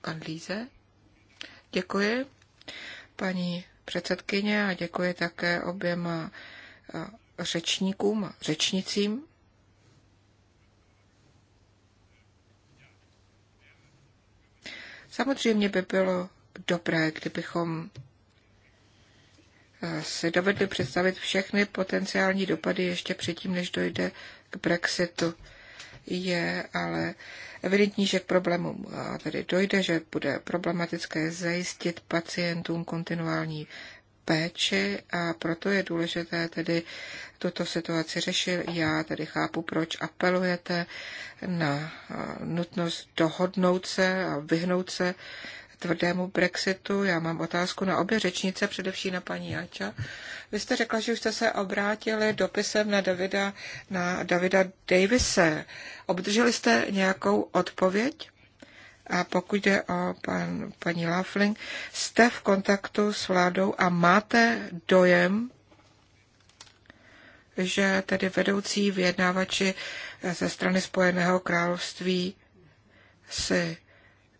Pan Líze? Děkuji, paní předsedkyně, a děkuji také oběma eh, řečníkům, řečnicím. Samozřejmě by bylo dobré, kdybychom eh, si dovedli představit všechny potenciální dopady ještě předtím, než dojde k Brexitu. Je ale evidentní, že k problémům eh, tady dojde, že bude problematické zajistit pacientům kontinuální péči a proto je důležité tedy tuto situaci řešit. Já tedy chápu, proč apelujete na eh, nutnost dohodnout se a vyhnout se tvrdému Brexitu. Já mám otázku na obě řečnice, především na paní Jača. Vy jste řekla, že už jste se obrátili dopisem na Davida, na Davida Davise. Obdrželi jste nějakou odpověď? A pokud jde o pan, paní Laughlin, jste v kontaktu s vládou a máte dojem, že tedy vedoucí vyjednávači ze strany Spojeného království si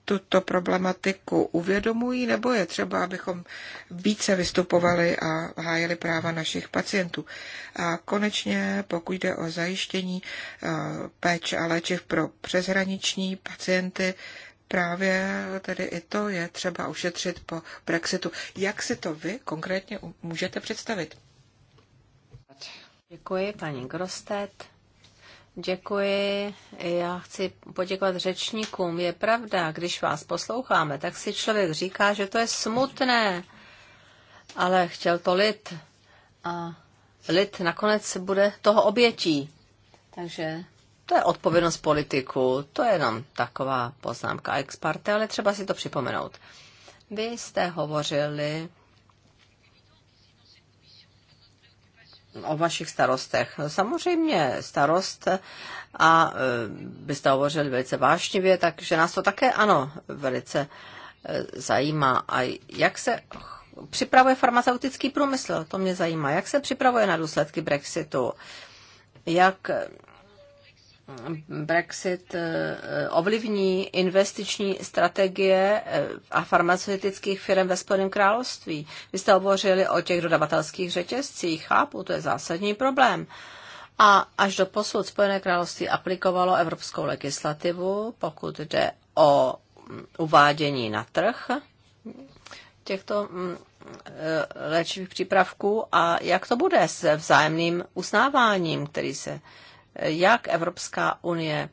tuto problematiku uvědomují, nebo je třeba, abychom více vystupovali a hájili práva našich pacientů. A konečně, pokud jde o zajištění eh, péče a léčiv pro přeshraniční pacienty, právě tedy i to je třeba ušetřit po Brexitu. Jak si to vy konkrétně můžete představit? Děkuji, paní Grostet. Děkuji. Já chci poděkovat řečníkům. Je pravda, když vás posloucháme, tak si člověk říká, že to je smutné, ale chtěl to lid. A lid nakonec bude toho obětí. Takže to je odpovědnost politiku, to je jenom taková poznámka ex parte, ale třeba si to připomenout. Vy jste hovořili o vašich starostech. Samozřejmě starost a byste e, hovořili velice vášnivě, takže nás to také ano, velice e, zajímá. A jak se připravuje farmaceutický průmysl? To mě zajímá. Jak se připravuje na důsledky Brexitu? Jak Brexit eh, ovlivní investiční strategie eh, a farmaceutických firm ve Spojeném království. Vy jste hovořili o těch dodavatelských řetězcích, chápu, to je zásadní problém. A až do posud Spojené království aplikovalo evropskou legislativu, pokud jde o mm, uvádění na trh těchto mm, eh, léčivých přípravků a jak to bude s vzájemným uznáváním, který se jak Evropská unie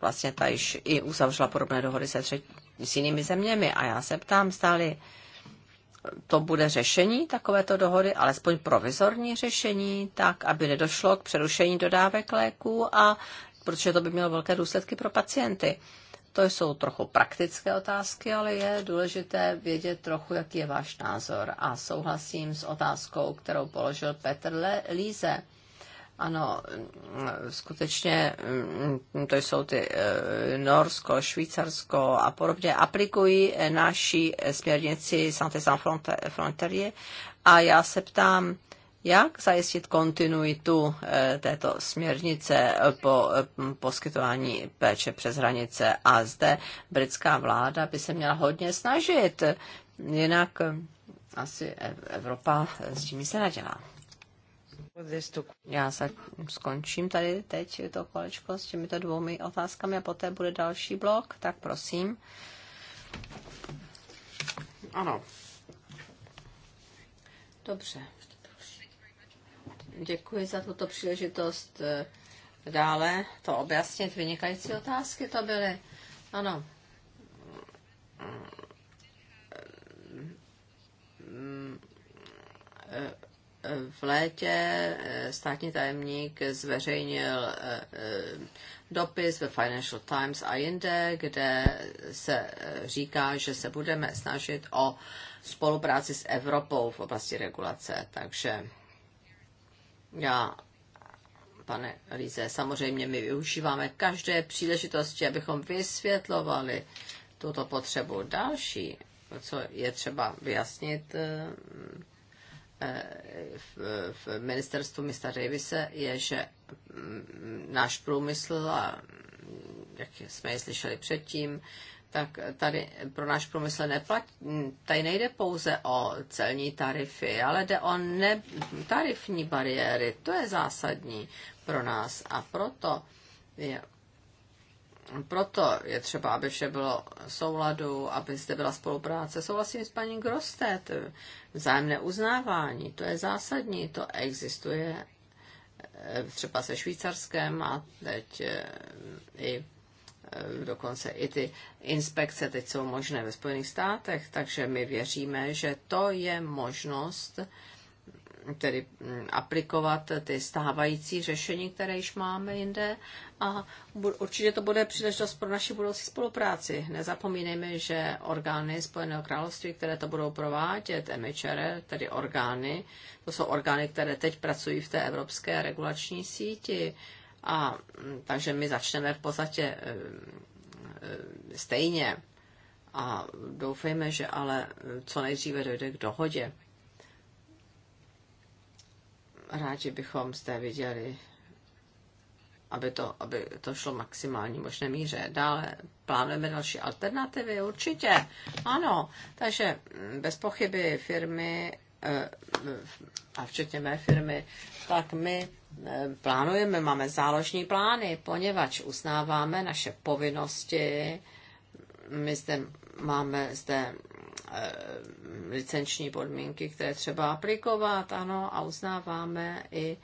vlastně ta již i uzavřela podobné dohody se třetí, s jinými zeměmi. A já se ptám, stáli to bude řešení takovéto dohody, alespoň provizorní řešení, tak, aby nedošlo k přerušení dodávek léků a protože to by mělo velké důsledky pro pacienty. To jsou trochu praktické otázky, ale je důležité vědět trochu, jaký je váš názor. A souhlasím s otázkou, kterou položil Petr Le- Líze ano, skutečně mm, to jsou ty eh, Norsko, Švýcarsko a podobně. Aplikují naši směrnici Santé sans frontérie a já se ptám, jak zajistit kontinuitu eh, této směrnice po eh, poskytování péče přes hranice. A zde britská vláda by se měla hodně snažit, jinak asi Evropa s tím se nedělá. Já se skončím tady teď to kolečko s těmito dvoumi otázkami a poté bude další blok, tak prosím. Ano. Dobře. Děkuji za tuto příležitost eh, dále to objasnit. Vynikající otázky to byly. Ano. Mm v létě eh, státní tajemník zveřejnil eh, eh, dopis ve Financial Times a jinde, kde se říká, že se budeme snažit o spolupráci s Evropou v oblasti regulace. Takže já, pane Líze, samozřejmě my využíváme každé příležitosti, abychom vysvětlovali tuto potřebu. Další, co je třeba vyjasnit, Eh, v, v ministerstvu města Davise je, že mm, náš průmysl, a mm, jak jsme je slyšeli předtím, tak tady pro náš průmysl neplatí, tady nejde pouze o celní tarify, ale jde o ne, tarifní bariéry. To je zásadní pro nás a proto je proto je třeba, aby vše bylo souladu, aby zde byla spolupráce. Souhlasím s paní Grostet. Vzájemné uznávání, to je zásadní, to existuje eh, třeba se Švýcarskem a teď eh, i eh, dokonce i ty inspekce teď jsou možné ve Spojených státech, takže my věříme, že to je možnost, tedy mm, aplikovat ty stávající řešení, které již máme jinde a určitě to bude příležitost pro naši budoucí spolupráci. Nezapomínejme, že orgány Spojeného království, které to budou provádět, MHR, tedy orgány, to jsou orgány, které teď pracují v té evropské regulační síti a mm, takže my začneme v podstatě mm, e, e, stejně a doufejme, že ale e, co nejdříve dojde k dohodě rádi bychom zde viděli, aby to, aby to šlo maximální možné míře. Dále plánujeme další alternativy, určitě. Ano, takže mm, bez pochyby firmy eh, eh, a včetně mé firmy, tak my eh, plánujeme, máme záložní plány, poněvadž uznáváme naše povinnosti. My zde máme zde Eh, licenční podmínky, které třeba aplikovat, ano, a uznáváme i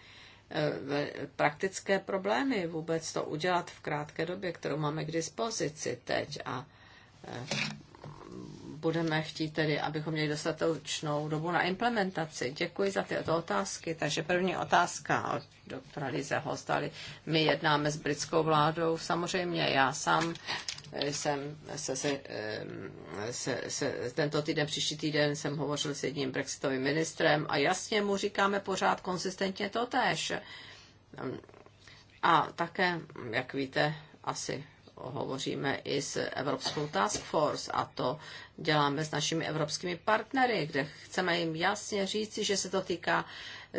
eh, praktické problémy vůbec to udělat v krátké době, kterou máme k dispozici teď a eh, budeme chtít tedy, abychom měli dostatečnou dobu na implementaci. Děkuji za tyto otázky. Takže první otázka od doktora Lize Hostali. My jednáme s britskou vládou. Samozřejmě já sám jsem se, se, se, se, tento týden, příští týden jsem hovořil s jedním brexitovým ministrem a jasně mu říkáme pořád konsistentně to tež. A také, jak víte, asi hovoříme i s Evropskou task force a to děláme s našimi evropskými partnery, kde chceme jim jasně říci, že se to týká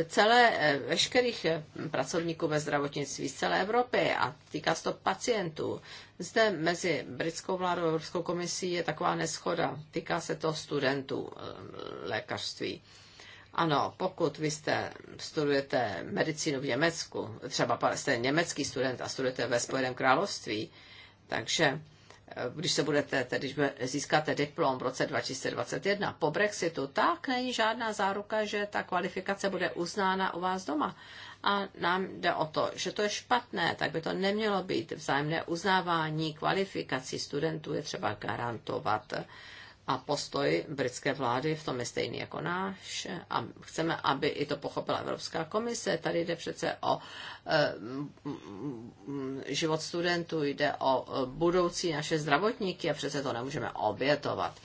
celé eh, veškerých eh, pracovníků ve zdravotnictví z celé Evropy a týká se to pacientů. Zde mezi britskou vládou a Evropskou komisí je taková neschoda. Týká se to studentů eh, lékařství. Ano, pokud vy jste, studujete medicínu v Německu, třeba jste německý student a studujete ve Spojeném království, takže když se budete, tedy získáte diplom v roce 2021 po Brexitu, tak není žádná záruka, že ta kvalifikace bude uznána u vás doma. A nám jde o to, že to je špatné, tak by to nemělo být. Vzájemné uznávání kvalifikací studentů je třeba garantovat a postoj britské vlády v tom je stejný jako náš a chceme, aby i to pochopila Evropská komise. Tady jde přece o e, život studentů, jde o eh, budoucí naše zdravotníky a přece to nemůžeme obětovat.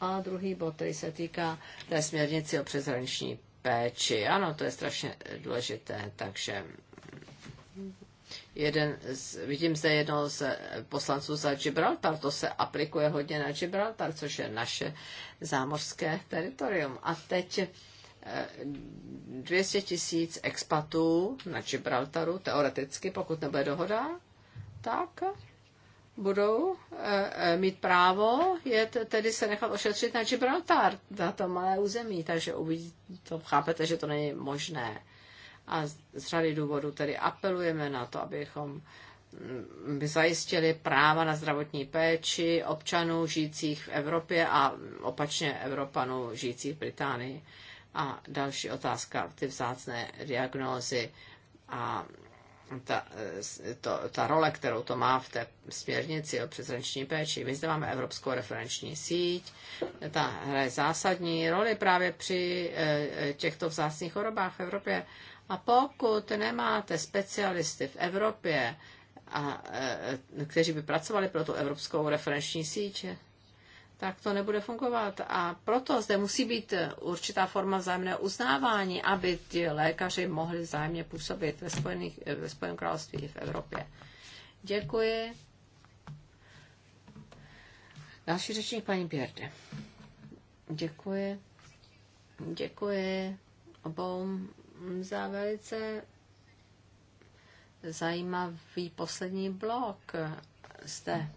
A druhý bod, který se týká té směrnici o přeshraniční péči. Ano, to je strašně důležité, takže jeden z, vidím zde jednoho z eh, poslanců za Gibraltar, to se aplikuje hodně na Gibraltar, což je naše zámořské teritorium. A teď 200 eh, tisíc expatů na Gibraltaru, teoreticky, pokud nebude dohoda, tak budou eh, mít právo je tedy se nechat ošetřit na Gibraltar, na to malé území, takže uvidí, to chápete, že to není možné a z řady důvodů tedy apelujeme na to, abychom mm, by zajistili práva na zdravotní péči občanů žijících v Evropě a opačně Evropanů žijících v Británii. A další otázka, ty vzácné diagnózy a ta, eh, to, ta role, kterou to má v té směrnici o přeshraniční péči. My zde máme Evropskou referenční síť, ta hraje zásadní roli právě při eh, těchto vzácných chorobách v Evropě. A pokud nemáte specialisty v Evropě, a, e, kteří by pracovali pro tu evropskou referenční síť, tak to nebude fungovat. A proto zde musí být určitá forma vzájemného uznávání, aby ti lékaři mohli vzájemně působit ve, Spojených, ve Spojeném království i v Evropě. Děkuji. Další řečník paní Pěrde. Děkuji. Děkuji obou za velice zajímavý poslední blok zde.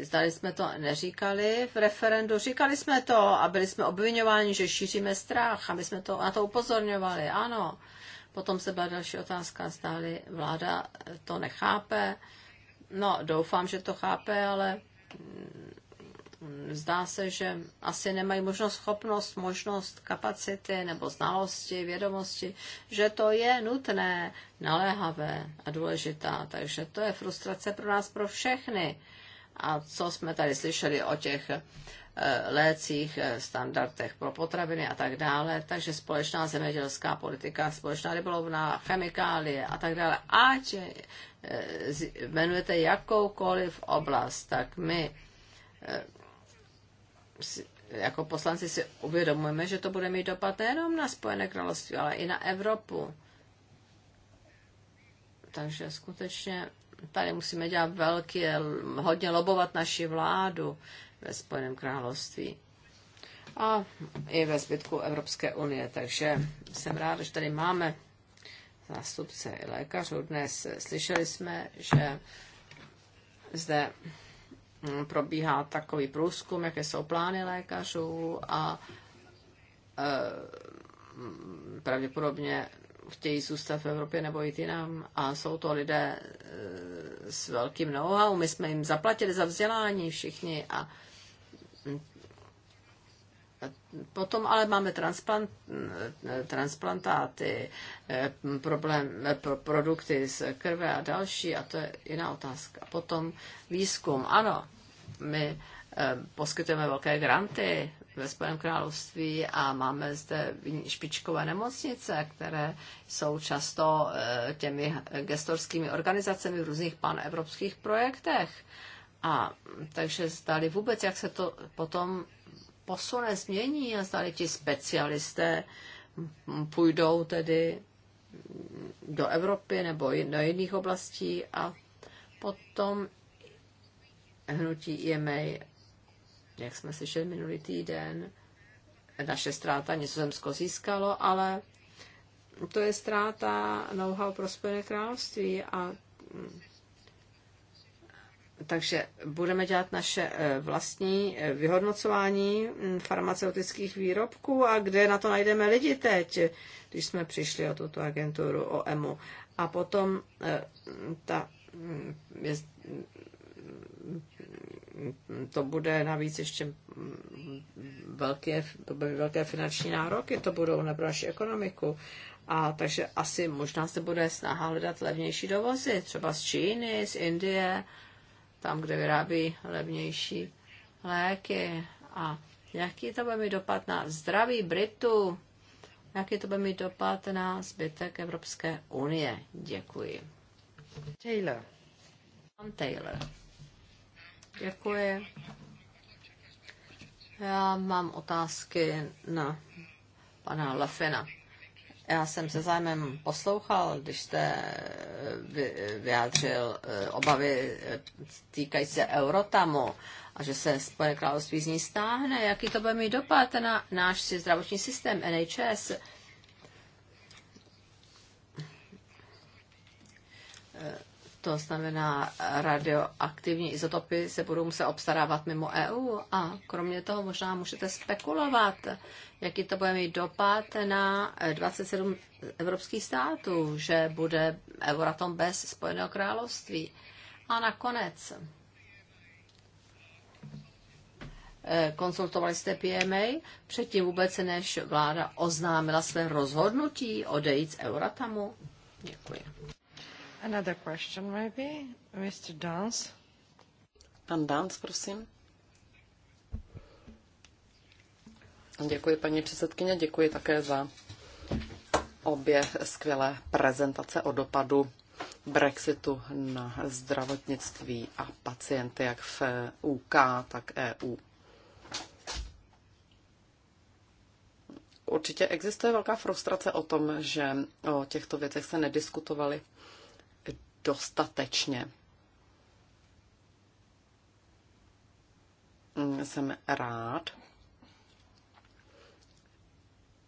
Zdali jsme to neříkali v referendu, říkali jsme to a byli jsme obvinováni, že šíříme strach a my jsme to, na to upozorňovali, ano. Potom se byla další otázka, zdali vláda to nechápe. No, doufám, že to chápe, ale zdá se, že asi nemají možnost, schopnost, možnost, kapacity nebo znalosti, vědomosti, že to je nutné, naléhavé a důležitá. Takže to je frustrace pro nás, pro všechny. A co jsme tady slyšeli o těch eh, lécích, eh, standardech pro potraviny a tak dále, takže společná zemědělská politika, společná rybolovná, chemikálie a tak dále. Ať eh, jmenujete jakoukoliv oblast, tak my jako poslanci si uvědomujeme, že to bude mít dopad nejenom na Spojené království, ale i na Evropu. Takže skutečně tady musíme dělat velké, hodně lobovat naši vládu ve Spojeném království a i ve zbytku Evropské unie. Takže jsem ráda, že tady máme zástupce lékařů. Dnes slyšeli jsme, že zde Mm, probíhá takový průzkum, jaké jsou plány lékařů a e, mm, pravděpodobně chtějí zůstat v Evropě nebo jít jinam. A jsou to lidé e, s velkým know-how. My jsme jim zaplatili za vzdělání všichni a mm, Potom ale máme transplant, transplantáty, e, problém, e, produkty z krve a další, a to je jiná otázka. Potom výzkum, ano, my eh, poskytujeme velké granty ve Spojeném království a máme zde špičkové nemocnice, které jsou často eh, těmi gestorskými organizacemi v různých panevropských projektech. A takže zdali vůbec, jak se to potom posune, změní a zdali ti specialisté půjdou tedy do Evropy nebo do jiných oblastí a potom hnutí IMA, e jak jsme slyšeli minulý týden, naše ztráta Nizozemsko získalo, ale to je ztráta know-how pro Spojené království a mm, takže budeme dělat naše e, vlastní e, vyhodnocování mm, farmaceutických výrobků a kde na to najdeme lidi teď, když jsme přišli o tuto agenturu, o EMU. A potom ta mm, je, to bude navíc ještě velké, to bude velké finanční nároky, to budou na naši ekonomiku. A takže asi možná se bude snaha hledat levnější dovozy, třeba z Číny, z Indie, tam, kde vyrábí levnější léky. A jaký to bude mít dopad na zdraví Britů? Jaký to bude mít dopad na zbytek Evropské unie? Děkuji. Taylor. Pan Taylor je. Já mám otázky na pana Lafina. Já jsem se zájmem poslouchal, když jste eh, eh, vyjádřil eh, obavy týkající se Eurotamu a že se Spojené království z ní stáhne. Jaký to bude mít dopad na náš zdravotní systém NHS? Uh, to znamená, radioaktivní izotopy se budou muset obstarávat mimo EU a kromě toho možná můžete spekulovat, jaký to bude mít dopad na 27 evropských států, že bude Euratom bez Spojeného království. A nakonec, eh, konsultovali jste PMA předtím vůbec, než vláda oznámila své rozhodnutí odejít z Euratomu. Děkuji. Another question maybe? Mr. Dance. Pan Dance, prosím. Děkuji, paní předsedkyně, děkuji také za obě skvělé prezentace o dopadu Brexitu na zdravotnictví a pacienty jak v UK, tak EU. Určitě existuje velká frustrace o tom, že o těchto věcech se nediskutovaly dostatečně. Jsem rád,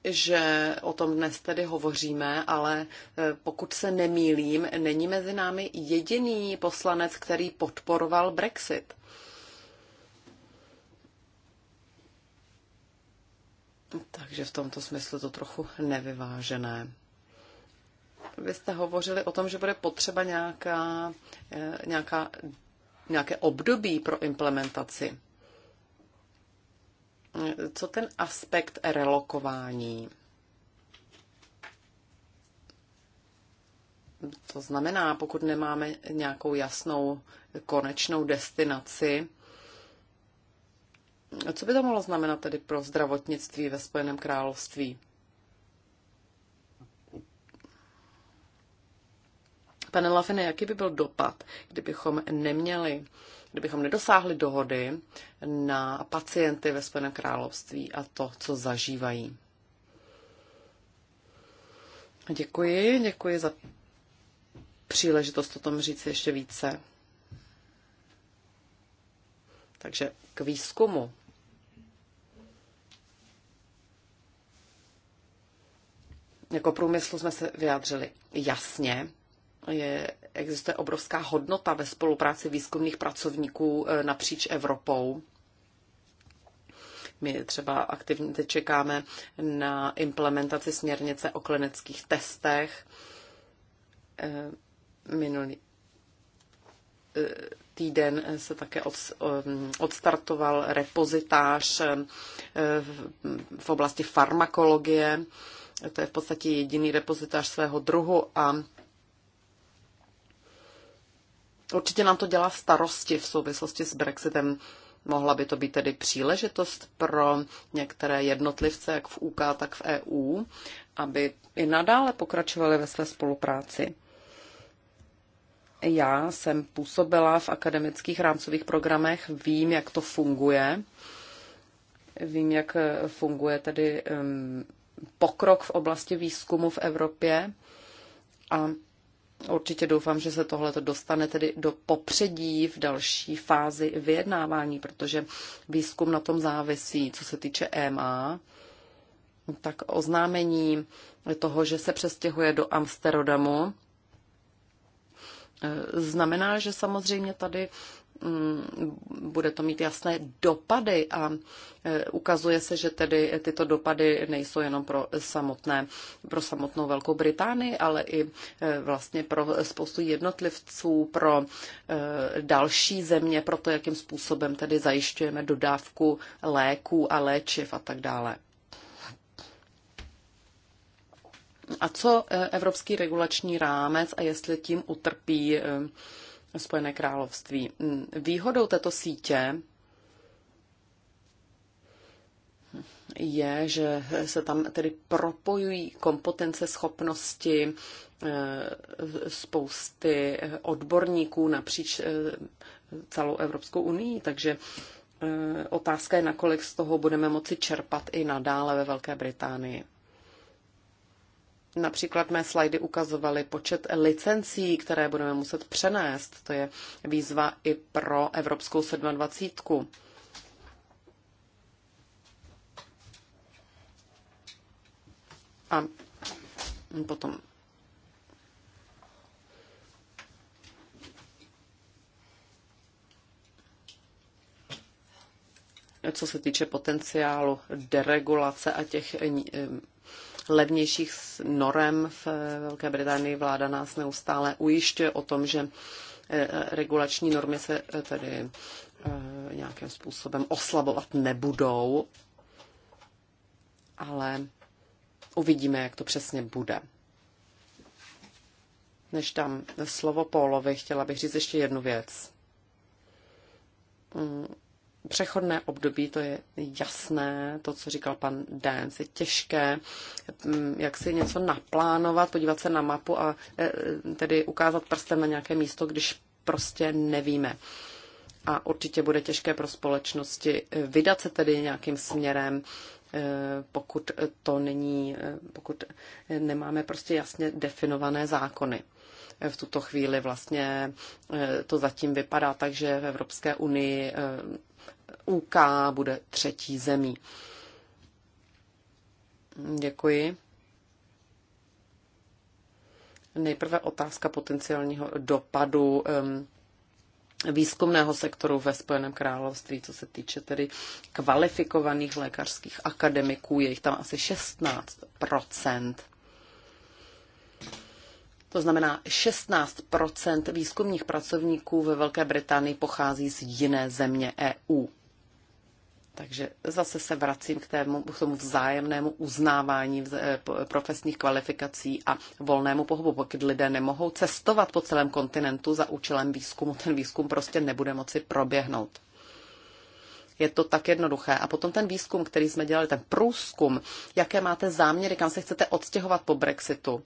že o tom dnes tedy hovoříme, ale e, pokud se nemýlím, není mezi námi jediný poslanec, který podporoval Brexit. Takže v tomto smyslu to trochu nevyvážené. Vy jste hovořili o tom, že bude potřeba nějaká, eh, nějaká, nějaké období pro implementaci. Co ten aspekt relokování? To znamená, pokud nemáme nějakou jasnou konečnou destinaci, co by to mohlo znamenat tedy pro zdravotnictví ve Spojeném království? Pane Lafine, jaký by byl dopad, kdybychom neměli, kdybychom nedosáhli dohody na pacienty ve Spojeném království a to, co zažívají? Děkuji, děkuji za příležitost o tom říct ještě více. Takže k výzkumu. Jako průmyslu jsme se vyjádřili jasně je, existuje obrovská hodnota ve spolupráci výzkumných pracovníků e, napříč Evropou. My třeba aktivně teď čekáme na implementaci směrnice o klinických testech. E, minulý e, týden se také odstartoval repozitář v oblasti farmakologie. To je v podstatě jediný repozitář svého druhu a Určitě nám to dělá starosti v souvislosti s Brexitem. Mohla by to být tedy příležitost pro některé jednotlivce, jak v UK, tak v EU, aby i nadále pokračovali ve své spolupráci. Já jsem působila v akademických rámcových programech, vím, jak to funguje. Vím, jak funguje tedy pokrok v oblasti výzkumu v Evropě. A Určitě doufám, že se tohle dostane tedy do popředí v další fázi vyjednávání, protože výzkum na tom závisí, co se týče EMA, tak oznámení toho, že se přestěhuje do Amsterdamu, e, znamená, že samozřejmě tady Mm, bude to mít jasné dopady a e, ukazuje se, že tedy tyto dopady nejsou jenom pro, samotné, pro samotnou Velkou Británii, ale i e, vlastně pro spoustu jednotlivců, pro e, další země, pro to, jakým způsobem tedy zajišťujeme dodávku léků a léčiv a tak dále. A co Evropský regulační rámec a jestli tím utrpí Spojené království. Mm, výhodou této sítě je, že se tam tedy propojují kompetence, schopnosti eh, spousty odborníků napříč eh, celou Evropskou unii, takže eh, otázka je, nakolik z toho budeme moci čerpat i nadále ve Velké Británii. Například mé slajdy ukazovaly počet licencí, které budeme muset přenést. To je výzva i pro Evropskou 27. A potom co se týče potenciálu deregulace a těch eh, levnějších norem v Velké Británii. Vláda nás neustále ujišťuje o tom, že eh, regulační normy se eh, tedy eh, nějakým způsobem oslabovat nebudou, ale uvidíme, jak to přesně bude. Než tam slovo Pólovi, chtěla bych říct ještě jednu věc mm, přechodné období, to je jasné, to, co říkal pan Dance, je těžké, mm, jak si něco naplánovat, podívat se na mapu a e, tedy ukázat prstem na nějaké místo, když prostě nevíme. A určitě bude těžké pro společnosti e, vydat se tedy nějakým směrem, e, pokud to není, pokud nemáme prostě jasně definované zákony v tuto chvíli vlastně to zatím vypadá tak, že v Evropské unii UK bude třetí zemí. Děkuji. Nejprve otázka potenciálního dopadu um, výzkumného sektoru ve Spojeném království, co se týče tedy kvalifikovaných lékařských akademiků, je jich tam asi 16 to znamená, 16 výzkumných pracovníků ve Velké Británii pochází z jiné země EU. Takže zase se vracím k, tému, k tomu vzájemnému uznávání eh, profesních kvalifikací a volnému pohybu. Pokud lidé nemohou cestovat po celém kontinentu za účelem výzkumu, ten výzkum prostě nebude moci proběhnout. Je to tak jednoduché. A potom ten výzkum, který jsme dělali, ten průzkum, jaké máte záměry, kam se chcete odstěhovat po Brexitu,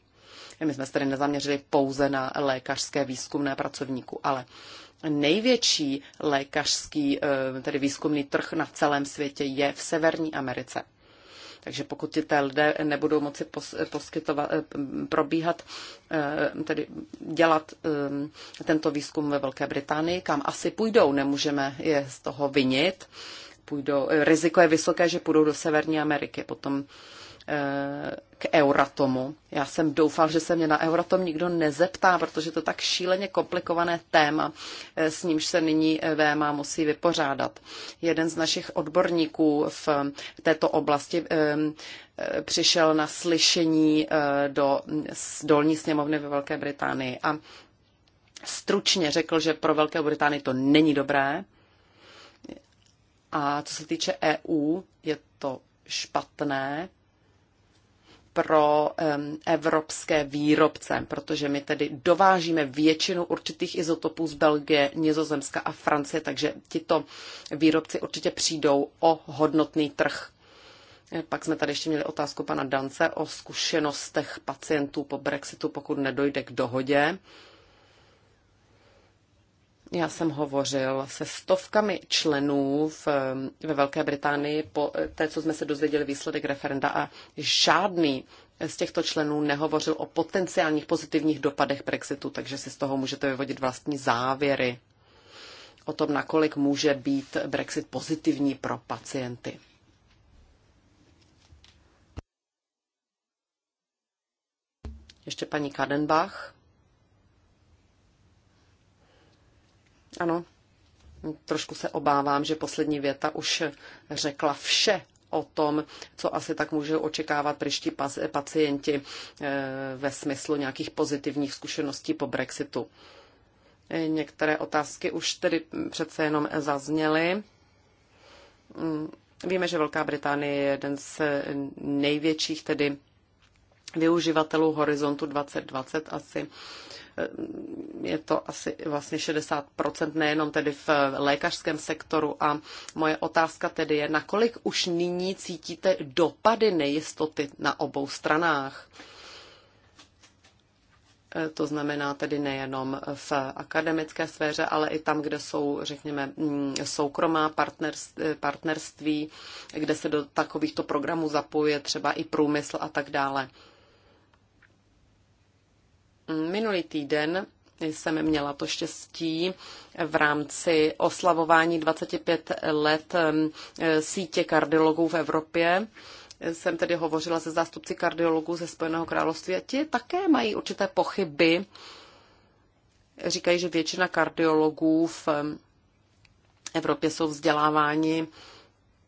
my jsme se tedy nezaměřili pouze na lékařské výzkumné pracovníku, ale největší lékařský, eh, tedy výzkumný trh na celém světě je v Severní Americe. Takže pokud ti lidé nebudou moci poskytovat, eh, probíhat, eh, tedy dělat tento výzkum ve Velké Británii, kam asi půjdou, nemůžeme je z toho vinit. Půjdou, riziko je vysoké, že půjdou do Severní Ameriky. Potom k Euratomu. Já jsem doufal, že se mě na Euratom nikdo nezeptá, protože to tak šíleně komplikované téma, eh, s nímž se nyní eh, VMA musí vypořádat. Jeden z našich odborníků v této oblasti eh, přišel na slyšení do dolní sněmovny ve Velké Británii a stručně řekl, že pro Velkou Británii to není dobré. A co se týče EU, je to špatné, pro evropské výrobce, protože my tedy dovážíme většinu určitých izotopů z Belgie, Nizozemska a Francie, takže tito výrobci určitě přijdou o hodnotný trh. Eh, pak jsme tady ještě měli otázku pana Dance o zkušenostech pacientů po Brexitu, pokud nedojde k dohodě. Já jsem hovořil se stovkami členů v, ve Velké Británii po eh, té, co jsme se dozvěděli výsledek referenda a žádný z těchto členů nehovořil o potenciálních pozitivních dopadech Brexitu, takže si z toho můžete vyvodit vlastní závěry o tom, nakolik může být Brexit pozitivní pro pacienty. Ještě paní Kadenbach. Ano, trošku se obávám, že poslední věta už řekla vše o tom, co asi tak můžou očekávat priští pacienti eh, ve smyslu nějakých pozitivních zkušeností po Brexitu. Eh, některé otázky už tedy přece jenom zazněly. Mm, víme, že Velká Británie je jeden z největších tedy využivatelů Horizontu 2020 asi Eh, je to asi vlastně 60%, nejenom tedy v lékařském sektoru. A moje otázka tedy je, nakolik už nyní cítíte dopady nejistoty na obou stranách? Eh, to znamená tedy nejenom v akademické sféře, ale i tam, kde jsou, řekněme, mm, soukromá eh, partnerství, kde se do takovýchto programů zapojuje třeba i průmysl a tak dále. Minulý týden jsem měla to štěstí v rámci oslavování 25 let sítě kardiologů v Evropě. Jsem tedy hovořila se zástupci kardiologů ze Spojeného království a ti také mají určité pochyby. Říkají, že většina kardiologů v Evropě jsou vzděláváni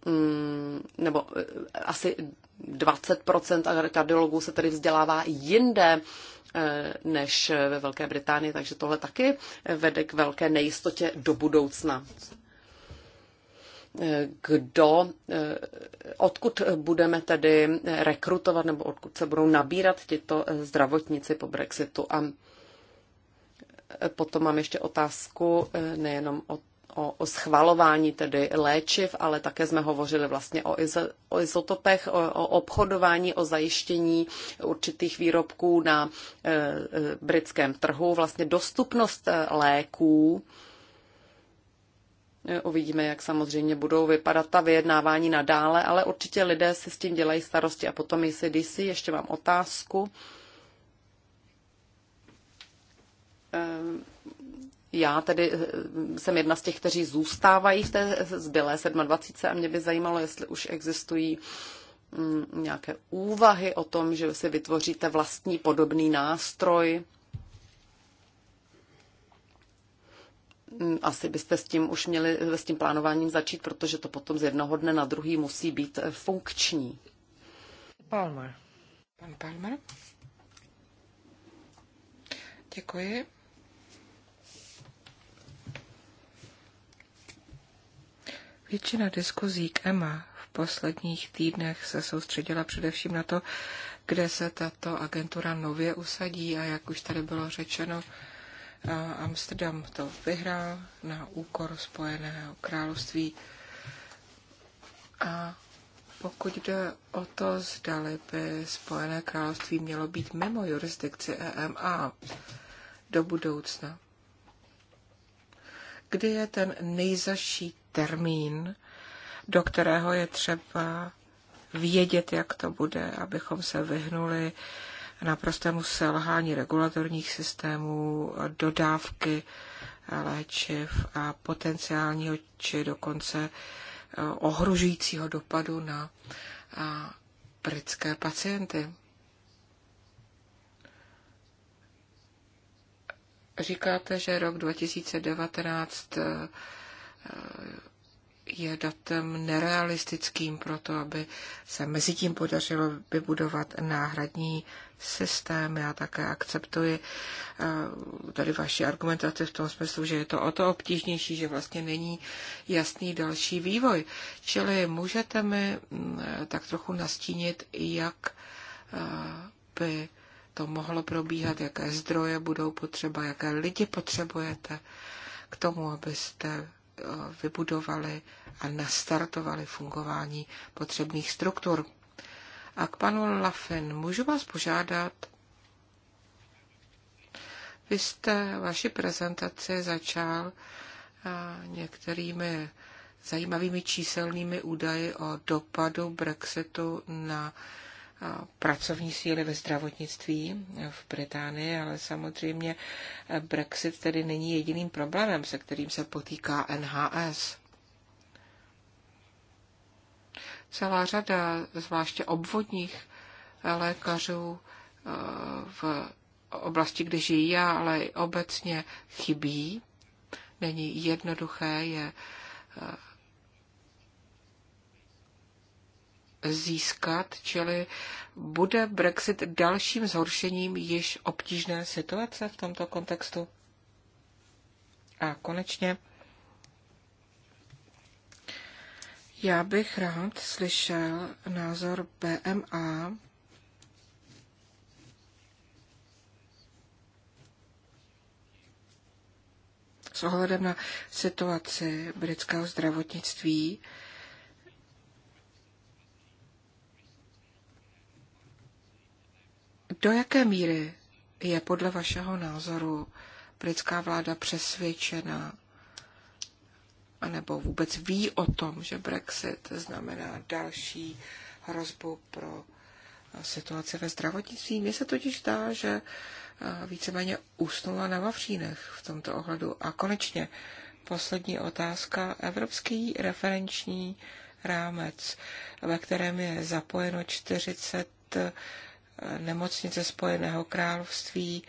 mm, nebo e, asi 20% kardiologů se tedy vzdělává jinde eh, než ve Velké Británii, takže tohle taky vede k velké nejistotě do budoucna. Eh, kdo, eh, odkud budeme tedy rekrutovat nebo odkud se budou nabírat tyto zdravotníci po Brexitu. A potom mám ještě otázku nejenom od o, o schvalování tedy léčiv, ale také jsme hovořili vlastně o, iz, o izotopech, o, o obchodování, o zajištění určitých výrobků na e, e, britském trhu, vlastně dostupnost e, léků. E, uvidíme, jak samozřejmě budou vypadat ta vyjednávání nadále, ale určitě lidé si s tím dělají starosti. A potom, jestli DC, ještě mám otázku. Ehm, já tedy eh, jsem jedna z těch, kteří zůstávají v té zbylé 27 a mě by zajímalo, jestli už existují mm, nějaké úvahy o tom, že si vytvoříte vlastní podobný nástroj. Mm, asi byste s tím už měli eh, s tím plánováním začít, protože to potom z jednoho dne na druhý musí být eh, funkční. Palmer. Pan Palmer. Děkuji. Většina diskuzí k EMA v posledních týdnech se soustředila především na to, kde se tato agentura nově usadí a jak už tady bylo řečeno, Amsterdam to vyhrál na úkor Spojeného království. A pokud jde o to, zdali by Spojené království mělo být mimo jurisdikci EMA do budoucna, kdy je ten nejzaší termín, do kterého je třeba vědět, jak to bude, abychom se vyhnuli naprostému selhání regulatorních systémů, dodávky léčiv a potenciálního či dokonce eh, ohrožujícího dopadu na eh, britské pacienty. Říkáte, že rok 2019 eh, je datem nerealistickým pro to, aby se mezi tím podařilo vybudovat náhradní systém. Já také akceptuji eh, tady vaši argumentaci v tom smyslu, že je to o to obtížnější, že vlastně není jasný další vývoj. Čili můžete mi mm, eh, tak trochu nastínit, jak eh, by to mohlo probíhat, jaké zdroje budou potřeba, jaké lidi potřebujete k tomu, abyste vybudovali a nastartovali fungování potřebných struktur. A k panu Lafen, můžu vás požádat, vy jste vaši prezentaci začal eh, některými zajímavými číselnými údaji o dopadu Brexitu na pracovní síly ve zdravotnictví v Británii, ale samozřejmě Brexit tedy není jediným problémem, se kterým se potýká NHS. Celá řada, zvláště obvodních lékařů eh, v oblasti, kde žijí já, ale i obecně chybí. Není jednoduché je eh, získat, čili bude Brexit dalším zhoršením již obtížné situace v tomto kontextu? A konečně, já bych rád slyšel názor BMA s ohledem na situaci britského zdravotnictví Do jaké míry je podle vašeho názoru britská vláda přesvědčena anebo vůbec ví o tom, že Brexit znamená další hrozbu pro eh, situaci ve zdravotnictví. Mně se totiž zdá, že eh, víceméně usnula na Vavřínech v tomto ohledu. A konečně poslední otázka. Evropský referenční rámec, ve kterém je zapojeno 40 nemocnice ze Spojeného království.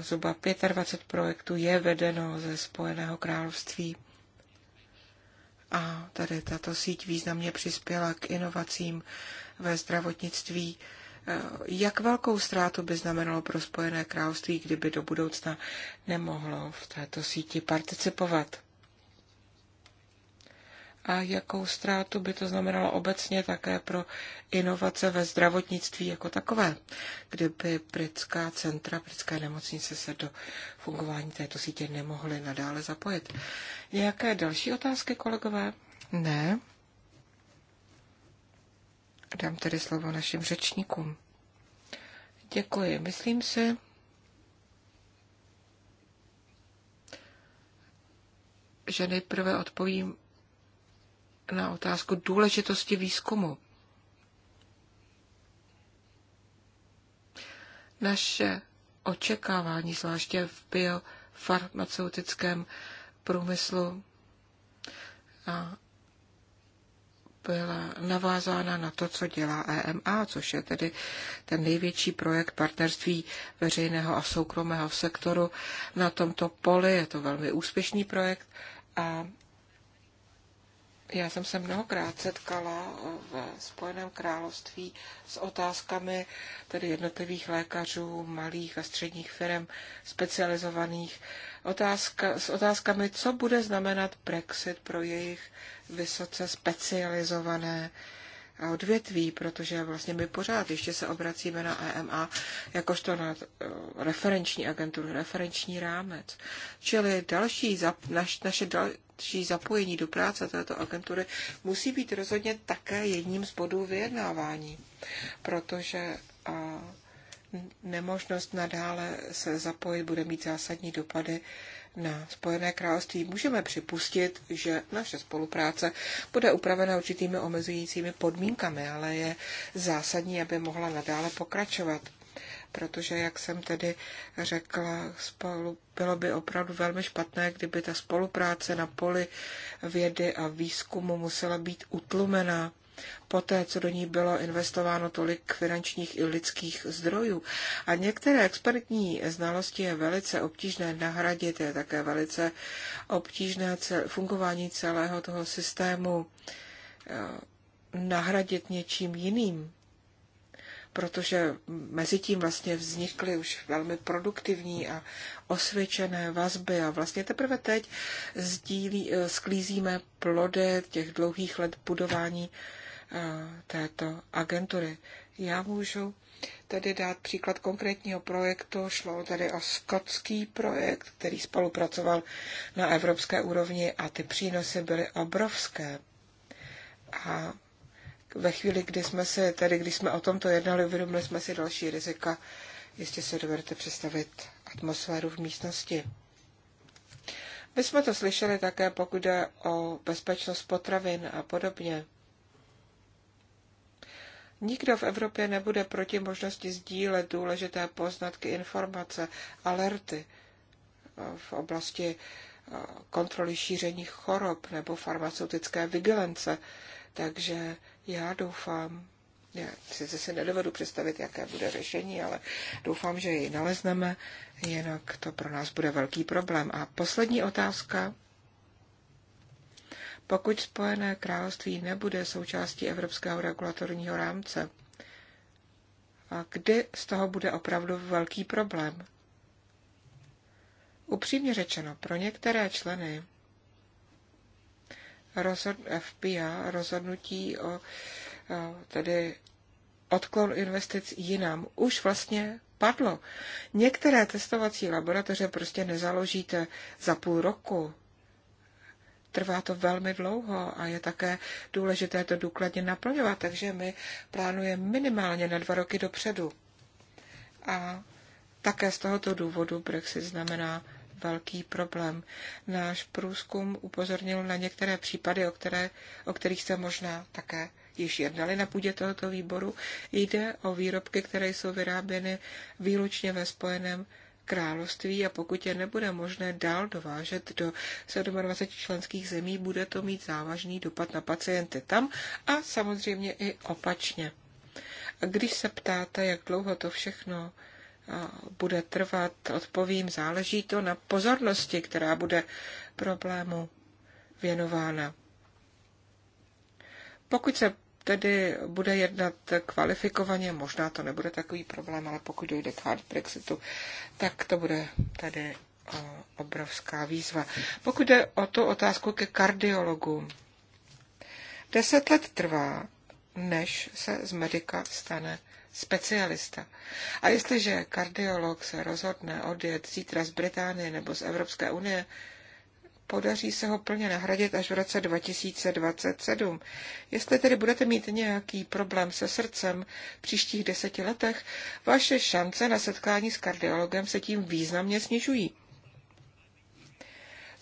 Zhruba 25 projektů je vedeno ze Spojeného království. A tady tato síť významně přispěla k inovacím ve zdravotnictví. Eh, jak velkou ztrátu by znamenalo pro Spojené království, kdyby do budoucna nemohlo v této síti participovat? a jakou ztrátu by to znamenalo obecně také pro inovace ve zdravotnictví jako takové, kdyby britská centra, britské nemocnice se do fungování této sítě nemohly nadále zapojit. Nějaké další otázky, kolegové? Ne. Dám tedy slovo našim řečníkům. Děkuji. Myslím si, že nejprve odpovím na otázku důležitosti výzkumu. Naše očekávání, zvláště v biofarmaceutickém průmyslu, byla navázána na to, co dělá EMA, což je tedy ten největší projekt partnerství veřejného a soukromého sektoru na tomto poli. Je to velmi úspěšný projekt a já jsem se mnohokrát setkala v Spojeném království s otázkami tedy jednotlivých lékařů, malých a středních firm, specializovaných, otázka, s otázkami, co bude znamenat Brexit pro jejich vysoce specializované uh, odvětví, protože vlastně my pořád ještě se obracíme na EMA jakožto na eh, referenční agenturu, referenční rámec. Čili další zap, naš, naše další zapojení do práce této agentury musí být rozhodně také jedním z bodů vyjednávání, protože a, nemožnost nadále se zapojit bude mít zásadní dopady na Spojené království, můžeme připustit, že naše spolupráce bude upravena určitými omezujícími podmínkami, ale je zásadní, aby mohla nadále pokračovat. Protože, jak jsem tedy řekla, spolu, bylo by opravdu velmi špatné, kdyby ta spolupráce na poli vědy a výzkumu musela být utlumená poté, co do ní bylo investováno tolik finančních i lidských zdrojů. A některé expertní znalosti je velice obtížné nahradit, je také velice obtížné fungování celého toho systému eh, nahradit něčím jiným, protože mezi tím vlastně vznikly už velmi produktivní a osvědčené vazby a vlastně teprve teď sdílí, eh, sklízíme plody těch dlouhých let budování této agentury. Já můžu tedy dát příklad konkrétního projektu. Šlo tedy o skotský projekt, který spolupracoval na evropské úrovni a ty přínosy byly obrovské. A ve chvíli, kdy jsme se, tedy když jsme o tomto jednali, uvědomili jsme si další rizika. Jistě se dovedete představit atmosféru v místnosti. My jsme to slyšeli také, pokud jde o bezpečnost potravin a podobně. Nikdo v Evropě nebude proti možnosti sdílet důležité poznatky, informace, alerty eh, v oblasti eh, kontroly šíření chorob nebo farmaceutické vigilance. Takže já doufám, já sice si nedovedu představit, jaké bude řešení, ale doufám, že ji nalezneme, jinak to pro nás bude velký problém. A poslední otázka pokud Spojené království nebude součástí evropského regulatorního rámce. A kdy z toho bude opravdu velký problém? Upřímně řečeno, pro některé členy rozhod, FBI rozhodnutí o tedy odklon investic jinam už vlastně padlo. Některé testovací laboratoře prostě nezaložíte za půl roku, trvá to velmi dlouho a je také důležité to důkladně naplňovat, takže my plánujeme minimálně na dva roky dopředu. A také z tohoto důvodu Brexit znamená velký problém. Náš průzkum upozornil na některé případy, o, které, o kterých se možná také již jednali na půdě tohoto výboru. Jde o výrobky, které jsou vyráběny výlučně ve Spojeném království a pokud je nebude možné dál dovážet do 27 členských zemí, bude to mít závažný dopad na pacienty tam a samozřejmě i opačně. A když se ptáte, jak dlouho to všechno bude trvat, odpovím, záleží to na pozornosti, která bude problému věnována. Pokud se tedy bude jednat kvalifikovaně, možná to nebude takový problém, ale pokud dojde k hard Brexitu, tak to bude tady eh, obrovská výzva. Pokud jde o tu otázku ke kardiologu deset let trvá, než se z medika stane specialista. A jestliže kardiolog se rozhodne odjet zítra z Británie nebo z Evropské unie, podaří se ho plně nahradit až v roce 2027. Jestli tedy budete mít nějaký problém se srdcem v příštích deseti letech, vaše šance na setkání s kardiologem se tím významně snižují.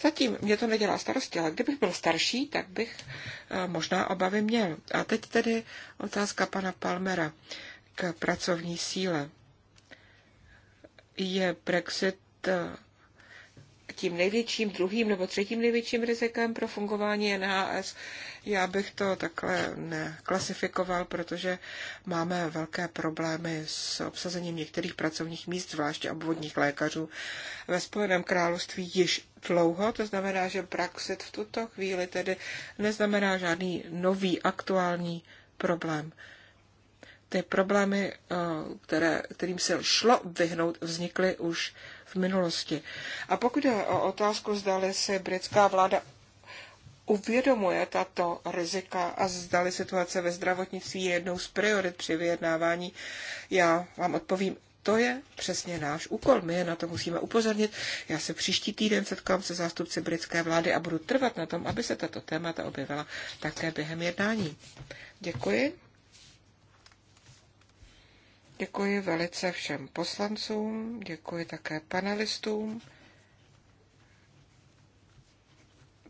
Zatím mě to nedělá starosti, ale kdybych byl starší, tak bych eh, možná obavy měl. A teď tedy otázka pana Palmera k pracovní síle. Je Brexit eh, tím největším, druhým nebo třetím největším rizikem pro fungování NHS. Já bych to takhle neklasifikoval, protože máme velké problémy s obsazením některých pracovních míst, zvláště obvodních lékařů. Ve Spojeném království již dlouho, to znamená, že Brexit v tuto chvíli tedy neznamená žádný nový aktuální problém ty problémy, eh, které, kterým se šlo vyhnout, vznikly už minulosti. A pokud je o otázku, zdali se britská vláda uvědomuje tato rizika a zdali situace ve zdravotnictví je jednou z priorit při vyjednávání, já vám odpovím, to je přesně náš úkol. My je na to musíme upozornit. Já se příští týden setkám se zástupci britské vlády a budu trvat na tom, aby se tato témata objevila také během jednání. Děkuji. Děkuji velice všem poslancům, děkuji také panelistům.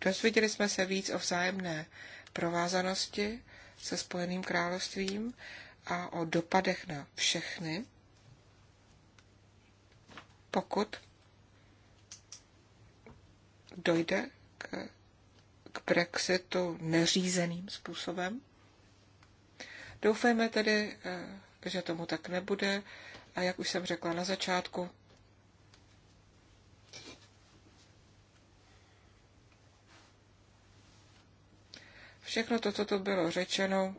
Dozvěděli jsme se víc o vzájemné provázanosti se Spojeným královstvím a o dopadech na všechny, pokud dojde k, k Brexitu neřízeným způsobem. Doufejme tedy, eh, že tomu tak nebude. A jak už jsem řekla na začátku, všechno to, co to bylo řečeno,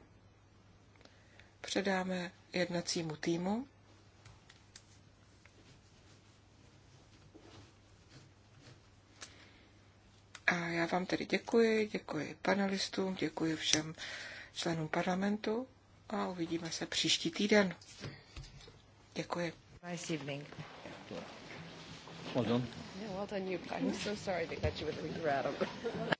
předáme jednacímu týmu. A já vám tedy děkuji, děkuji panelistům, děkuji všem členům parlamentu a uvidíme se příští týden. Děkuji. Nice evening. Well done. Yeah, well done you. I'm so sorry to got you with a grad.